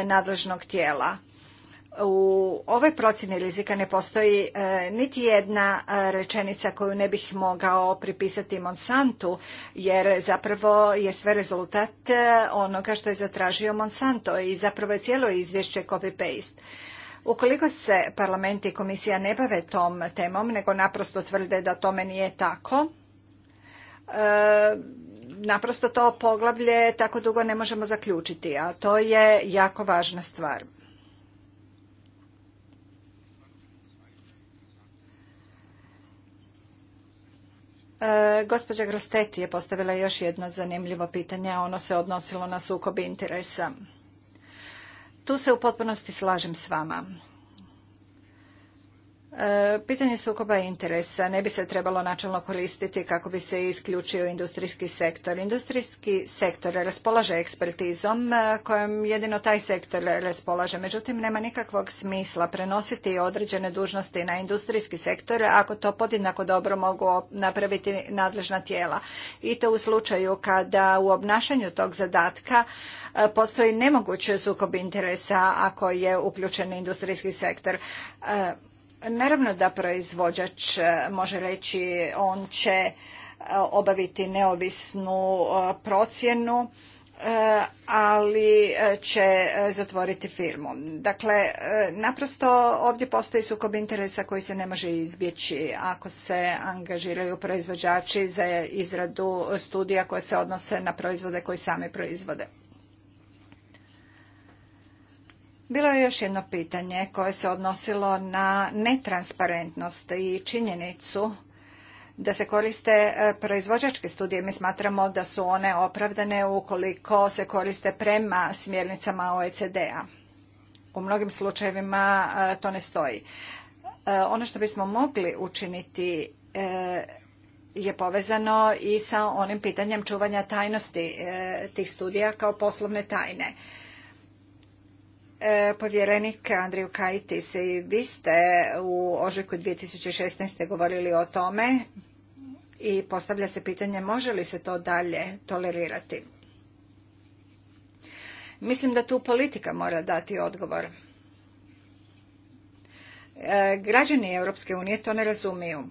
nadležnog tijela. U ovoj procjeni rizika ne postoji niti jedna rečenica koju ne bih mogao pripisati Monsantu, jer zapravo je sve rezultat onoga što je zatražio Monsanto i zapravo je cijelo izvješće copy-paste. Ukoliko se parlament i komisija ne bave tom temom, nego naprosto tvrde da tome nije tako, e, naprosto to poglavlje tako dugo ne možemo zaključiti, a to je jako važna stvar. E, gospođa Grosteti je postavila još jedno zanimljivo pitanje, a ono se odnosilo na sukob interesa. Tu se u potpunosti slažem s vama. E, pitanje sukoba interesa ne bi se trebalo načelno koristiti kako bi se isključio industrijski sektor. Industrijski sektor raspolaže ekspertizom e, kojom jedino taj sektor raspolaže. Međutim, nema nikakvog smisla prenositi određene dužnosti na industrijski sektor ako to podjednako dobro mogu napraviti nadležna tijela. I to u slučaju kada u obnašanju tog zadatka e, postoji nemoguće sukob interesa ako je uključen industrijski sektor. Naravno da proizvođač e, može reći on će e, obaviti neovisnu e, procjenu, ali će zatvoriti firmu. Dakle, naprosto ovdje postoji sukob interesa koji se ne može izbjeći ako se angažiraju proizvođači za izradu studija koje se odnose na proizvode koji sami proizvode. Bilo je još jedno pitanje koje se odnosilo na netransparentnost i činjenicu da se koriste e, proizvođačke studije. Mi smatramo da su one opravdane ukoliko se koriste prema smjernicama OECD-a. U mnogim slučajevima e, to ne stoji. E, ono što bismo mogli učiniti je povezano i sa onim pitanjem čuvanja tajnosti tih studija kao poslovne tajne. E, povjerenik Andriju Kajtis, vi ste u ožujku 2016. govorili o tome i postavlja se pitanje može li se to dalje tolerirati. Mislim da tu politika mora dati odgovor. E, građani Europske unije to ne razumiju.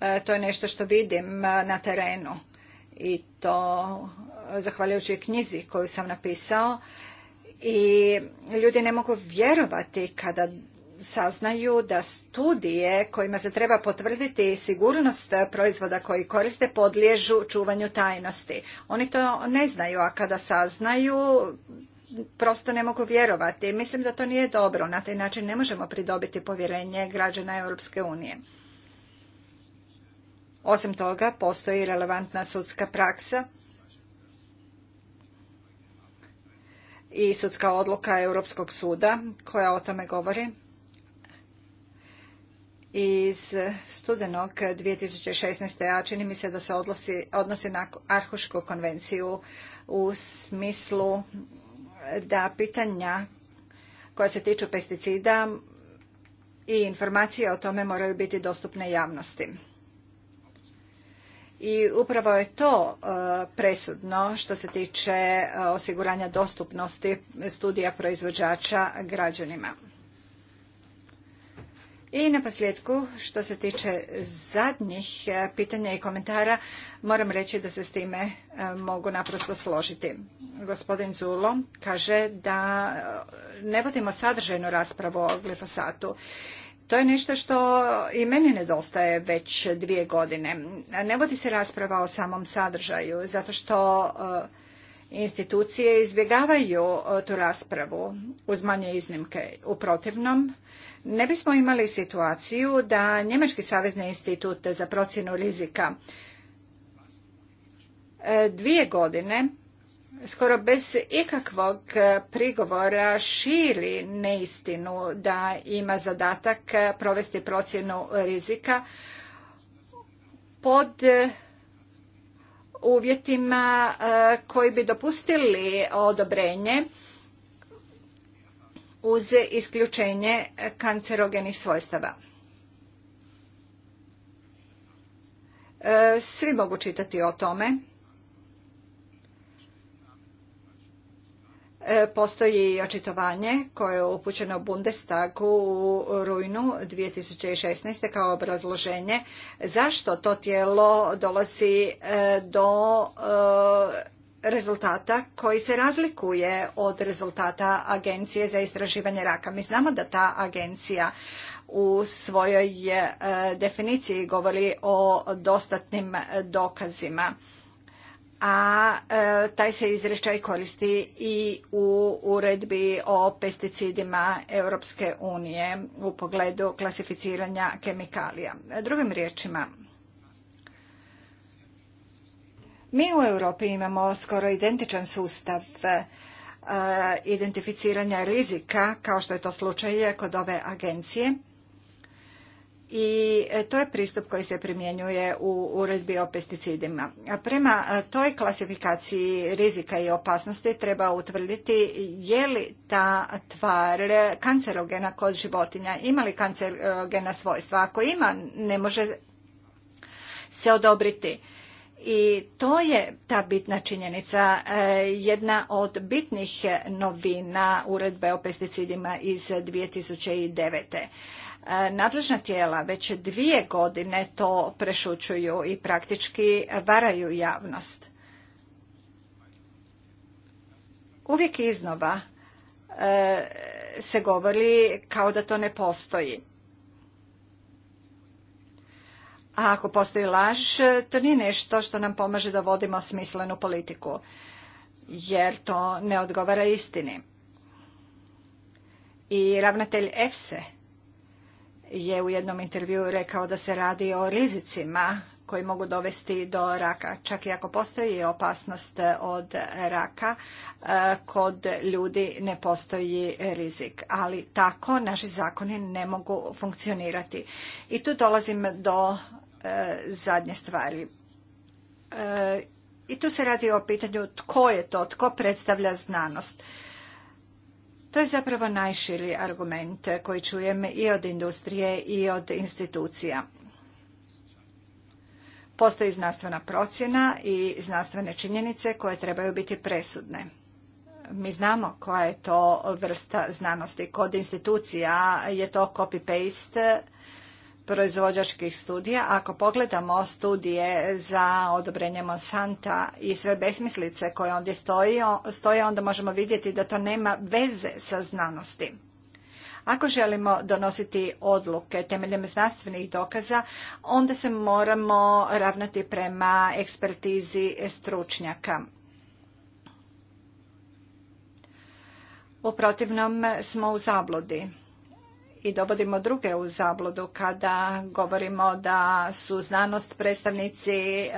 E, to je nešto što vidim na terenu i to zahvaljujući knjizi koju sam napisao i ljudi ne mogu vjerovati kada saznaju da studije kojima se treba potvrditi sigurnost proizvoda koji koriste podliježu čuvanju tajnosti. Oni to ne znaju, a kada saznaju prosto ne mogu vjerovati. Mislim da to nije dobro. Na taj način ne možemo pridobiti povjerenje građana Europske unije. Osim toga, postoji relevantna sudska praksa i sudska odluka Europskog suda koja o tome govori iz studenog 2016. a čini mi se da se odnosi, odnosi na Arhušku konvenciju u smislu da pitanja koja se tiču pesticida i informacije o tome moraju biti dostupne javnosti i upravo je to e, presudno što se tiče e, osiguranja dostupnosti studija proizvođača građanima. I na posljedku, što se tiče zadnjih e, pitanja i komentara, moram reći da se s time mogu naprosto složiti. Gospodin Zulo kaže da ne vodimo sadržajnu raspravu o glifosatu to je nešto što i meni nedostaje već dvije godine. Ne vodi se rasprava o samom sadržaju, zato što e, institucije izbjegavaju e, tu raspravu uz manje iznimke. U protivnom, ne bismo imali situaciju da Njemački savezni institut za procjenu rizika e, dvije godine skoro bez ikakvog e, prigovora širi neistinu da ima zadatak e, provesti procjenu rizika pod e, uvjetima koji bi dopustili odobrenje uz isključenje kancerogenih svojstava. Svi mogu čitati o tome. E, postoji očitovanje koje je upućeno Bundestagu u rujnu 2016. kao obrazloženje zašto to tijelo dolazi e, do e, rezultata koji se razlikuje od rezultata Agencije za istraživanje raka. Mi znamo da ta agencija u svojoj definiciji govori o dostatnim dokazima a e, taj se izrečaj koristi i u uredbi o pesticidima Europske unije u pogledu klasificiranja kemikalija. Drugim riječima, mi u Europi imamo skoro identičan sustav e, identificiranja rizika, kao što je to slučaj kod ove agencije, i e, to je pristup koji se primjenjuje u uredbi o pesticidima. Prema e, toj klasifikaciji rizika i opasnosti treba utvrditi je li ta tvar kancerogena kod životinja, ima li kancerogena svojstva. Ako ima, ne može se odobriti. I to je ta bitna činjenica, e, jedna od bitnih novina uredbe o pesticidima iz 2009. E, nadležna tijela već dvije godine to prešućuju i praktički varaju javnost. Uvijek iznova e, se govori kao da to ne postoji. A ako postoji laž, to nije nešto što nam pomaže da vodimo smislenu politiku, jer to ne odgovara istini. I ravnatelj EFSE je u jednom intervju rekao da se radi o rizicima koji mogu dovesti do raka. Čak i ako postoji opasnost eh, od raka, eh, kod ljudi ne postoji rizik. Ali tako naši zakoni ne mogu funkcionirati. I tu dolazim do eh, zadnje stvari. I tu se radi o pitanju tko je to, tko predstavlja znanost. To je zapravo najširi argument koji čujem i od industrije i od institucija. Postoji znanstvena procjena i znanstvene činjenice koje trebaju biti presudne. Mi znamo koja je to vrsta znanosti. Kod institucija je to copy-paste proizvođačkih studija. Ako pogledamo studije za odobrenje Monsanta i sve besmislice koje ondje stoje, onda možemo vidjeti da to nema veze sa znanosti. Ako želimo donositi odluke temeljem znanstvenih dokaza, onda se moramo ravnati prema ekspertizi stručnjaka. U protivnom smo u zabludi i dovodimo druge u zabludu kada govorimo da su znanost predstavnici e,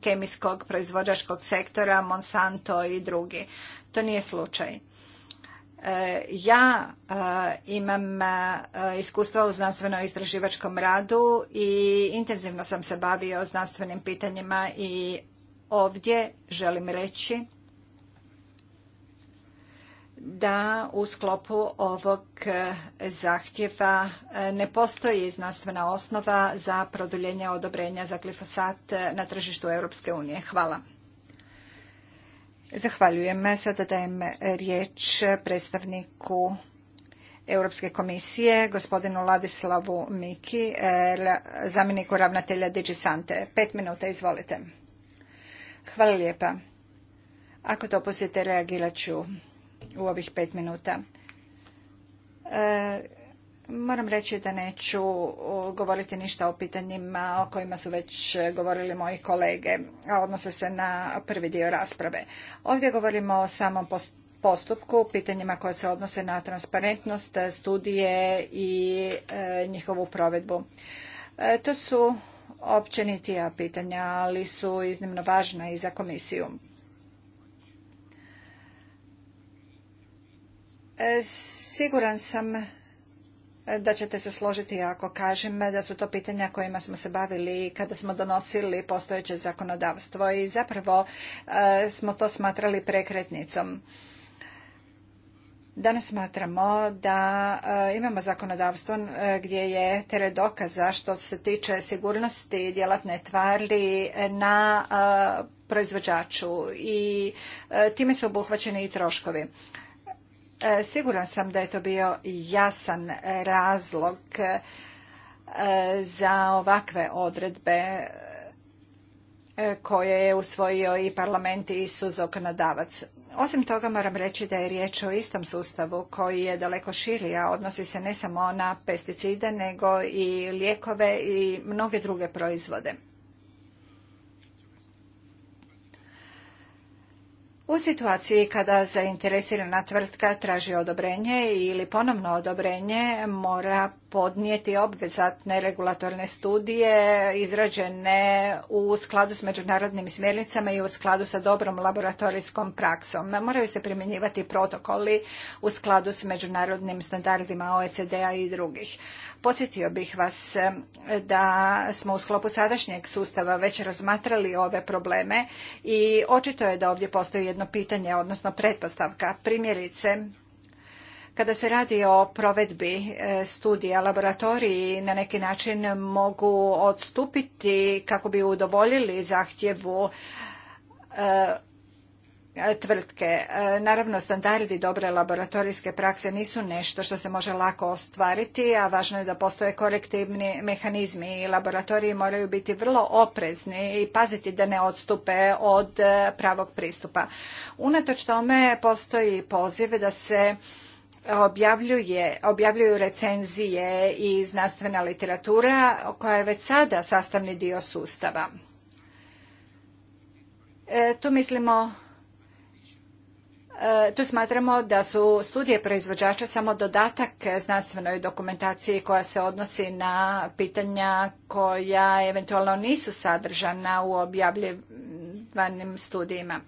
kemijskog proizvođačkog sektora Monsanto i drugi. To nije slučaj. E, ja e, imam iskustva u znanstveno-istraživačkom radu i intenzivno sam se bavio znanstvenim pitanjima i ovdje želim reći da u sklopu ovog e, zahtjeva e, ne postoji znanstvena osnova za produljenje odobrenja za glifosat e, na tržištu Europske unije. Hvala. Zahvaljujem. Sada dajem riječ predstavniku Europske komisije, gospodinu Ladislavu Miki, zamjeniku ravnatelja Digisante. Pet minuta, izvolite. Hvala lijepa. Ako to posjete, reagirat ću u ovih pet minuta. E, moram reći da neću govoriti ništa o pitanjima o kojima su već govorili moji kolege, a odnose se na prvi dio rasprave. Ovdje govorimo o samom postupku, pitanjima koja se odnose na transparentnost, studije i e, njihovu provedbu. E, to su općenitija pitanja, ali su iznimno važna i za komisiju. E, siguran sam e, da ćete se složiti ako kažem da su to pitanja kojima smo se bavili kada smo donosili postojeće zakonodavstvo i zapravo e, smo to smatrali prekretnicom. Danas smatramo da imamo zakonodavstvo gdje je teret dokaza što se tiče sigurnosti djelatne tvari na proizvođaču i time su obuhvaćeni i troškovi. E, siguran sam da je to bio jasan razlog e, za ovakve odredbe e, koje je usvojio i parlament i suzokonodavac. Osim toga moram reći da je riječ o istom sustavu koji je daleko širi, a odnosi se ne samo na pesticide nego i lijekove i mnoge druge proizvode. U situaciji kada zainteresirana tvrtka traži odobrenje ili ponovno odobrenje mora podnijeti obvezatne regulatorne studije izrađene u skladu s međunarodnim smjernicama i u skladu sa dobrom laboratorijskom praksom. Moraju se primjenjivati protokoli u skladu s međunarodnim standardima OECD-a i drugih. Podsjetio bih vas eh, da smo u sklopu sadašnjeg sustava već razmatrali ove probleme i očito je da ovdje postoji jedno pitanje, odnosno pretpostavka. Primjerice, kada se radi o provedbi e, studija, laboratoriji na neki način mogu odstupiti kako bi udovoljili zahtjevu e, tvrtke. E, naravno, standardi dobre laboratorijske prakse nisu nešto što se može lako ostvariti, a važno je da postoje korektivni mehanizmi i laboratoriji moraju biti vrlo oprezni i paziti da ne odstupe od pravog pristupa. Unatoč tome postoji poziv da se objavljuju recenzije i znanstvena literatura koja je već sada sastavni dio sustava. E, tu mislimo e, tu smatramo da su studije proizvođača samo dodatak znanstvenoj dokumentaciji koja se odnosi na pitanja koja eventualno nisu sadržana u objavljivanim studijima.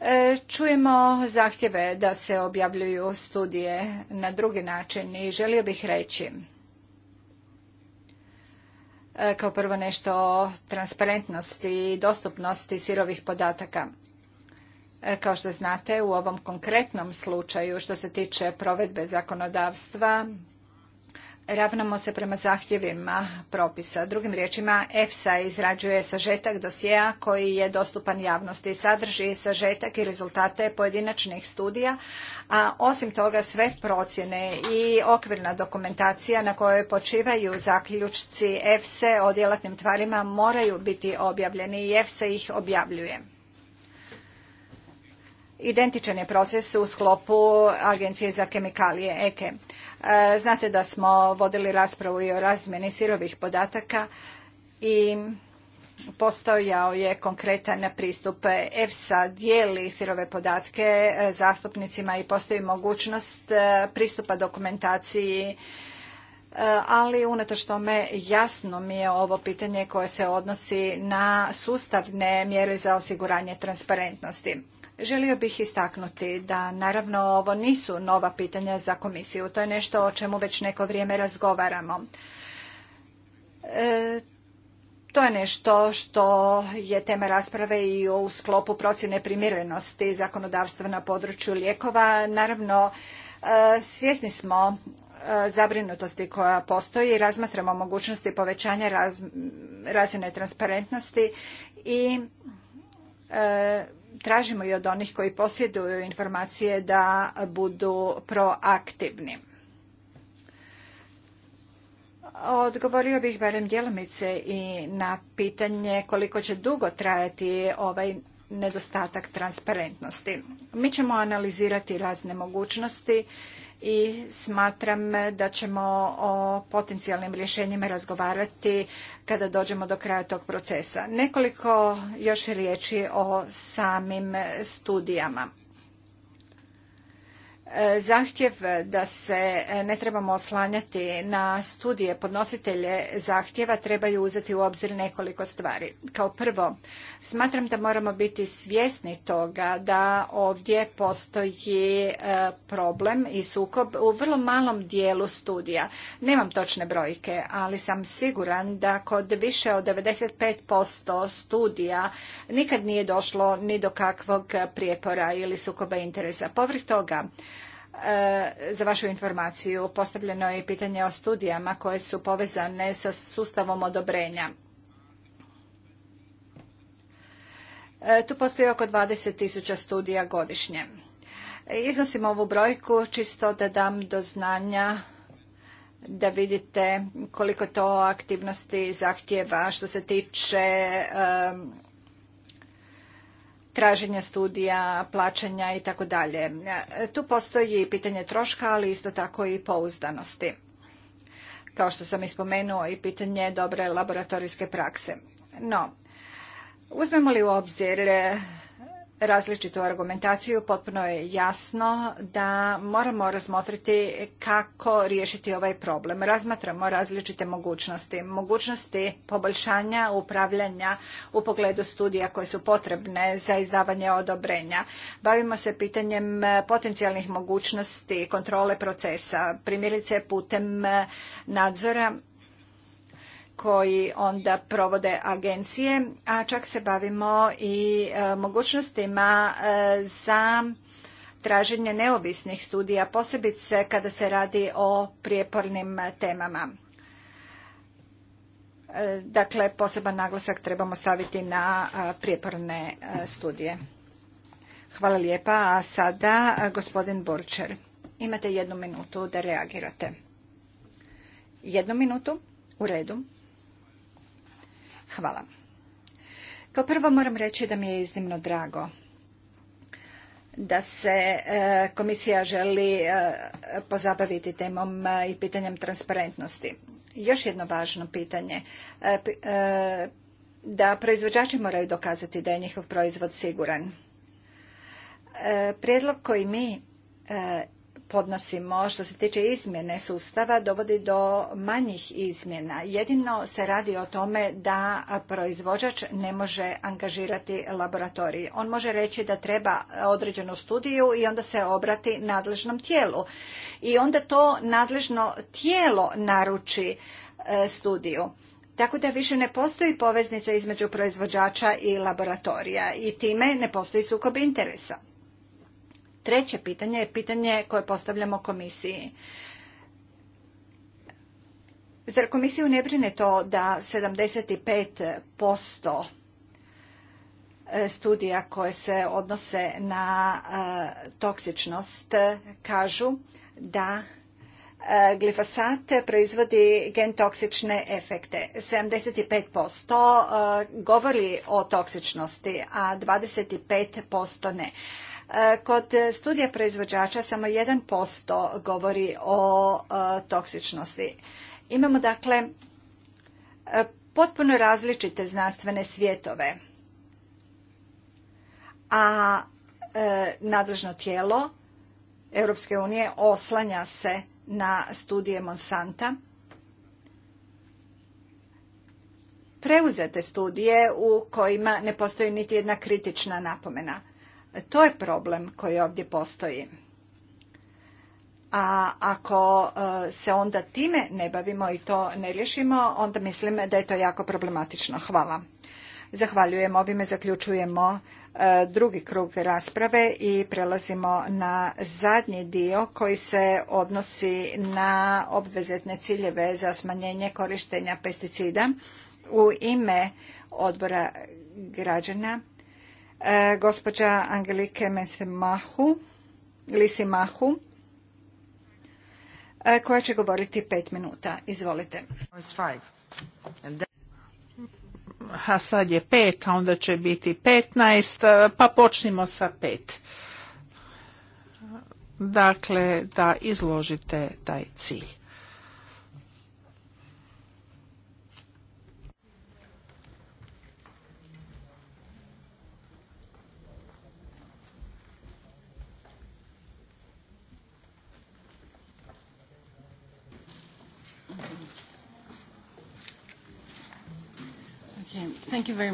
E, čujemo zahtjeve da se objavljuju studije na drugi način i želio bih reći e, kao prvo nešto o transparentnosti i dostupnosti sirovih podataka. E, kao što znate, u ovom konkretnom slučaju što se tiče provedbe zakonodavstva, ravnamo se prema zahtjevima propisa. Drugim riječima, EFSA izrađuje sažetak dosjea koji je dostupan javnosti. Sadrži sažetak i rezultate pojedinačnih studija, a osim toga sve procjene i okvirna dokumentacija na kojoj počivaju zaključci EFSA o djelatnim tvarima moraju biti objavljeni i EFSA ih objavljuje. Identičan je proces u sklopu Agencije za kemikalije EKE. E. E, znate da smo vodili raspravu i o razmjeni sirovih podataka i postojao je konkretan pristup EFSA dijeli sirove podatke e, zastupnicima i postoji mogućnost pristupa dokumentaciji ali unatoč tome jasno mi je ovo pitanje koje se odnosi na sustavne mjere za osiguranje transparentnosti. Želio bih istaknuti da naravno ovo nisu nova pitanja za komisiju. To je nešto o čemu već neko vrijeme razgovaramo. E, to je nešto što je tema rasprave i u sklopu procjene primjerenosti zakonodavstva na području lijekova. Naravno, e, svjesni smo e, zabrinutosti koja postoji i razmatramo mogućnosti povećanja razine transparentnosti i tražimo i od onih koji posjeduju informacije da budu proaktivni. Odgovorio bih barem djelomice i na pitanje koliko će dugo trajati ovaj nedostatak transparentnosti. Mi ćemo analizirati razne mogućnosti i smatram da ćemo o potencijalnim rješenjima razgovarati kada dođemo do kraja tog procesa. Nekoliko još riječi o samim studijama. E, zahtjev da se e, ne trebamo oslanjati na studije podnositelje zahtjeva trebaju uzeti u obzir nekoliko stvari. Kao prvo, smatram da moramo biti svjesni toga da ovdje postoji e, problem i sukob u vrlo malom dijelu studija. Nemam točne brojke, ali sam siguran da kod više od 95% studija nikad nije došlo ni do kakvog prijepora ili sukoba interesa. Povrh toga, E, za vašu informaciju postavljeno je pitanje o studijama koje su povezane sa sustavom odobrenja. E, tu postoji oko 20.000 studija godišnje. Iznosim ovu brojku čisto da dam do znanja da vidite koliko to aktivnosti zahtjeva što se tiče traženja studija, plaćanja i tako dalje. Tu postoji i pitanje troška, ali isto tako i pouzdanosti. Kao što sam ispomenuo i pitanje dobre laboratorijske prakse. No, uzmemo li u obzir različitu argumentaciju, potpuno je jasno da moramo razmotriti kako riješiti ovaj problem. Razmatramo različite mogućnosti. Mogućnosti poboljšanja upravljanja u pogledu studija koje su potrebne za izdavanje odobrenja. Bavimo se pitanjem potencijalnih mogućnosti kontrole procesa, primjerice putem nadzora koji onda provode agencije, a čak se bavimo i e, mogućnostima e, za traženje neovisnih studija, posebice kada se radi o prijepornim temama. E, dakle, poseban naglasak trebamo staviti na prijeporne studije. Hvala lijepa. A sada gospodin Borčer. Imate jednu minutu da reagirate. Jednu minutu? U redu. Hvala. Kao prvo moram reći da mi je iznimno drago da se e, komisija želi e, pozabaviti temom e, i pitanjem transparentnosti. Još jedno važno pitanje da proizvođači moraju dokazati da je njihov proizvod siguran. Prijedlog koji mi podnosimo što se tiče izmjene sustava dovodi do manjih izmjena. Jedino se radi o tome da proizvođač ne može angažirati laboratorij. On može reći da treba određenu studiju i onda se obrati nadležnom tijelu. I onda to nadležno tijelo naruči e, studiju. Tako da više ne postoji poveznica između proizvođača i laboratorija i time ne postoji sukob interesa treće pitanje je pitanje koje postavljamo komisiji. Zar komisiju ne brine to da 75% e, studija koje se odnose na e, toksičnost kažu da e, glifosat proizvodi gentoksične efekte. 75% govori o toksičnosti, a 25% ne. E, kod studija proizvođača samo 1% govori o e, toksičnosti. Imamo dakle e, potpuno različite znanstvene svijetove, a nadležno tijelo Europske unije oslanja se na studije Monsanta. Preuzete studije u kojima ne postoji niti jedna kritična napomena. E, to je problem koji ovdje postoji. A ako e, se onda time ne bavimo i to ne rješimo, onda mislim da je to jako problematično. Hvala. Zahvaljujem. Ovime zaključujemo e, drugi krug rasprave i prelazimo na zadnji dio koji se odnosi na obvezetne ciljeve za smanjenje korištenja pesticida u ime odbora građana. E, gospođa Angelike Mesemahu, Lisi Mahu, e, koja će govoriti pet minuta. Izvolite. A sad je pet, a onda će biti petnaest, e, pa počnimo sa pet. Dakle, da izložite taj cilj. Thank you very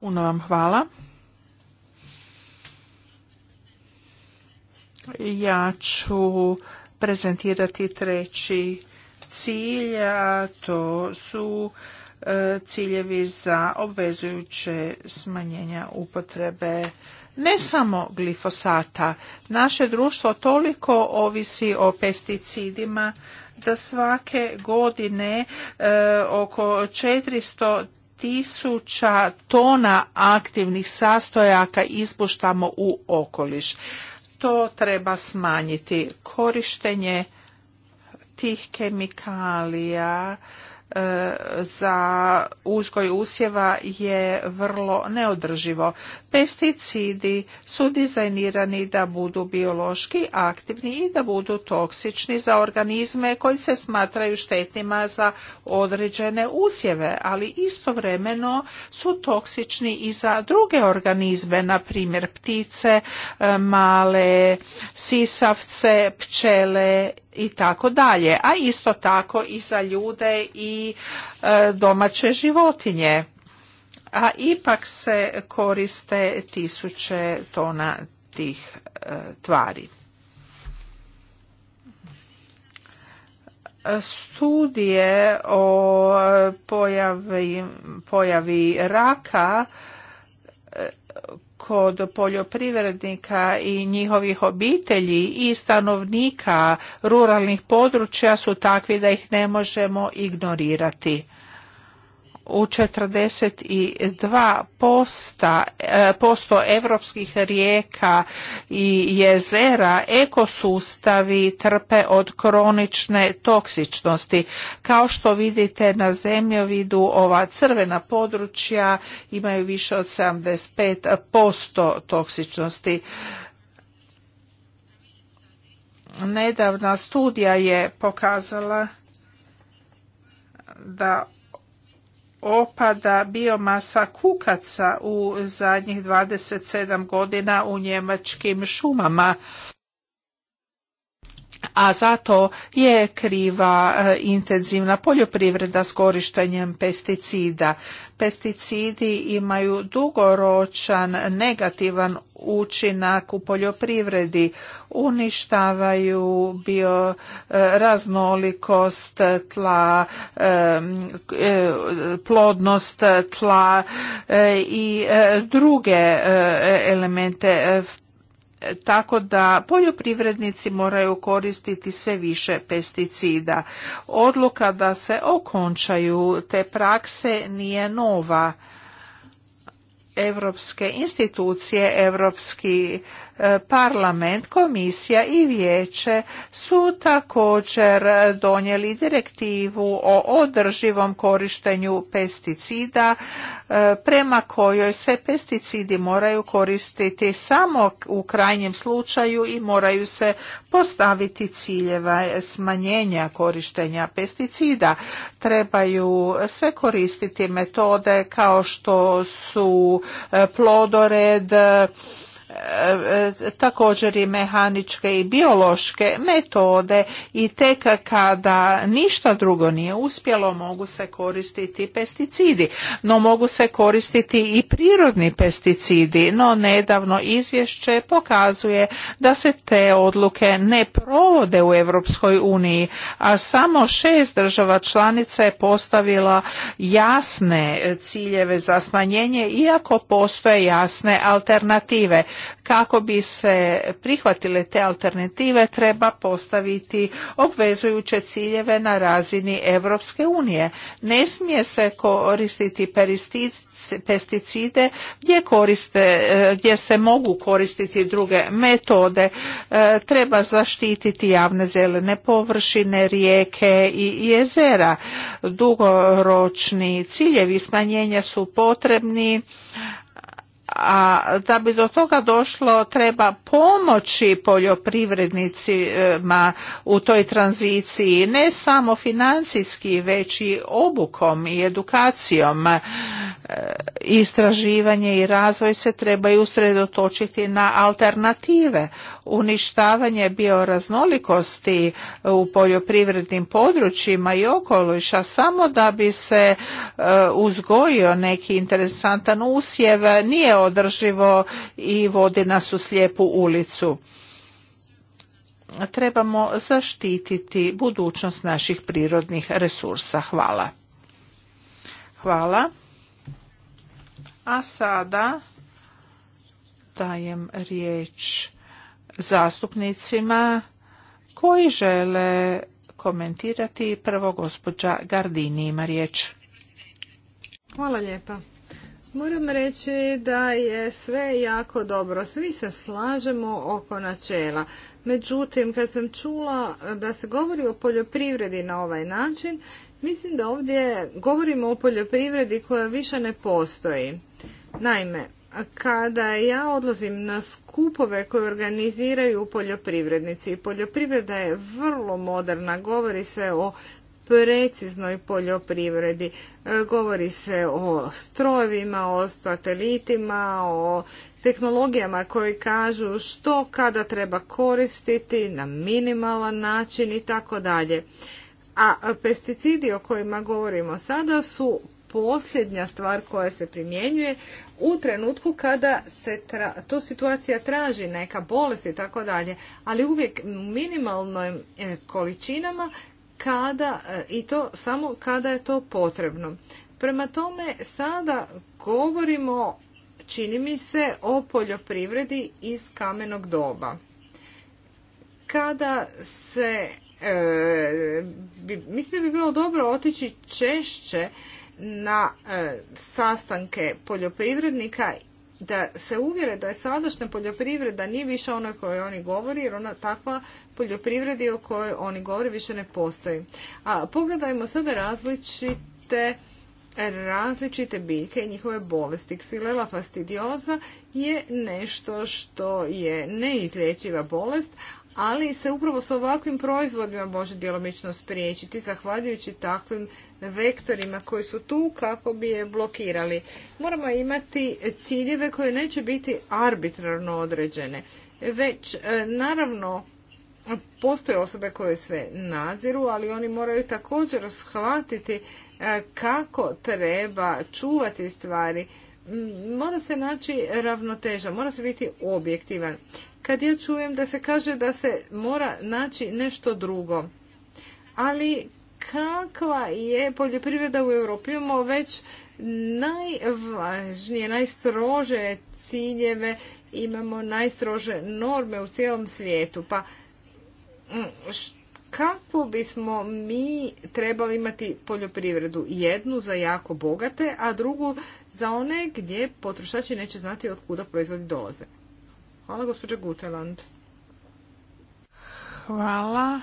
Puno vam hvala. Ja ću prezentirati treći cilj, a to su e, ciljevi za obvezujuće smanjenja upotrebe ne samo glifosata. Naše društvo toliko ovisi o pesticidima da svake godine e, oko 400 tisuća tona aktivnih sastojaka ispuštamo u okoliš. To treba smanjiti. Korištenje tih kemikalija za uzgoj usjeva je vrlo neodrživo. Pesticidi su dizajnirani da budu biološki aktivni i da budu toksični za organizme koji se smatraju štetnima za određene usjeve, ali istovremeno su toksični i za druge organizme, na primjer ptice, male sisavce, pčele i tako dalje, a isto tako i za ljude i e, domaće životinje. A ipak se koriste tisuće tona tih e, tvari. Studije o pojavi, pojavi raka e, kod poljoprivrednika i njihovih obitelji i stanovnika ruralnih područja su takvi da ih ne možemo ignorirati u 42% e, posto evropskih rijeka i jezera ekosustavi trpe od kronične toksičnosti. Kao što vidite na zemljovidu ova crvena područja imaju više od 75% toksičnosti. Nedavna studija je pokazala da opada biomasa kukaca u zadnjih 27 godina u njemačkim šumama a zato je kriva e, intenzivna poljoprivreda s korištenjem pesticida. Pesticidi imaju dugoročan negativan učinak u poljoprivredi, uništavaju bioraznolikost e, tla, e, plodnost tla i druge elemente tako da poljoprivrednici moraju koristiti sve više pesticida. Odluka da se okončaju te prakse nije nova. Europske institucije, europski E, parlament, komisija i vijeće su također donijeli direktivu o održivom korištenju pesticida e, prema kojoj se pesticidi moraju koristiti samo u krajnjem slučaju i moraju se postaviti ciljeva smanjenja korištenja pesticida. Trebaju se koristiti metode kao što su e, plodored, E, e, također i mehaničke i biološke metode i tek kada ništa drugo nije uspjelo mogu se koristiti pesticidi no mogu se koristiti i prirodni pesticidi no nedavno izvješće pokazuje da se te odluke ne provode u Europskoj uniji a samo šest država članica je postavila jasne ciljeve za smanjenje iako postoje jasne alternative kako bi se prihvatile te alternative treba postaviti obvezujuće ciljeve na razini Europske unije. Ne smije se koristiti pesticide gdje, koriste, eh, gdje se mogu koristiti druge metode. Eh, treba zaštititi javne zelene površine, rijeke i jezera. Dugoročni ciljevi smanjenja su potrebni a da bi do toga došlo treba pomoći poljoprivrednicima u toj tranziciji ne samo financijski već i obukom i edukacijom e, istraživanje i razvoj se trebaju usredotočiti na alternative uništavanje bioraznolikosti u poljoprivrednim područjima i okoliša samo da bi se e, uzgojio neki interesantan usjev nije održivo i vodi nas u slijepu ulicu. Trebamo zaštititi budućnost naših prirodnih resursa. Hvala. Hvala. A sada dajem riječ zastupnicima koji žele komentirati. Prvo gospođa Gardini ima riječ. Hvala lijepa. Moram reći da je sve jako dobro. Svi se slažemo oko načela. Međutim, kad sam čula da se govori o poljoprivredi na ovaj način, mislim da ovdje govorimo o poljoprivredi koja više ne postoji. Naime, kada ja odlazim na skupove koje organiziraju poljoprivrednici, poljoprivreda je vrlo moderna, govori se o preciznoj poljoprivredi, e, govori se o strojevima, o satelitima, o tehnologijama koje kažu što kada treba koristiti na minimalan način i tako dalje. A pesticidi o kojima govorimo sada su posljednja stvar koja se primjenjuje u trenutku kada se to situacija traži, neka bolest i tako dalje, ali uvijek minimalnim e, količinama kada e, i to samo kada je to potrebno. Prema tome sada govorimo čini mi se o poljoprivredi iz kamenog doba. Kada se e, mislim da bi bilo dobro otići češće na e, sastanke poljoprivrednika da se uvjere da je sadašnja poljoprivreda nije više ona kojoj oni govori, jer ona takva poljoprivredi o kojoj oni govori više ne postoji. A pogledajmo sada različite različite biljke i njihove bolesti. Xylella fastidioza je nešto što je neizlječiva bolest, ali se upravo s ovakvim proizvodima može djelomično spriječiti zahvaljujući takvim vektorima koji su tu kako bi je blokirali. Moramo imati ciljeve koje neće biti arbitrarno određene, već e, naravno postoje osobe koje sve nadziru, ali oni moraju također shvatiti e, kako treba čuvati stvari. Mora se naći ravnoteža, mora se biti objektivan kad ja čujem da se kaže da se mora naći nešto drugo. Ali kakva je poljoprivreda u Europi? Imamo već najvažnije, najstrože ciljeve, imamo najstrože norme u cijelom svijetu. Pa mm, kako bismo mi trebali imati poljoprivredu? Jednu za jako bogate, a drugu za one gdje potrošači neće znati od kuda proizvodi dolaze. Hvala, gospođa Guteland. Hvala.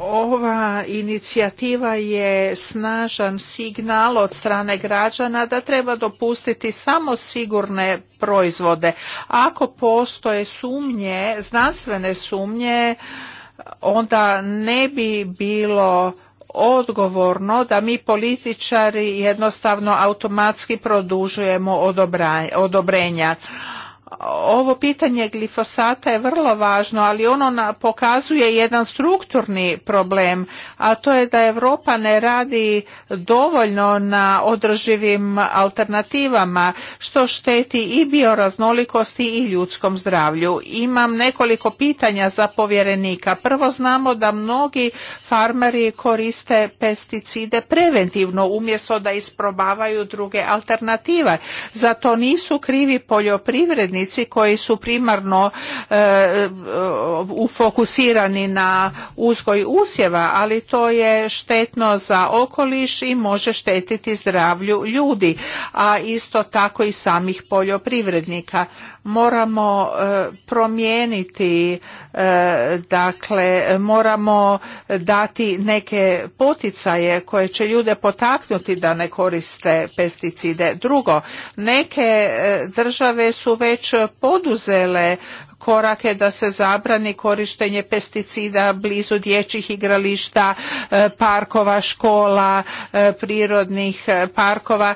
Ova inicijativa je snažan signal od strane građana da treba dopustiti samo sigurne proizvode. Ako postoje sumnje, znanstvene sumnje, onda ne bi bilo odgovorno da mi političari jednostavno automatski produžujemo odobrenja ovo pitanje glifosata je vrlo važno, ali ono pokazuje jedan strukturni problem, a to je da Europa ne radi dovoljno na održivim alternativama, što šteti i bioraznolikosti i ljudskom zdravlju. Imam nekoliko pitanja za povjerenika. Prvo znamo da mnogi farmeri koriste pesticide preventivno, umjesto da isprobavaju druge alternative. Zato nisu krivi poljoprivredni zajednici koji su primarno e, e, fokusirani na uzgoj usjeva, ali to je štetno za okoliš i može štetiti zdravlju ljudi, a isto tako i samih poljoprivrednika moramo e, promijeniti e, dakle moramo dati neke poticaje koje će ljude potaknuti da ne koriste pesticide drugo neke e, države su već poduzele korake da se zabrani korištenje pesticida blizu dječjih igrališta, e, parkova, škola, e, prirodnih e, parkova.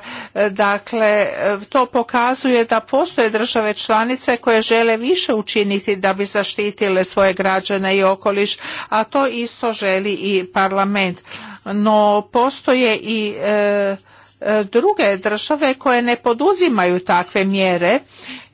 Dakle, to pokazuje da postoje države članice koje žele više učiniti da bi zaštitile svoje građane i okoliš, a to isto želi i parlament. No, postoje i E, druge države koje ne poduzimaju takve mjere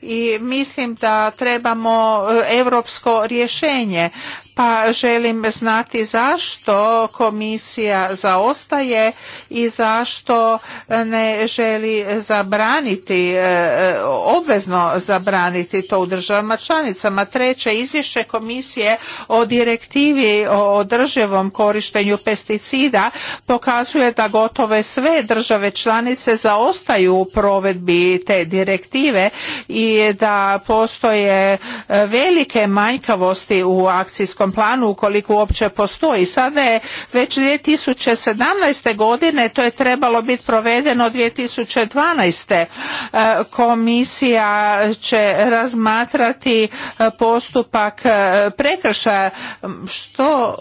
i mislim da trebamo e, europsko rješenje pa želim znati zašto komisija zaostaje i zašto ne želi zabraniti, e, obvezno zabraniti to u državama članicama. Treće, izvješće komisije o direktivi o održivom korištenju pesticida pokazuje da gotove sve države članice zaostaju u provedbi te direktive i da postoje e, velike manjkavosti u akcijskom planu ukoliko uopće postoji. Sada je već 2017. godine, to je trebalo biti provedeno 2012. E, komisija će razmatrati e, postupak e, prekršaja. Što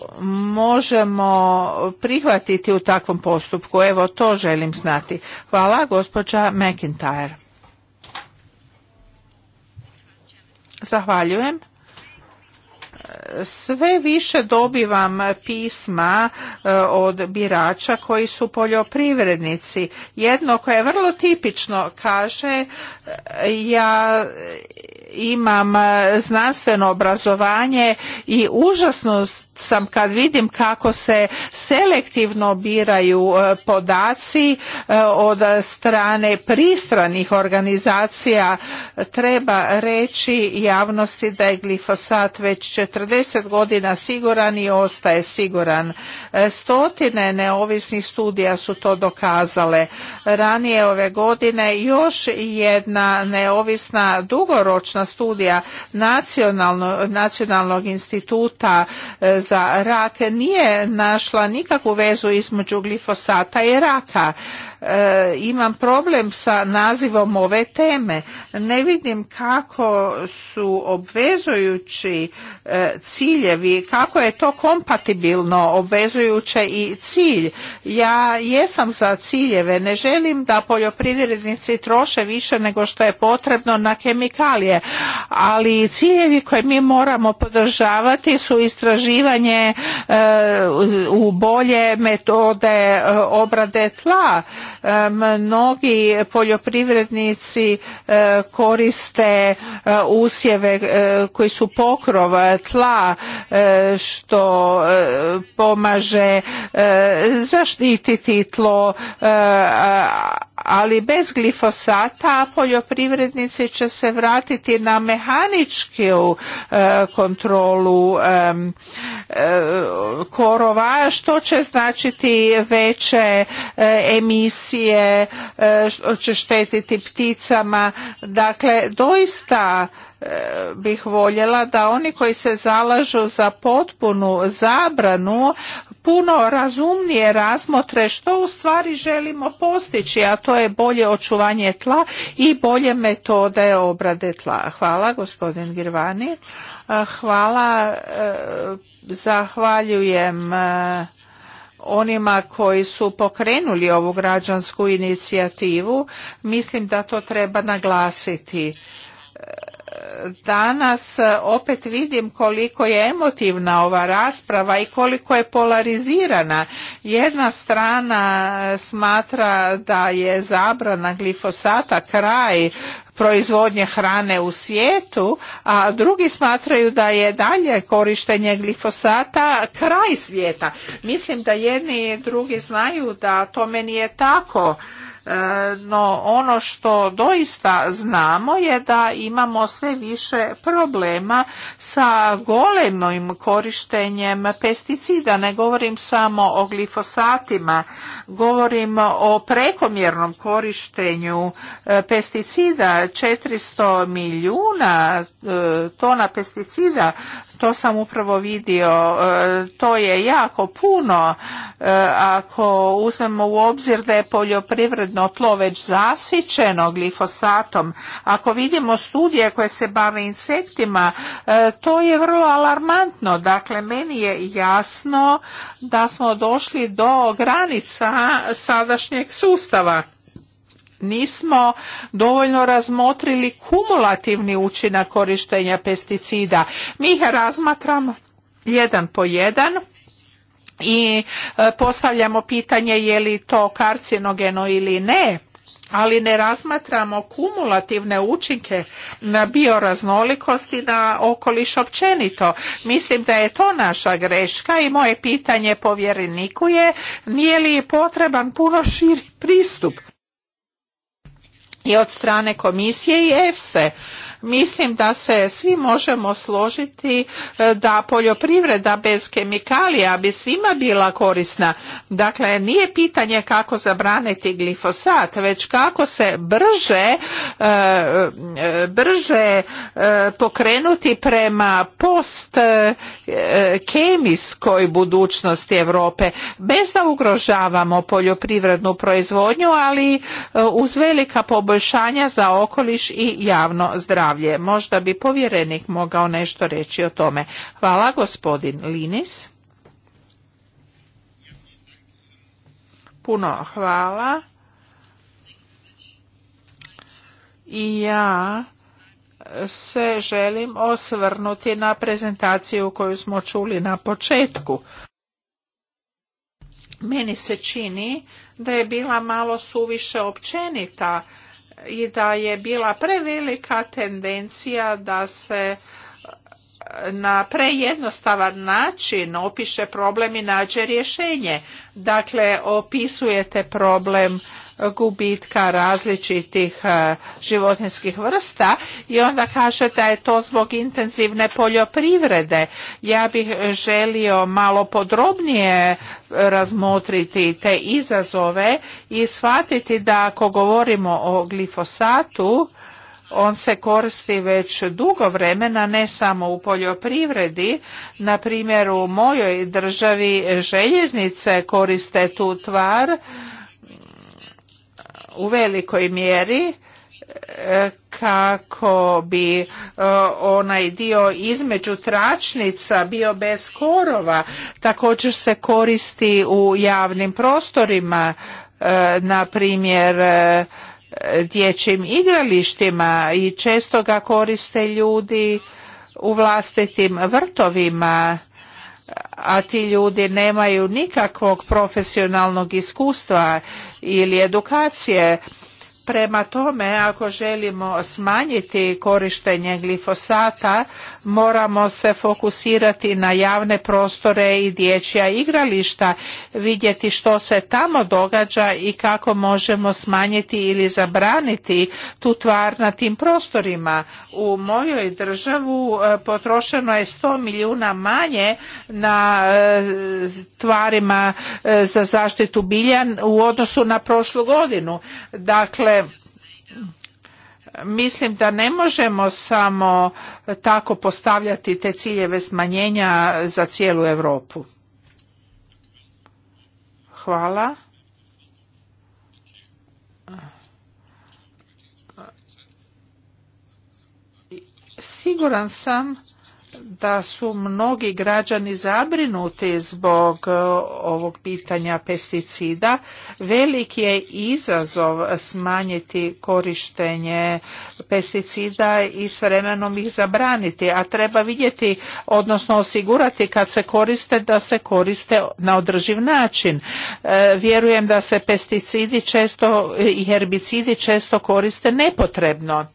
možemo prihvatiti u takvom postupku? Evo to želim znati. Hvala gospođa McIntyre. Zahvaljujem sve više dobivam pisma e, od birača koji su poljoprivrednici. Jedno koje je vrlo tipično kaže e, ja imam znanstveno obrazovanje i užasnost sam kad vidim kako se selektivno biraju e, podaci e, od strane pristranih organizacija treba reći javnosti da je glifosat već 40 godina siguran i ostaje siguran. E, stotine neovisnih studija su to dokazale. Ranije ove godine još jedna neovisna dugoročna studija Nacionalnog instituta za rak nije našla nikakvu vezu između glifosata i raka. E, imam problem sa nazivom ove teme. Ne vidim kako su obvezujući e, ciljevi, kako je to kompatibilno obvezujuće i cilj. Ja jesam za ciljeve, ne želim da poljoprivrednici troše više nego što je potrebno na kemikalije, ali ciljevi koje mi moramo podržavati su istraživanje e, u bolje metode obrade tla Mnogi poljoprivrednici e, koriste e, usjeve e, koji su pokrov tla što pomaže zaštititi tlo ali bez glifosata poljoprivrednici će se vratiti na mehaničku e, kontrolu e, korova što će značiti veće e, emisije što će štetiti pticama dakle doista bih voljela da oni koji se zalažu za potpunu zabranu puno razumnije razmotre što u stvari želimo postići, a to je bolje očuvanje tla i bolje metode obrade tla. Hvala gospodin Girvani. Hvala, e, zahvaljujem e, onima koji su pokrenuli ovu građansku inicijativu. Mislim da to treba naglasiti danas e, opet vidim koliko je emotivna ova rasprava i koliko je polarizirana. Jedna strana e, smatra da je zabrana glifosata kraj proizvodnje hrane u svijetu, a drugi smatraju da je dalje korištenje glifosata kraj svijeta. Mislim da jedni i drugi znaju da meni nije tako. E, no ono što doista znamo je da imamo sve više problema sa golemim korištenjem pesticida. Ne govorim samo o glifosatima, govorim o prekomjernom korištenju e, pesticida. 400 milijuna e, tona pesticida to sam upravo vidio. E, to je jako puno e, ako uzmemo u obzir da je poljoprivredno tlo već zasićeno glifosatom. Ako vidimo studije koje se bave insektima, e, to je vrlo alarmantno. Dakle, meni je jasno da smo došli do granica sadašnjeg sustava nismo dovoljno razmotrili kumulativni učinak korištenja pesticida. Mi ih razmatramo jedan po jedan i e, postavljamo pitanje je li to karcinogeno ili ne ali ne razmatramo kumulativne učinke na bioraznolikost i na okoliš općenito. Mislim da je to naša greška i moje pitanje povjereniku je nije li potreban puno širi pristup i od strane komisije i EFSE. Mislim da se svi možemo složiti e, da poljoprivreda bez kemikalija bi svima bila korisna. Dakle, nije pitanje kako zabraniti glifosat, već kako se brže, e, e, brže pokrenuti prema post kemijskoj budućnosti Europe bez da ugrožavamo poljoprivrednu proizvodnju, ali uz velika poboljšanja za okoliš i javno zdravlje zdravlje. Možda bi povjerenik mogao nešto reći o tome. Hvala gospodin Linis. Puno hvala. I ja se želim osvrnuti na prezentaciju koju smo čuli na početku. Meni se čini da je bila malo suviše općenita i da je bila prevelika tendencija da se e, na prejednostavan način opiše problem i nađe rješenje. Dakle, opisujete problem gubitka različitih e, životinskih vrsta i onda kaže da je to zbog intenzivne poljoprivrede. Ja bih želio malo podrobnije razmotriti te izazove i shvatiti da ako govorimo o glifosatu, on se koristi već dugo vremena, ne samo u poljoprivredi. Na primjer, u mojoj državi željeznice koriste tu tvar u velikoj mjeri e, kako bi e, onaj dio između tračnica bio bez korova također se koristi u javnim prostorima e, na primjer dječjim igralištima i često ga koriste ljudi u vlastitim vrtovima a ti ljudi nemaju nikakvog profesionalnog iskustva ili edukacije. Prema tome, ako želimo smanjiti korištenje glifosata, moramo se fokusirati na javne prostore i dječja igrališta, vidjeti što se tamo događa i kako možemo smanjiti ili zabraniti tu tvar na tim prostorima. U mojoj državu e, potrošeno je 100 milijuna manje na e, tvarima e, za zaštitu biljan u odnosu na prošlu godinu. Dakle, Mislim da ne možemo samo tako postavljati te ciljeve smanjenja za cijelu Europu. Hvala. Siguran sam da su mnogi građani zabrinuti zbog e, ovog pitanja pesticida. Velik je izazov smanjiti korištenje pesticida i s vremenom ih zabraniti, a treba vidjeti, odnosno osigurati kad se koriste, da se koriste na održiv način. E, vjerujem da se pesticidi često i herbicidi često koriste nepotrebno.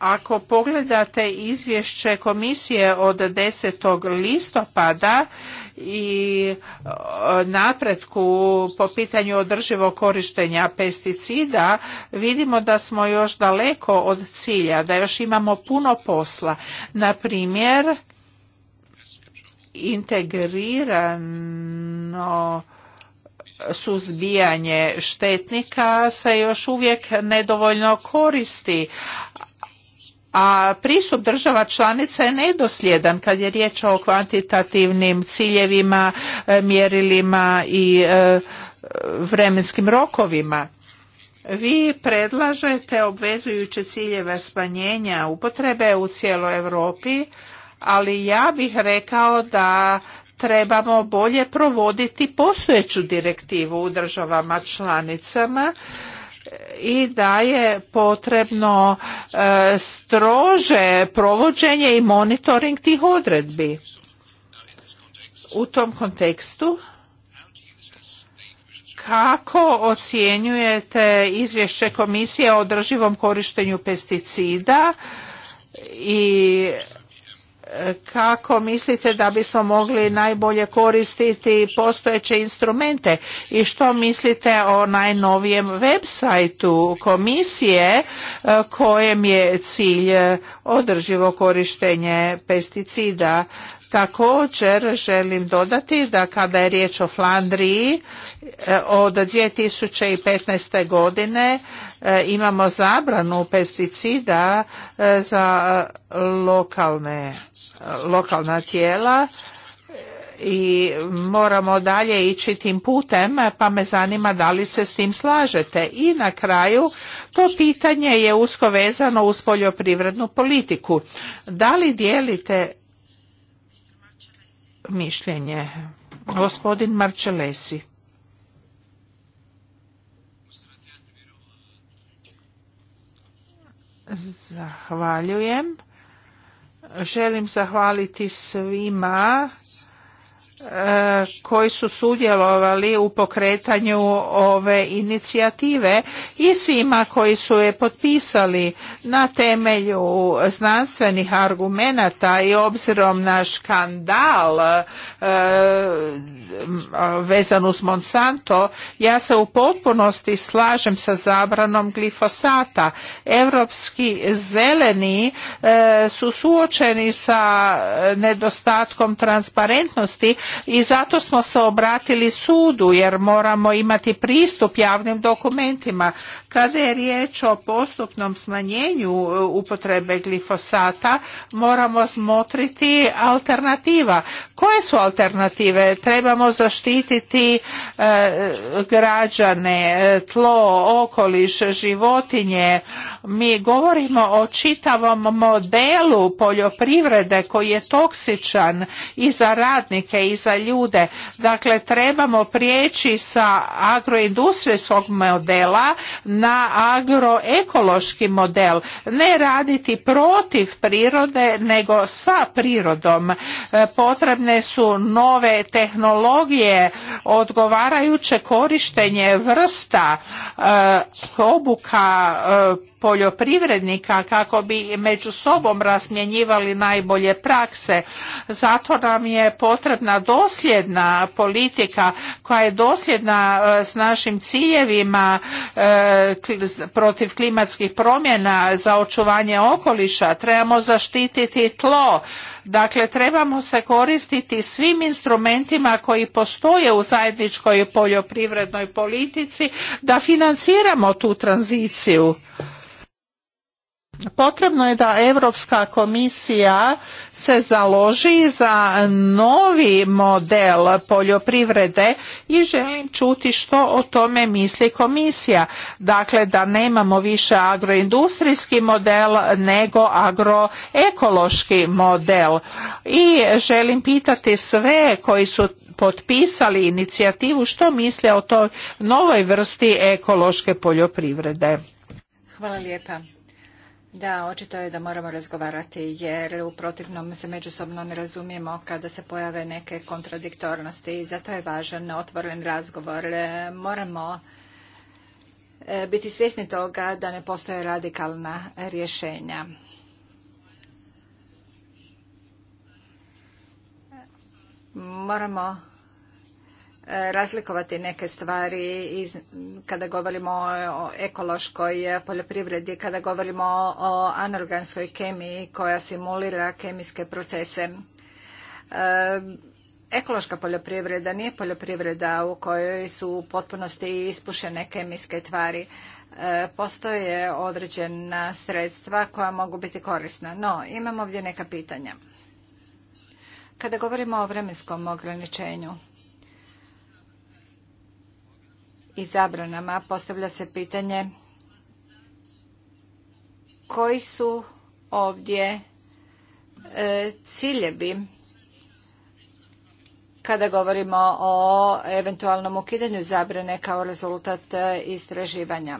Ako pogledate izvješće komisije od 10. listopada i napretku po pitanju održivog korištenja pesticida, vidimo da smo još daleko od cilja, da još imamo puno posla. Na primjer, integrirano suzbijanje štetnika se još uvijek nedovoljno koristi, a pristup država članica je nedosljedan kad je riječ o kvantitativnim ciljevima, e, mjerilima i e, vremenskim rokovima. Vi predlažete obvezujuće ciljeve smanjenja upotrebe u cijeloj Europi, ali ja bih rekao da trebamo bolje provoditi postojeću direktivu u državama članicama i da je potrebno e, strože provođenje i monitoring tih odredbi. U tom kontekstu kako ocjenjujete izvješće komisije o održivom korištenju pesticida i kako mislite da bismo mogli najbolje koristiti postojeće instrumente i što mislite o najnovijem web sajtu komisije e, kojem je cilj e, održivo korištenje pesticida Također želim dodati da kada je riječ o Flandriji e, od 2015. godine e, imamo zabranu pesticida e, za lokalne, lokalna tijela i moramo dalje ići tim putem, pa me zanima da li se s tim slažete. I na kraju, to pitanje je usko vezano uz poljoprivrednu politiku. Da li dijelite mišljenje. Gospodin Marčelesi. Zahvaljujem. Želim zahvaliti svima E, koji su sudjelovali u pokretanju ove inicijative i svima koji su je potpisali na temelju znanstvenih argumenata i obzirom na škandal e, vezan uz Monsanto, ja se u potpunosti slažem sa zabranom glifosata. Europski zeleni e, su suočeni sa nedostatkom transparentnosti i zato smo se obratili sudu jer moramo imati pristup javnim dokumentima. Kada je riječ o postupnom smanjenju e, upotrebe glifosata, moramo smotriti alternativa. Koje su alternative? Trebamo zaštititi e, građane, e, tlo, okoliš, životinje. Mi govorimo o čitavom modelu poljoprivrede koji je toksičan i za radnike i za ljude. Dakle, trebamo prijeći sa agroindustrijskog modela na agroekološki model. Ne raditi protiv prirode, nego sa prirodom. E, potrebne su nove tehnologije, odgovarajuće korištenje vrsta, e, obuka e, poljoprivrednika kako bi među sobom razmjenjivali najbolje prakse. Zato nam je potrebna dosljedna politika koja je dosljedna e, s našim ciljevima e, protiv klimatskih promjena za očuvanje okoliša, trebamo zaštititi tlo, Dakle, trebamo se koristiti svim instrumentima koji postoje u zajedničkoj poljoprivrednoj politici da financiramo tu tranziciju. Potrebno je da Europska komisija se založi za novi model poljoprivrede i želim čuti što o tome misli komisija. Dakle, da nemamo više agroindustrijski model nego agroekološki model. I želim pitati sve koji su potpisali inicijativu što misle o toj novoj vrsti ekološke poljoprivrede. Hvala lijepa. Da, očito je da moramo razgovarati jer u protivnom se međusobno ne razumijemo kada se pojave neke kontradiktornosti i zato je važan otvoren razgovor. E, moramo e, biti svjesni toga da ne postoje radikalna rješenja. Moramo razlikovati neke stvari kada govorimo o ekološkoj poljoprivredi, kada govorimo o anorganskoj kemiji koja simulira kemijske procese. E, ekološka poljoprivreda nije poljoprivreda u kojoj su u potpunosti ispušene kemijske tvari. E, postoje određena sredstva koja mogu biti korisna. No, imamo ovdje neka pitanja. Kada govorimo o vremenskom ograničenju, zabranama postavlja se pitanje koji su ovdje e, ciljevi kada govorimo o eventualnom ukidanju zabrane kao rezultat e, istraživanja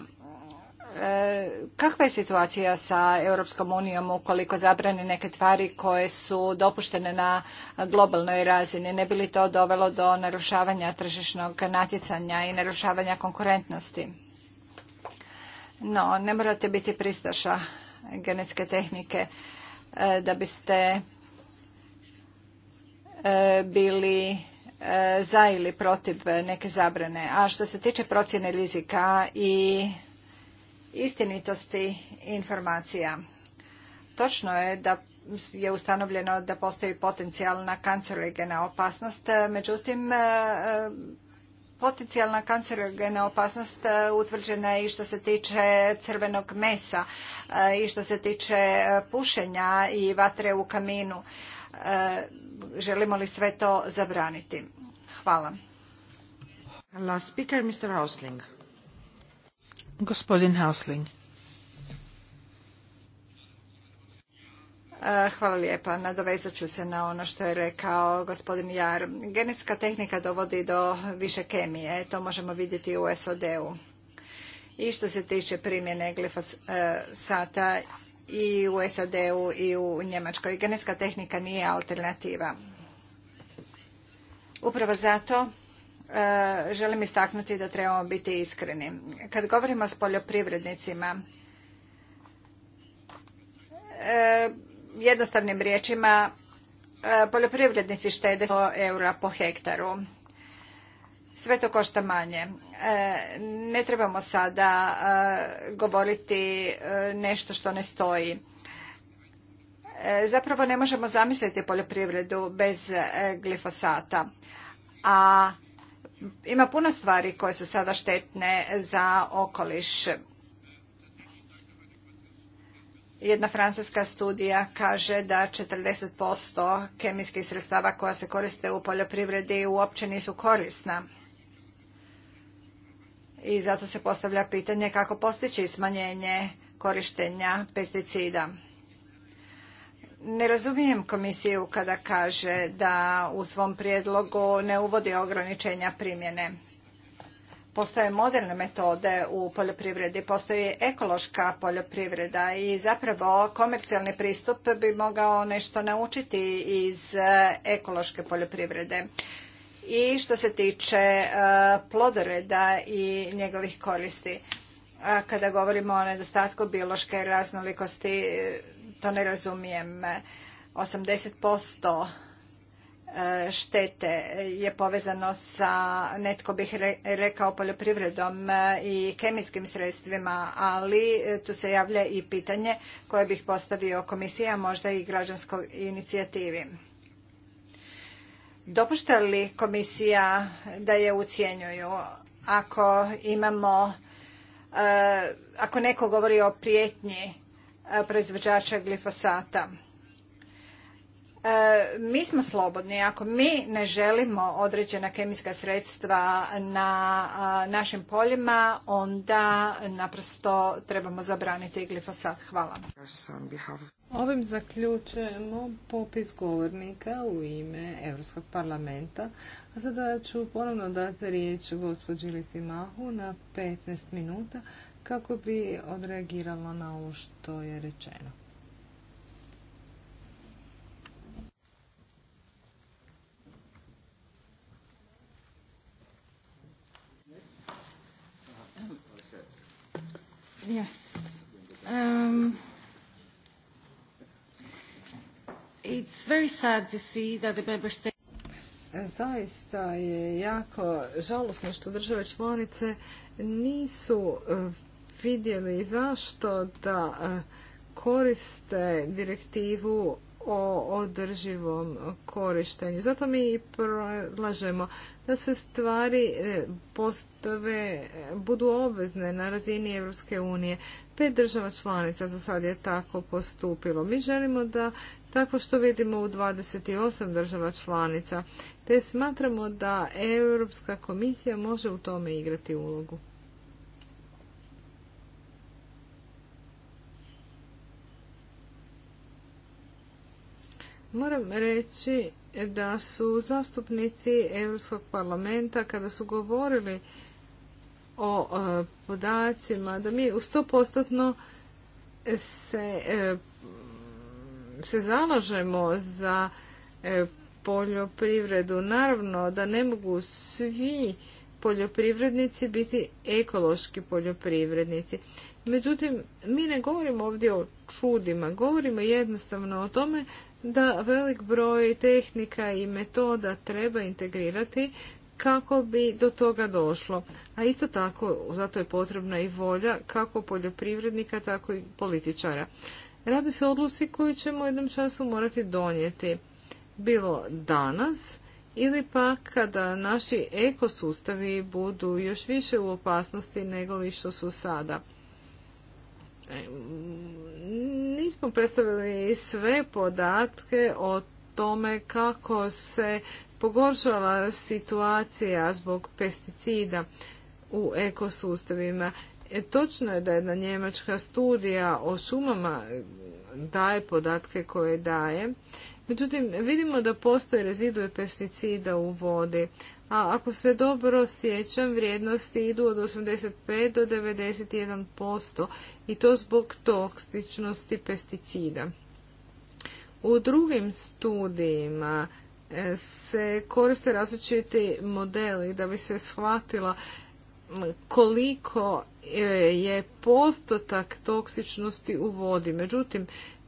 kakva je situacija sa Europskom unijom ukoliko zabrani neke tvari koje su dopuštene na globalnoj razini? Ne bi li to dovelo do narušavanja tržišnog natjecanja i narušavanja konkurentnosti? No, ne morate biti pristaša genetske tehnike e, da biste e, bili e, za ili protiv neke zabrane. A što se tiče procjene rizika i istinitosti informacija. Točno je da je ustanovljeno da postoji e, potencijalna kancerogena opasnost, međutim potencijalna kancerogena opasnost utvrđena je i što se tiče crvenog mesa e, i što se tiče e, pušenja i vatre u kaminu. Želimo li sve to zabraniti? Hvala. Last Gospodin Hausling. E, hvala lijepa. Nadovezat ću se na ono što je rekao gospodin Jar. Genetska tehnika dovodi do više kemije. To možemo vidjeti u SOD-u. I što se tiče primjene glifosata i u SAD-u i u Njemačkoj. Genetska tehnika nije alternativa. Upravo zato E, želim istaknuti da trebamo biti iskreni. Kad govorimo s poljoprivrednicima, e, jednostavnim riječima, e, poljoprivrednici štede 100 eura po hektaru. Sve to košta manje. Ne trebamo sada govoriti nešto što ne stoji. Zapravo ne možemo zamisliti poljoprivredu bez glifosata. A ima puno stvari koje su sada štetne za okoliš. Jedna francuska studija kaže da 40% kemijskih sredstava koja se koriste u poljoprivredi uopće nisu korisna. I zato se postavlja pitanje kako postići smanjenje korištenja pesticida. Ne razumijem komisiju kada kaže da u svom prijedlogu ne uvodi ograničenja primjene. Postoje moderne metode u poljoprivredi, postoji ekološka poljoprivreda i zapravo komercijalni pristup bi mogao nešto naučiti iz e, ekološke poljoprivrede. I što se tiče e, plodoreda i njegovih koristi. Kada govorimo o nedostatku biološke raznolikosti, to ne razumijem. 80% e, štete je povezano sa, netko bih rekao, poljoprivredom e, i kemijskim sredstvima, ali e, tu se javlja i pitanje koje bih postavio komisija, možda i građanskoj inicijativi. Dopušta li komisija da je ucijenjuju ako imamo, ako neko govori o prijetnji E, proizvođača glifosata. E, mi smo slobodni. Ako mi ne želimo određena kemijska sredstva na našim poljima, onda naprosto trebamo zabraniti glifosat. Hvala. Ovim zaključujemo popis govornika u ime Europskog parlamenta. A sada ću ponovno dati riječ gospođi Lisimahu na 15 minuta kako bi odreagirala na ovo što je rečeno. Yes. Um, it's very sad to see that the member state... Zaista je jako žalosno što države članice nisu eh, vidjeli zašto da e, koriste direktivu o održivom korištenju. Zato mi i predlažemo da se stvari e, postave, budu obvezne na razini Europske unije. Pet država članica za sad je tako postupilo. Mi želimo da tako što vidimo u 28 država članica, te smatramo da Europska komisija može u tome igrati ulogu. Moram reći da su zastupnici Europskog parlamenta kada su govorili o e, podacima, da mi u sto se, e, se zalažemo za e, poljoprivredu. Naravno da ne mogu svi poljoprivrednici biti ekološki poljoprivrednici. Međutim, mi ne govorimo ovdje o čudima, govorimo jednostavno o tome da velik broj tehnika i metoda treba integrirati kako bi do toga došlo. A isto tako, zato je potrebna i volja kako poljoprivrednika, tako i političara. Radi se o odluci koju ćemo jednom času morati donijeti. Bilo danas ili pa kada naši ekosustavi budu još više u opasnosti nego li što su sada nismo predstavili sve podatke o tome kako se pogoršala situacija zbog pesticida u ekosustavima. E, točno je da jedna njemačka studija o šumama daje podatke koje daje, Međutim, vidimo da postoje rezidue pesticida u vodi, a ako se dobro sjećam, vrijednosti idu od 85 do 91% i to zbog toksičnosti pesticida. U drugim studijima e, se koriste različiti modeli da bi se shvatila koliko e, je postotak toksičnosti u vodi. Međutim,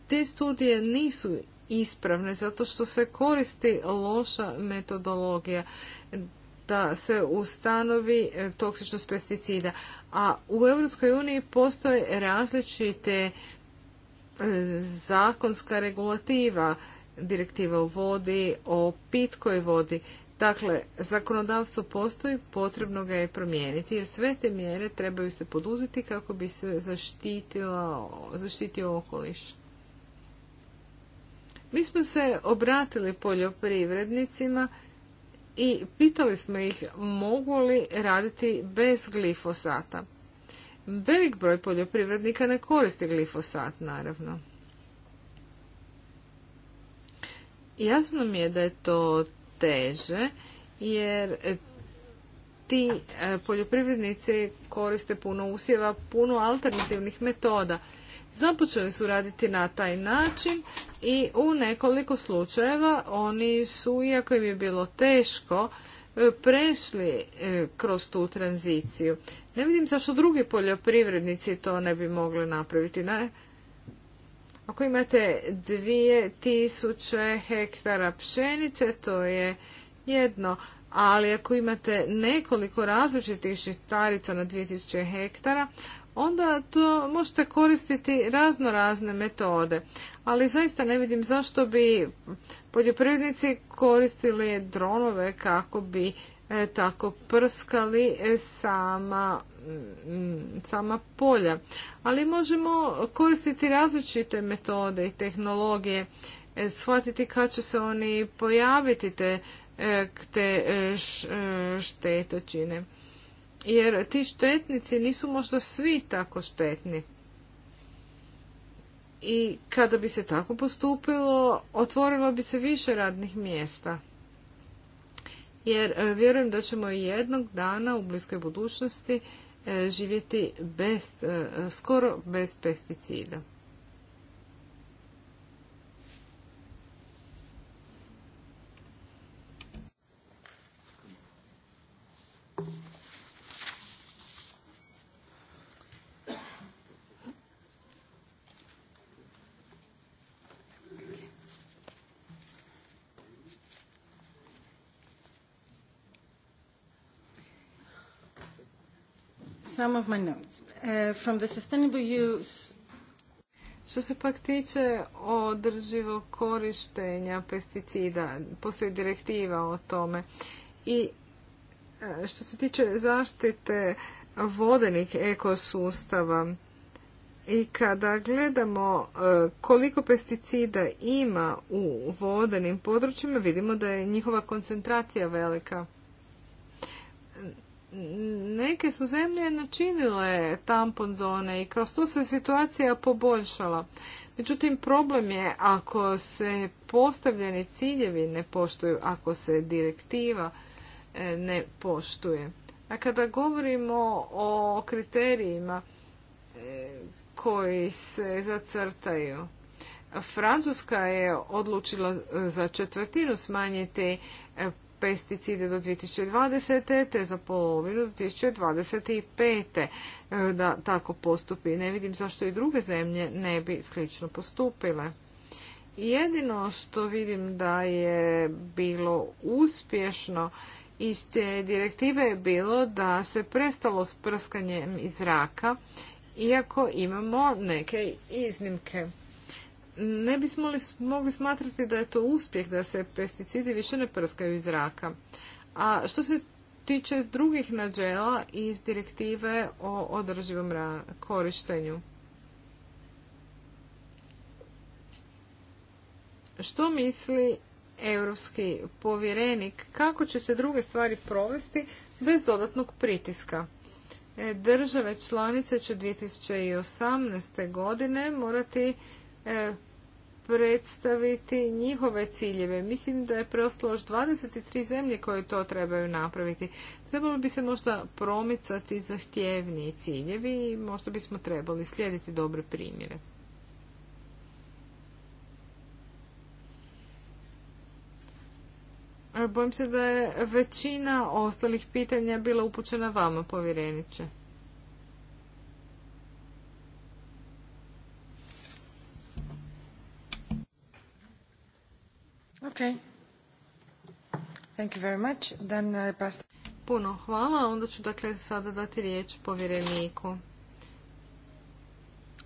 te studije nisu ispravne zato što se koristi loša metodologija da se ustanovi e, toksičnost pesticida. A u EU postoje različite e, zakonska regulativa, direktiva o vodi, o pitkoj vodi. Dakle, zakonodavstvo postoji, potrebno ga je promijeniti jer sve te mjere trebaju se poduzeti kako bi se zaštitio okoliš. Mi smo se obratili poljoprivrednicima i pitali smo ih mogu li raditi bez glifosata. Velik broj poljoprivrednika ne koristi glifosat, naravno. Jasno mi je da je to teže, jer ti e, poljoprivrednici koriste puno usjeva, puno alternativnih metoda započeli su raditi na taj način i u nekoliko slučajeva oni su, iako im je bilo teško, e, prešli e, kroz tu tranziciju. Ne vidim zašto drugi poljoprivrednici to ne bi mogli napraviti. Ne? Ako imate 2000 hektara pšenice, to je jedno, ali ako imate nekoliko različitih šitarica na 2000 hektara, onda to možete koristiti razno razne metode. Ali zaista ne vidim zašto bi poljoprivrednici koristili dronove kako bi e, tako prskali e, sama, mm, sama polja. Ali možemo koristiti različite metode i tehnologije, e, shvatiti kad će se oni pojaviti te, e, te štetočine jer ti štetnici nisu možda svi tako štetni. I kada bi se tako postupilo, otvorilo bi se više radnih mjesta. Jer e, vjerujem da ćemo jednog dana u bliskoj budućnosti e, živjeti bez, e, skoro bez pesticida. some of my notes. Uh, from the sustainable use... Što se pak tiče održivog korištenja pesticida, postoji direktiva o tome. I e, što se tiče zaštite vodenih ekosustava i kada gledamo e, koliko pesticida ima u vodenim područjima, vidimo da je njihova koncentracija velika neke su zemlje načinile tampon zone i kroz to se situacija poboljšala. Međutim, problem je ako se postavljeni ciljevi ne poštuju, ako se direktiva e, ne poštuje. A kada govorimo o kriterijima e, koji se zacrtaju, Francuska je odlučila za četvrtinu smanjiti pesticide do 2020. te za polovinu do 2025. E, da tako postupi. Ne vidim zašto i druge zemlje ne bi slično postupile. Jedino što vidim da je bilo uspješno iz te direktive je bilo da se prestalo s prskanjem iz zraka, iako imamo neke iznimke ne bismo li mogli smatrati da je to uspjeh da se pesticidi više ne prskaju iz zraka? A što se tiče drugih nađela iz direktive o održivom korištenju? Što misli europski povjerenik kako će se druge stvari provesti bez dodatnog pritiska? E, države članice će 2018. godine morati e, predstaviti njihove ciljeve. Mislim da je preostalo još 23 zemlje koje to trebaju napraviti. Trebalo bi se možda promicati zahtjevniji ciljevi i možda bismo trebali slijediti dobre primjere. Bojim se da je većina ostalih pitanja bila upućena vama, povjereniče. Uh, Puno hvala. Onda ću dakle sada dati riječ povjereniku.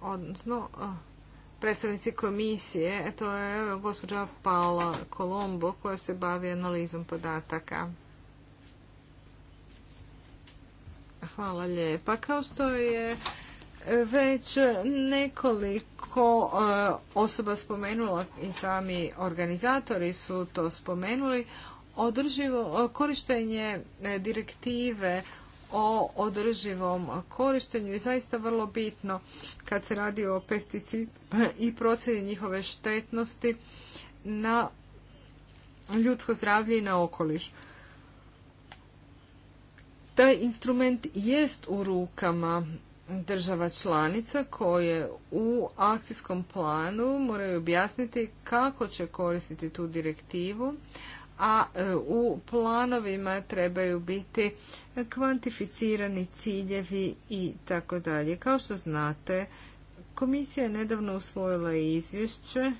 Odnosno, predstavnici komisije, e, to je gospođa Paola Kolombo koja se bavi analizom podataka. Hvala lijepa. Kao što je već nekoliko E, osoba spomenula i sami organizatori su to spomenuli, održivo e, korištenje e, direktive o održivom korištenju je zaista vrlo bitno kad se radi o pesticidima i procjeni njihove štetnosti na ljudsko zdravlje i na okoliš. Taj instrument jest u rukama država članica koje u akcijskom planu moraju objasniti kako će koristiti tu direktivu, a e, u planovima trebaju biti kvantificirani ciljevi i tako dalje. Kao što znate, komisija je nedavno usvojila izvješće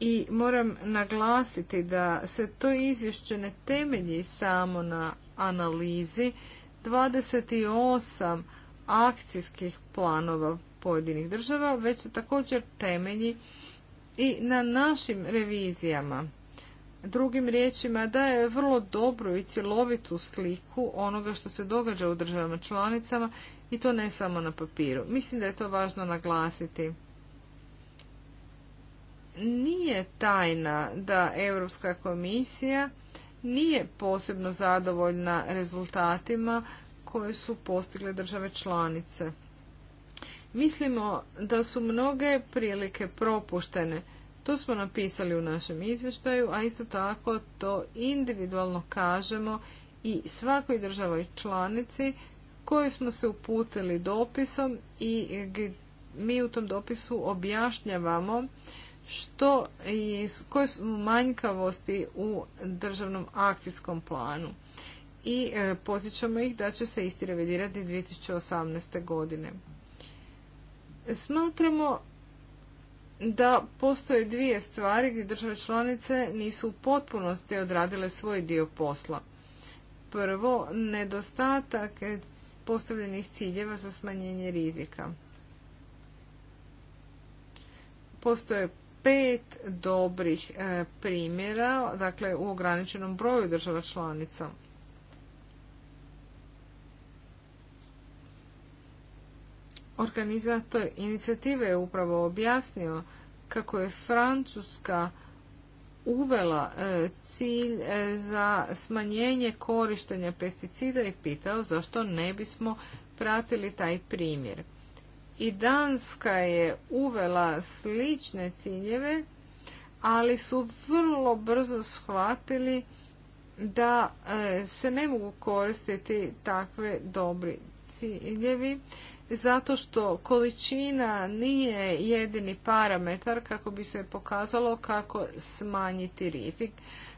i moram naglasiti da se to izvješće ne temelji samo na analizi 28 akcijskih planova pojedinih država, već se također temelji i na našim revizijama. Drugim riječima daje vrlo dobru i cjelovitu sliku onoga što se događa u državama članicama i to ne samo na papiru. Mislim da je to važno naglasiti. Nije tajna da Europska komisija nije posebno zadovoljna rezultatima koje su postigle države članice. Mislimo da su mnoge prilike propuštene. To smo napisali u našem izvještaju, a isto tako to individualno kažemo i svakoj državoj članici koju smo se uputili dopisom i mi u tom dopisu objašnjavamo što i koje su manjkavosti u državnom akcijskom planu i e, posjećamo ih da će se isti revidirati 2018. godine. Smatramo da postoje dvije stvari gdje države članice nisu u potpunosti odradile svoj dio posla. Prvo, nedostatak postavljenih ciljeva za smanjenje rizika. Postoje pet dobrih e, primjera, dakle u ograničenom broju država članica. Organizator inicijative je upravo objasnio kako je Francuska uvela e, cilj e, za smanjenje korištenja pesticida i pitao zašto ne bismo pratili taj primjer i Danska je uvela slične ciljeve, ali su vrlo brzo shvatili da e, se ne mogu koristiti takve dobri ciljevi zato što količina nije jedini parametar kako bi se pokazalo kako smanjiti rizik.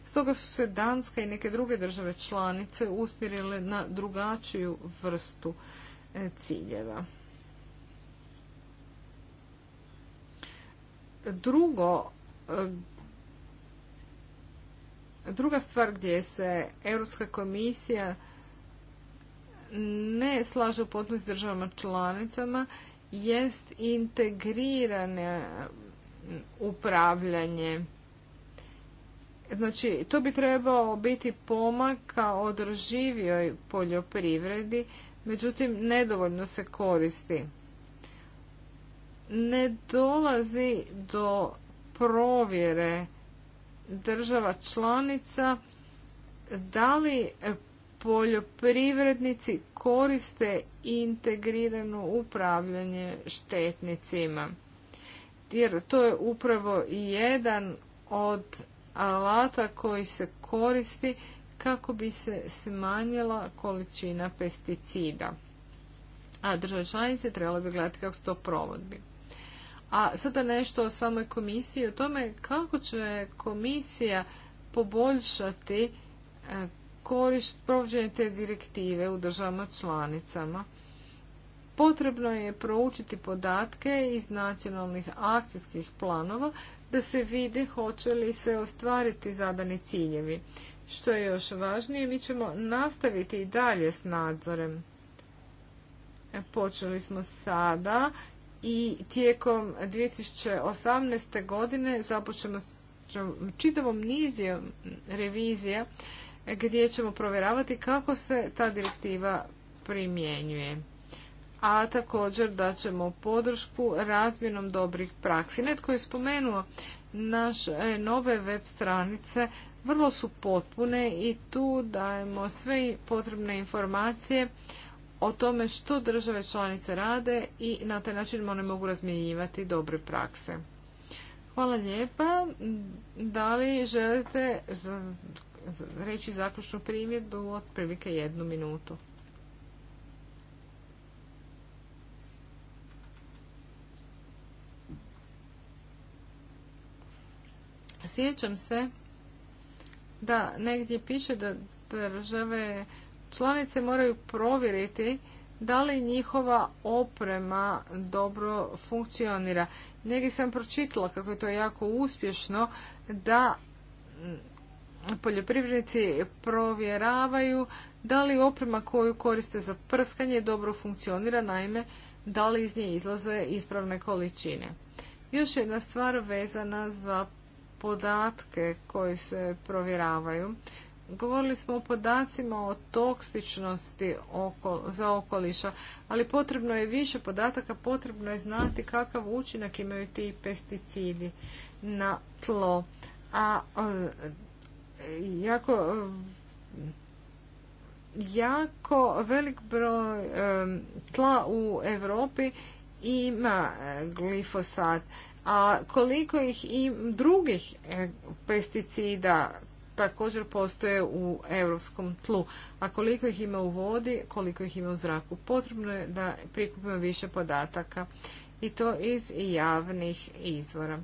Stoga su se Danska i neke druge države članice usmjerile na drugačiju vrstu e, ciljeva. Drugo, e, druga stvar gdje se Europska komisija ne slaže u potpunosti s državama članicama jest integrirane upravljanje. Znači, to bi trebao biti pomak ka održivijoj poljoprivredi, međutim, nedovoljno se koristi ne dolazi do provjere država članica da li poljoprivrednici koriste integrirano upravljanje štetnicima. Jer to je upravo jedan od alata koji se koristi kako bi se smanjila količina pesticida. A država članice trebalo bi gledati kako se to provodbi. A sada nešto o samoj komisiji, o tome kako će komisija poboljšati e, korist provođenje te direktive u državama članicama. Potrebno je proučiti podatke iz nacionalnih akcijskih planova da se vidi hoće li se ostvariti zadani ciljevi. Što je još važnije, mi ćemo nastaviti i dalje s nadzorem. E, počeli smo sada i tijekom 2018. godine započemo čitavom nizijom revizija gdje ćemo provjeravati kako se ta direktiva primjenjuje a također da ćemo podršku razmjenom dobrih praksi. Netko je spomenuo naše nove web stranice vrlo su potpune i tu dajemo sve potrebne informacije o tome što države članice rade i na taj način one mogu razmjenjivati dobre prakse. Hvala lijepa. Da li želite reći zaključnu primjedbu otprilike jednu minutu? Sjećam se da negdje piše da države članice moraju provjeriti da li njihova oprema dobro funkcionira. Negdje sam pročitala kako je to jako uspješno da poljoprivrednici provjeravaju da li oprema koju koriste za prskanje dobro funkcionira, naime da li iz nje izlaze ispravne količine. Još jedna stvar vezana za podatke koji se provjeravaju. Govorili smo o podacima o toksičnosti oko, za okoliša, ali potrebno je više podataka, potrebno je znati kakav učinak imaju ti pesticidi na tlo. A e, jako e, jako velik broj e, tla u Europi ima glifosat, a koliko ih i drugih pesticida također postoje u europskom tlu. A koliko ih ima u vodi, koliko ih ima u zraku. Potrebno je da prikupimo više podataka i to iz javnih izvora.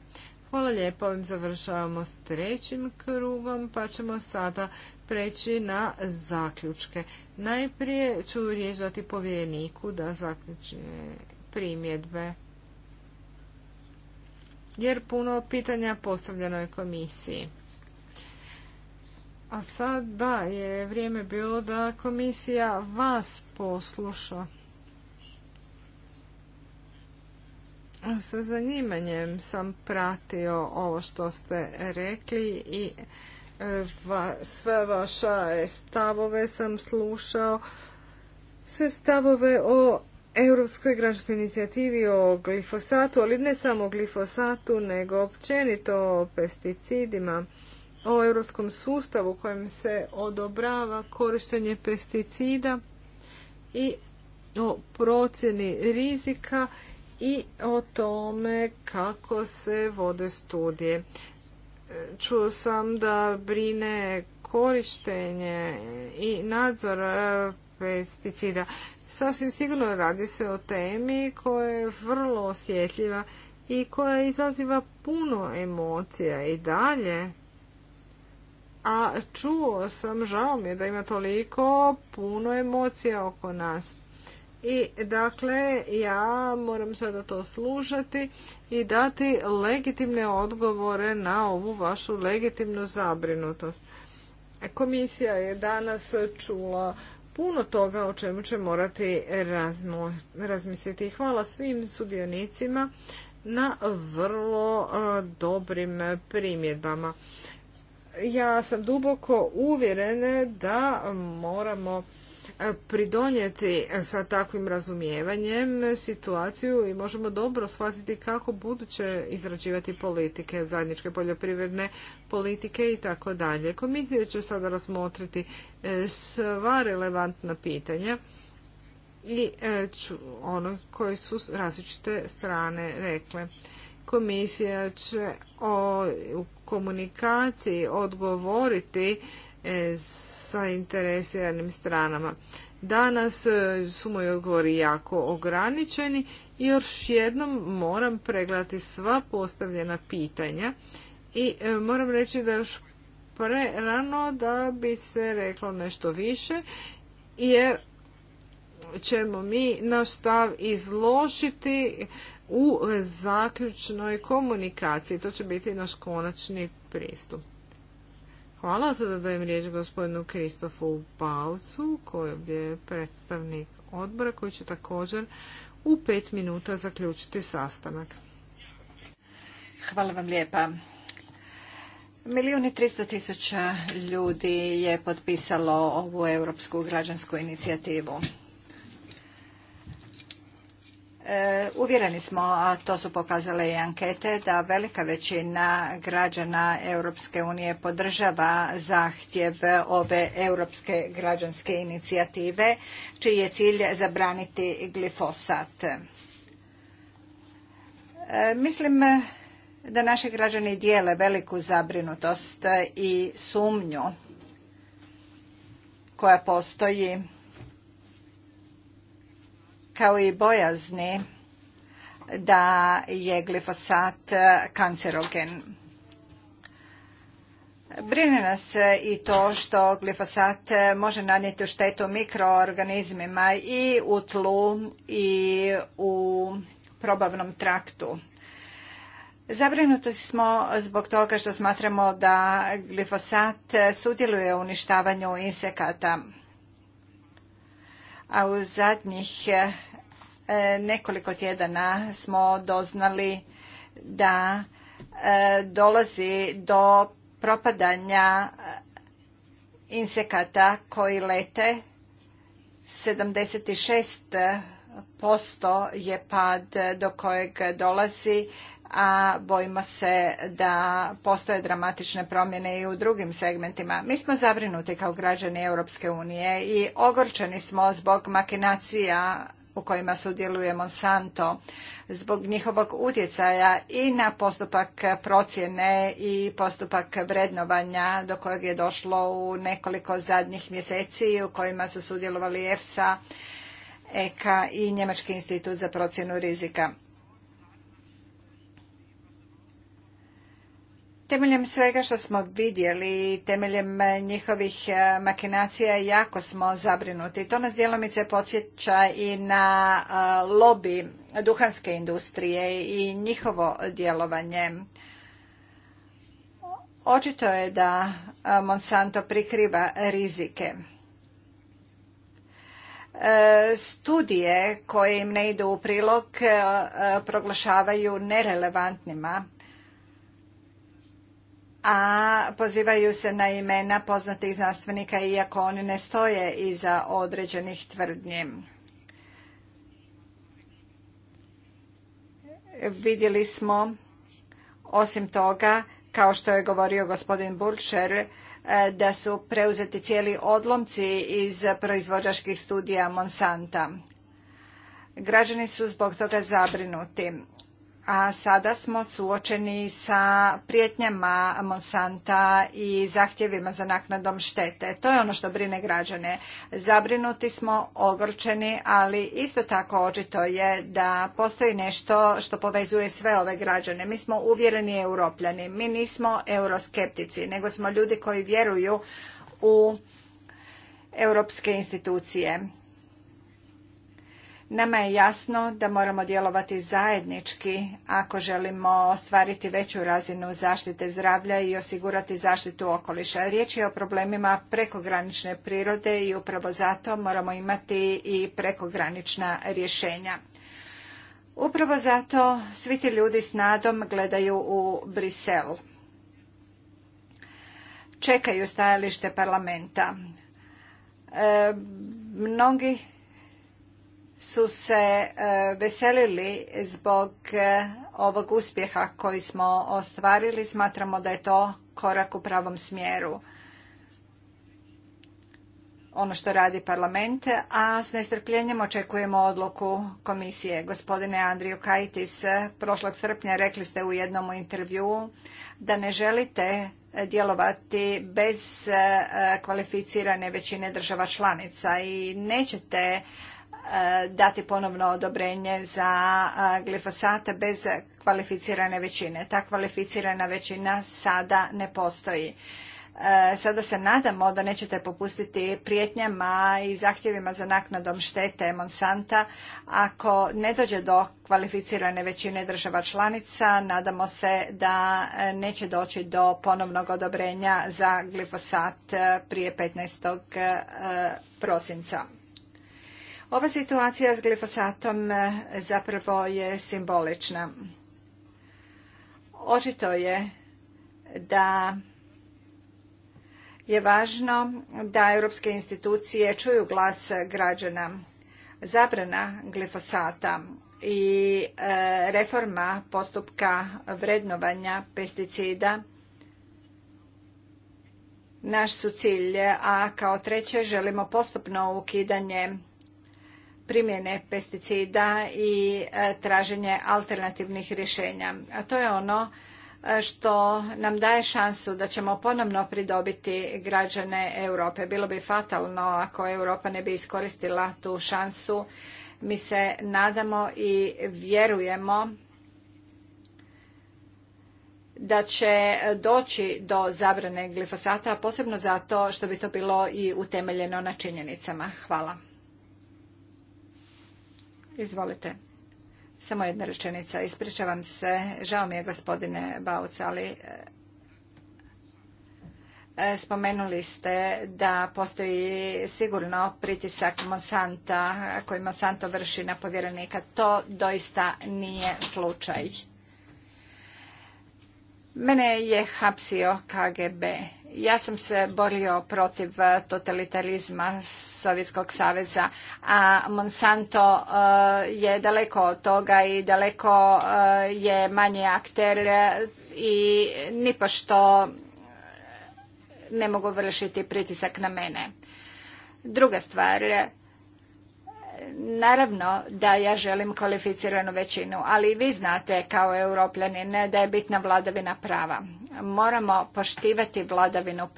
Hvala lijepo, ovim završavamo s trećim krugom, pa ćemo sada preći na zaključke. Najprije ću riječ dati povjereniku da zaključi primjedbe. Jer puno pitanja postavljeno je komisiji. A sad da je vrijeme bilo da komisija vas posluša. Sa zanimanjem sam pratio ovo što ste rekli i e, sve vaše stavove sam slušao. Sve stavove o Europskoj građanskoj inicijativi o glifosatu, ali ne samo o glifosatu, nego općenito o pesticidima o europskom sustavu kojem se odobrava korištenje pesticida i o procjeni rizika i o tome kako se vode studije. Čuo sam da brine korištenje i nadzor e, pesticida. Sasvim sigurno radi se o temi koja je vrlo osjetljiva i koja izaziva puno emocija i dalje a čuo sam, žao mi je da ima toliko puno emocija oko nas. I dakle, ja moram sada to slušati i dati legitimne odgovore na ovu vašu legitimnu zabrinutost. Komisija je danas čula puno toga o čemu će morati razmisliti. Hvala svim sudionicima na vrlo e, dobrim primjedbama ja sam duboko uvjerena da moramo e, pridonijeti sa takvim razumijevanjem situaciju i možemo dobro shvatiti kako buduće izrađivati politike, zajedničke poljoprivredne politike i tako dalje. Komisija će sada razmotriti e, sva relevantna pitanja i e, ono koje su različite strane rekle. Komisija će o, u komunikaciji odgovoriti e, sa interesiranim stranama. Danas e, su moji odgovori jako ograničeni i još jednom moram pregledati sva postavljena pitanja i e, moram reći da još pre rano da bi se reklo nešto više jer ćemo mi naš stav izložiti u zaključnoj komunikaciji. To će biti naš konačni pristup. Hvala. Sada dajem riječ gospodinu Kristofu Baucu, koji je predstavnik odbora, koji će također u pet minuta zaključiti sastanak. Hvala vam lijepa. Milijun i tristo tisuća ljudi je potpisalo ovu europsku građansku inicijativu. E, uvjereni smo, a to su pokazale i ankete, da velika većina građana Europske unije podržava zahtjev ove europske građanske inicijative, čiji je cilj zabraniti glifosat. E, mislim da naši građani dijele veliku zabrinutost i sumnju koja postoji kao i bojazni da je glifosat eh, kancerogen. Brine nas eh, i to što glifosat eh, može nanijeti štetu mikroorganizmima i u tlu i u probavnom traktu. Zabrinuti smo zbog toga što smatramo da glifosat sudjeluje u uništavanju insekata. A u zadnjih E, nekoliko tjedana smo doznali da e, dolazi do propadanja e, insekata koji lete 76% je pad do kojeg dolazi a bojimo se da postoje dramatične promjene i u drugim segmentima. Mi smo zabrinuti kao građani Europske unije i ogorčeni smo zbog makinacija u kojima sudjeluje Monsanto zbog njihovog utjecaja i na postupak procjene i postupak vrednovanja do kojeg je došlo u nekoliko zadnjih mjeseci u kojima su sudjelovali EFSA, EKA i Njemački institut za procjenu rizika. Temeljem svega što smo vidjeli, temeljem e, njihovih e, makinacija, jako smo zabrinuti. To nas djelomice podsjeća i na e, lobby duhanske industrije i njihovo djelovanje. Očito je da Monsanto prikriva rizike. Studije koje im ne idu u prilog proglašavaju nerelevantnima a pozivaju se na imena poznatih znanstvenika iako oni ne stoje iza određenih tvrdnji. Vidjeli smo osim toga, kao što je govorio gospodin Burcher, e, da su preuzeti cijeli odlomci iz proizvođačkih studija Monsanta. Građani su zbog toga zabrinuti a sada smo suočeni sa prijetnjama Monsanta i zahtjevima za naknadom štete. To je ono što brine građane. Zabrinuti smo, ogorčeni, ali isto tako očito je da postoji nešto što povezuje sve ove građane. Mi smo uvjereni europljani, mi nismo euroskeptici, nego smo ljudi koji vjeruju u europske institucije Nama je jasno da moramo djelovati zajednički ako želimo ostvariti veću razinu zaštite zdravlja i osigurati zaštitu okoliša. Riječ je o problemima prekogranične prirode i upravo zato moramo imati i prekogranična rješenja. Upravo zato svi ti ljudi s nadom gledaju u Brisel. Čekaju stajalište parlamenta. E, mnogi su se e, veselili zbog e, ovog uspjeha koji smo ostvarili. Smatramo da je to korak u pravom smjeru ono što radi parlament, a s nestrpljenjem očekujemo odluku komisije. Gospodine Andriju Kajtis, prošlog srpnja rekli ste u jednom intervjuu da ne želite djelovati bez e, kvalificirane većine država članica i nećete dati ponovno odobrenje za glifosate bez kvalificirane većine. Ta kvalificirana većina sada ne postoji. E, sada se nadamo da nećete popustiti prijetnjama i zahtjevima za naknadom štete Monsanta ako ne dođe do kvalificirane većine država članica. Nadamo se da e, neće doći do ponovnog odobrenja za glifosat e, prije 15. prosinca. Ova situacija s glifosatom e, zapravo je simbolična. Očito je da je važno da europske institucije čuju glas građana. Zabrana glifosata i e, reforma postupka vrednovanja pesticida naš su cilj, a kao treće želimo postupno ukidanje primjene pesticida i e, traženje alternativnih rješenja. A to je ono e, što nam daje šansu da ćemo ponovno pridobiti građane Europe. Bilo bi fatalno ako Europa ne bi iskoristila tu šansu. Mi se nadamo i vjerujemo da će doći do zabrane glifosata, posebno zato što bi to bilo i utemeljeno na činjenicama. Hvala. Izvolite. Samo jedna rečenica. Ispričavam se. Žao mi je gospodine Bauc, ali e, e, spomenuli ste da postoji sigurno pritisak Monsanta koji Monsanto vrši na povjerenika. To doista nije slučaj. Mene je hapsio KGB. Ja sam se borio protiv e, totalitarizma Sovjetskog saveza, a Monsanto e, je daleko od toga i daleko e, je manji akter i nipošto ne mogu vršiti pritisak na mene. Druga stvar, Naravno da ja želim kvalificiranu većinu, ali vi znate kao ne da je bitna vladavina prava. Moramo poštivati vladavinu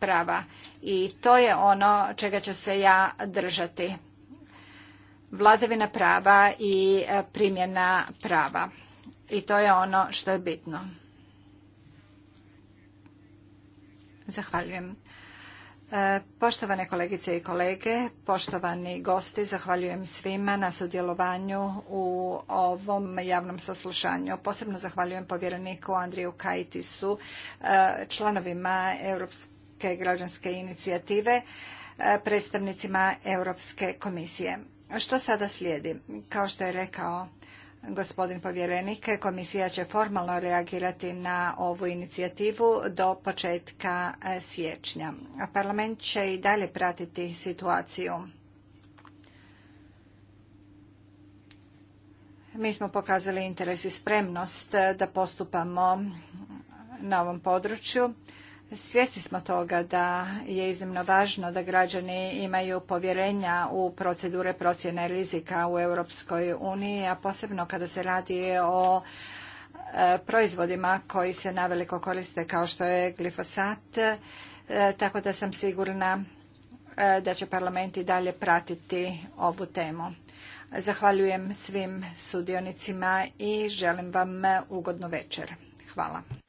prava i to je ono čega ću se ja držati. Vladavina prava i e, primjena prava. I to je ono što je bitno. Zahvaljujem. E, poštovane kolegice i kolege, poštovani gosti, zahvaljujem svima na sudjelovanju u ovom javnom saslušanju. Posebno zahvaljujem povjereniku Andriju Kajtisu, e, članovima Europske građanske inicijative, e, predstavnicima Europske komisije. Što sada slijedi? Kao što je rekao gospodin povjerenik, komisija će formalno reagirati na ovu inicijativu do početka e, siječnja. Parlament će i dalje pratiti situaciju. Mi smo pokazali interes i spremnost e, da postupamo na ovom području. Svjesni smo toga da je iznimno važno da građani imaju povjerenja u procedure procjene rizika u Europskoj uniji, a posebno kada se radi o e, proizvodima koji se naveliko koriste kao što je glifosat, e, tako da sam sigurna e, da će parlament i dalje pratiti ovu temu. Zahvaljujem svim sudionicima i želim vam ugodnu večer. Hvala.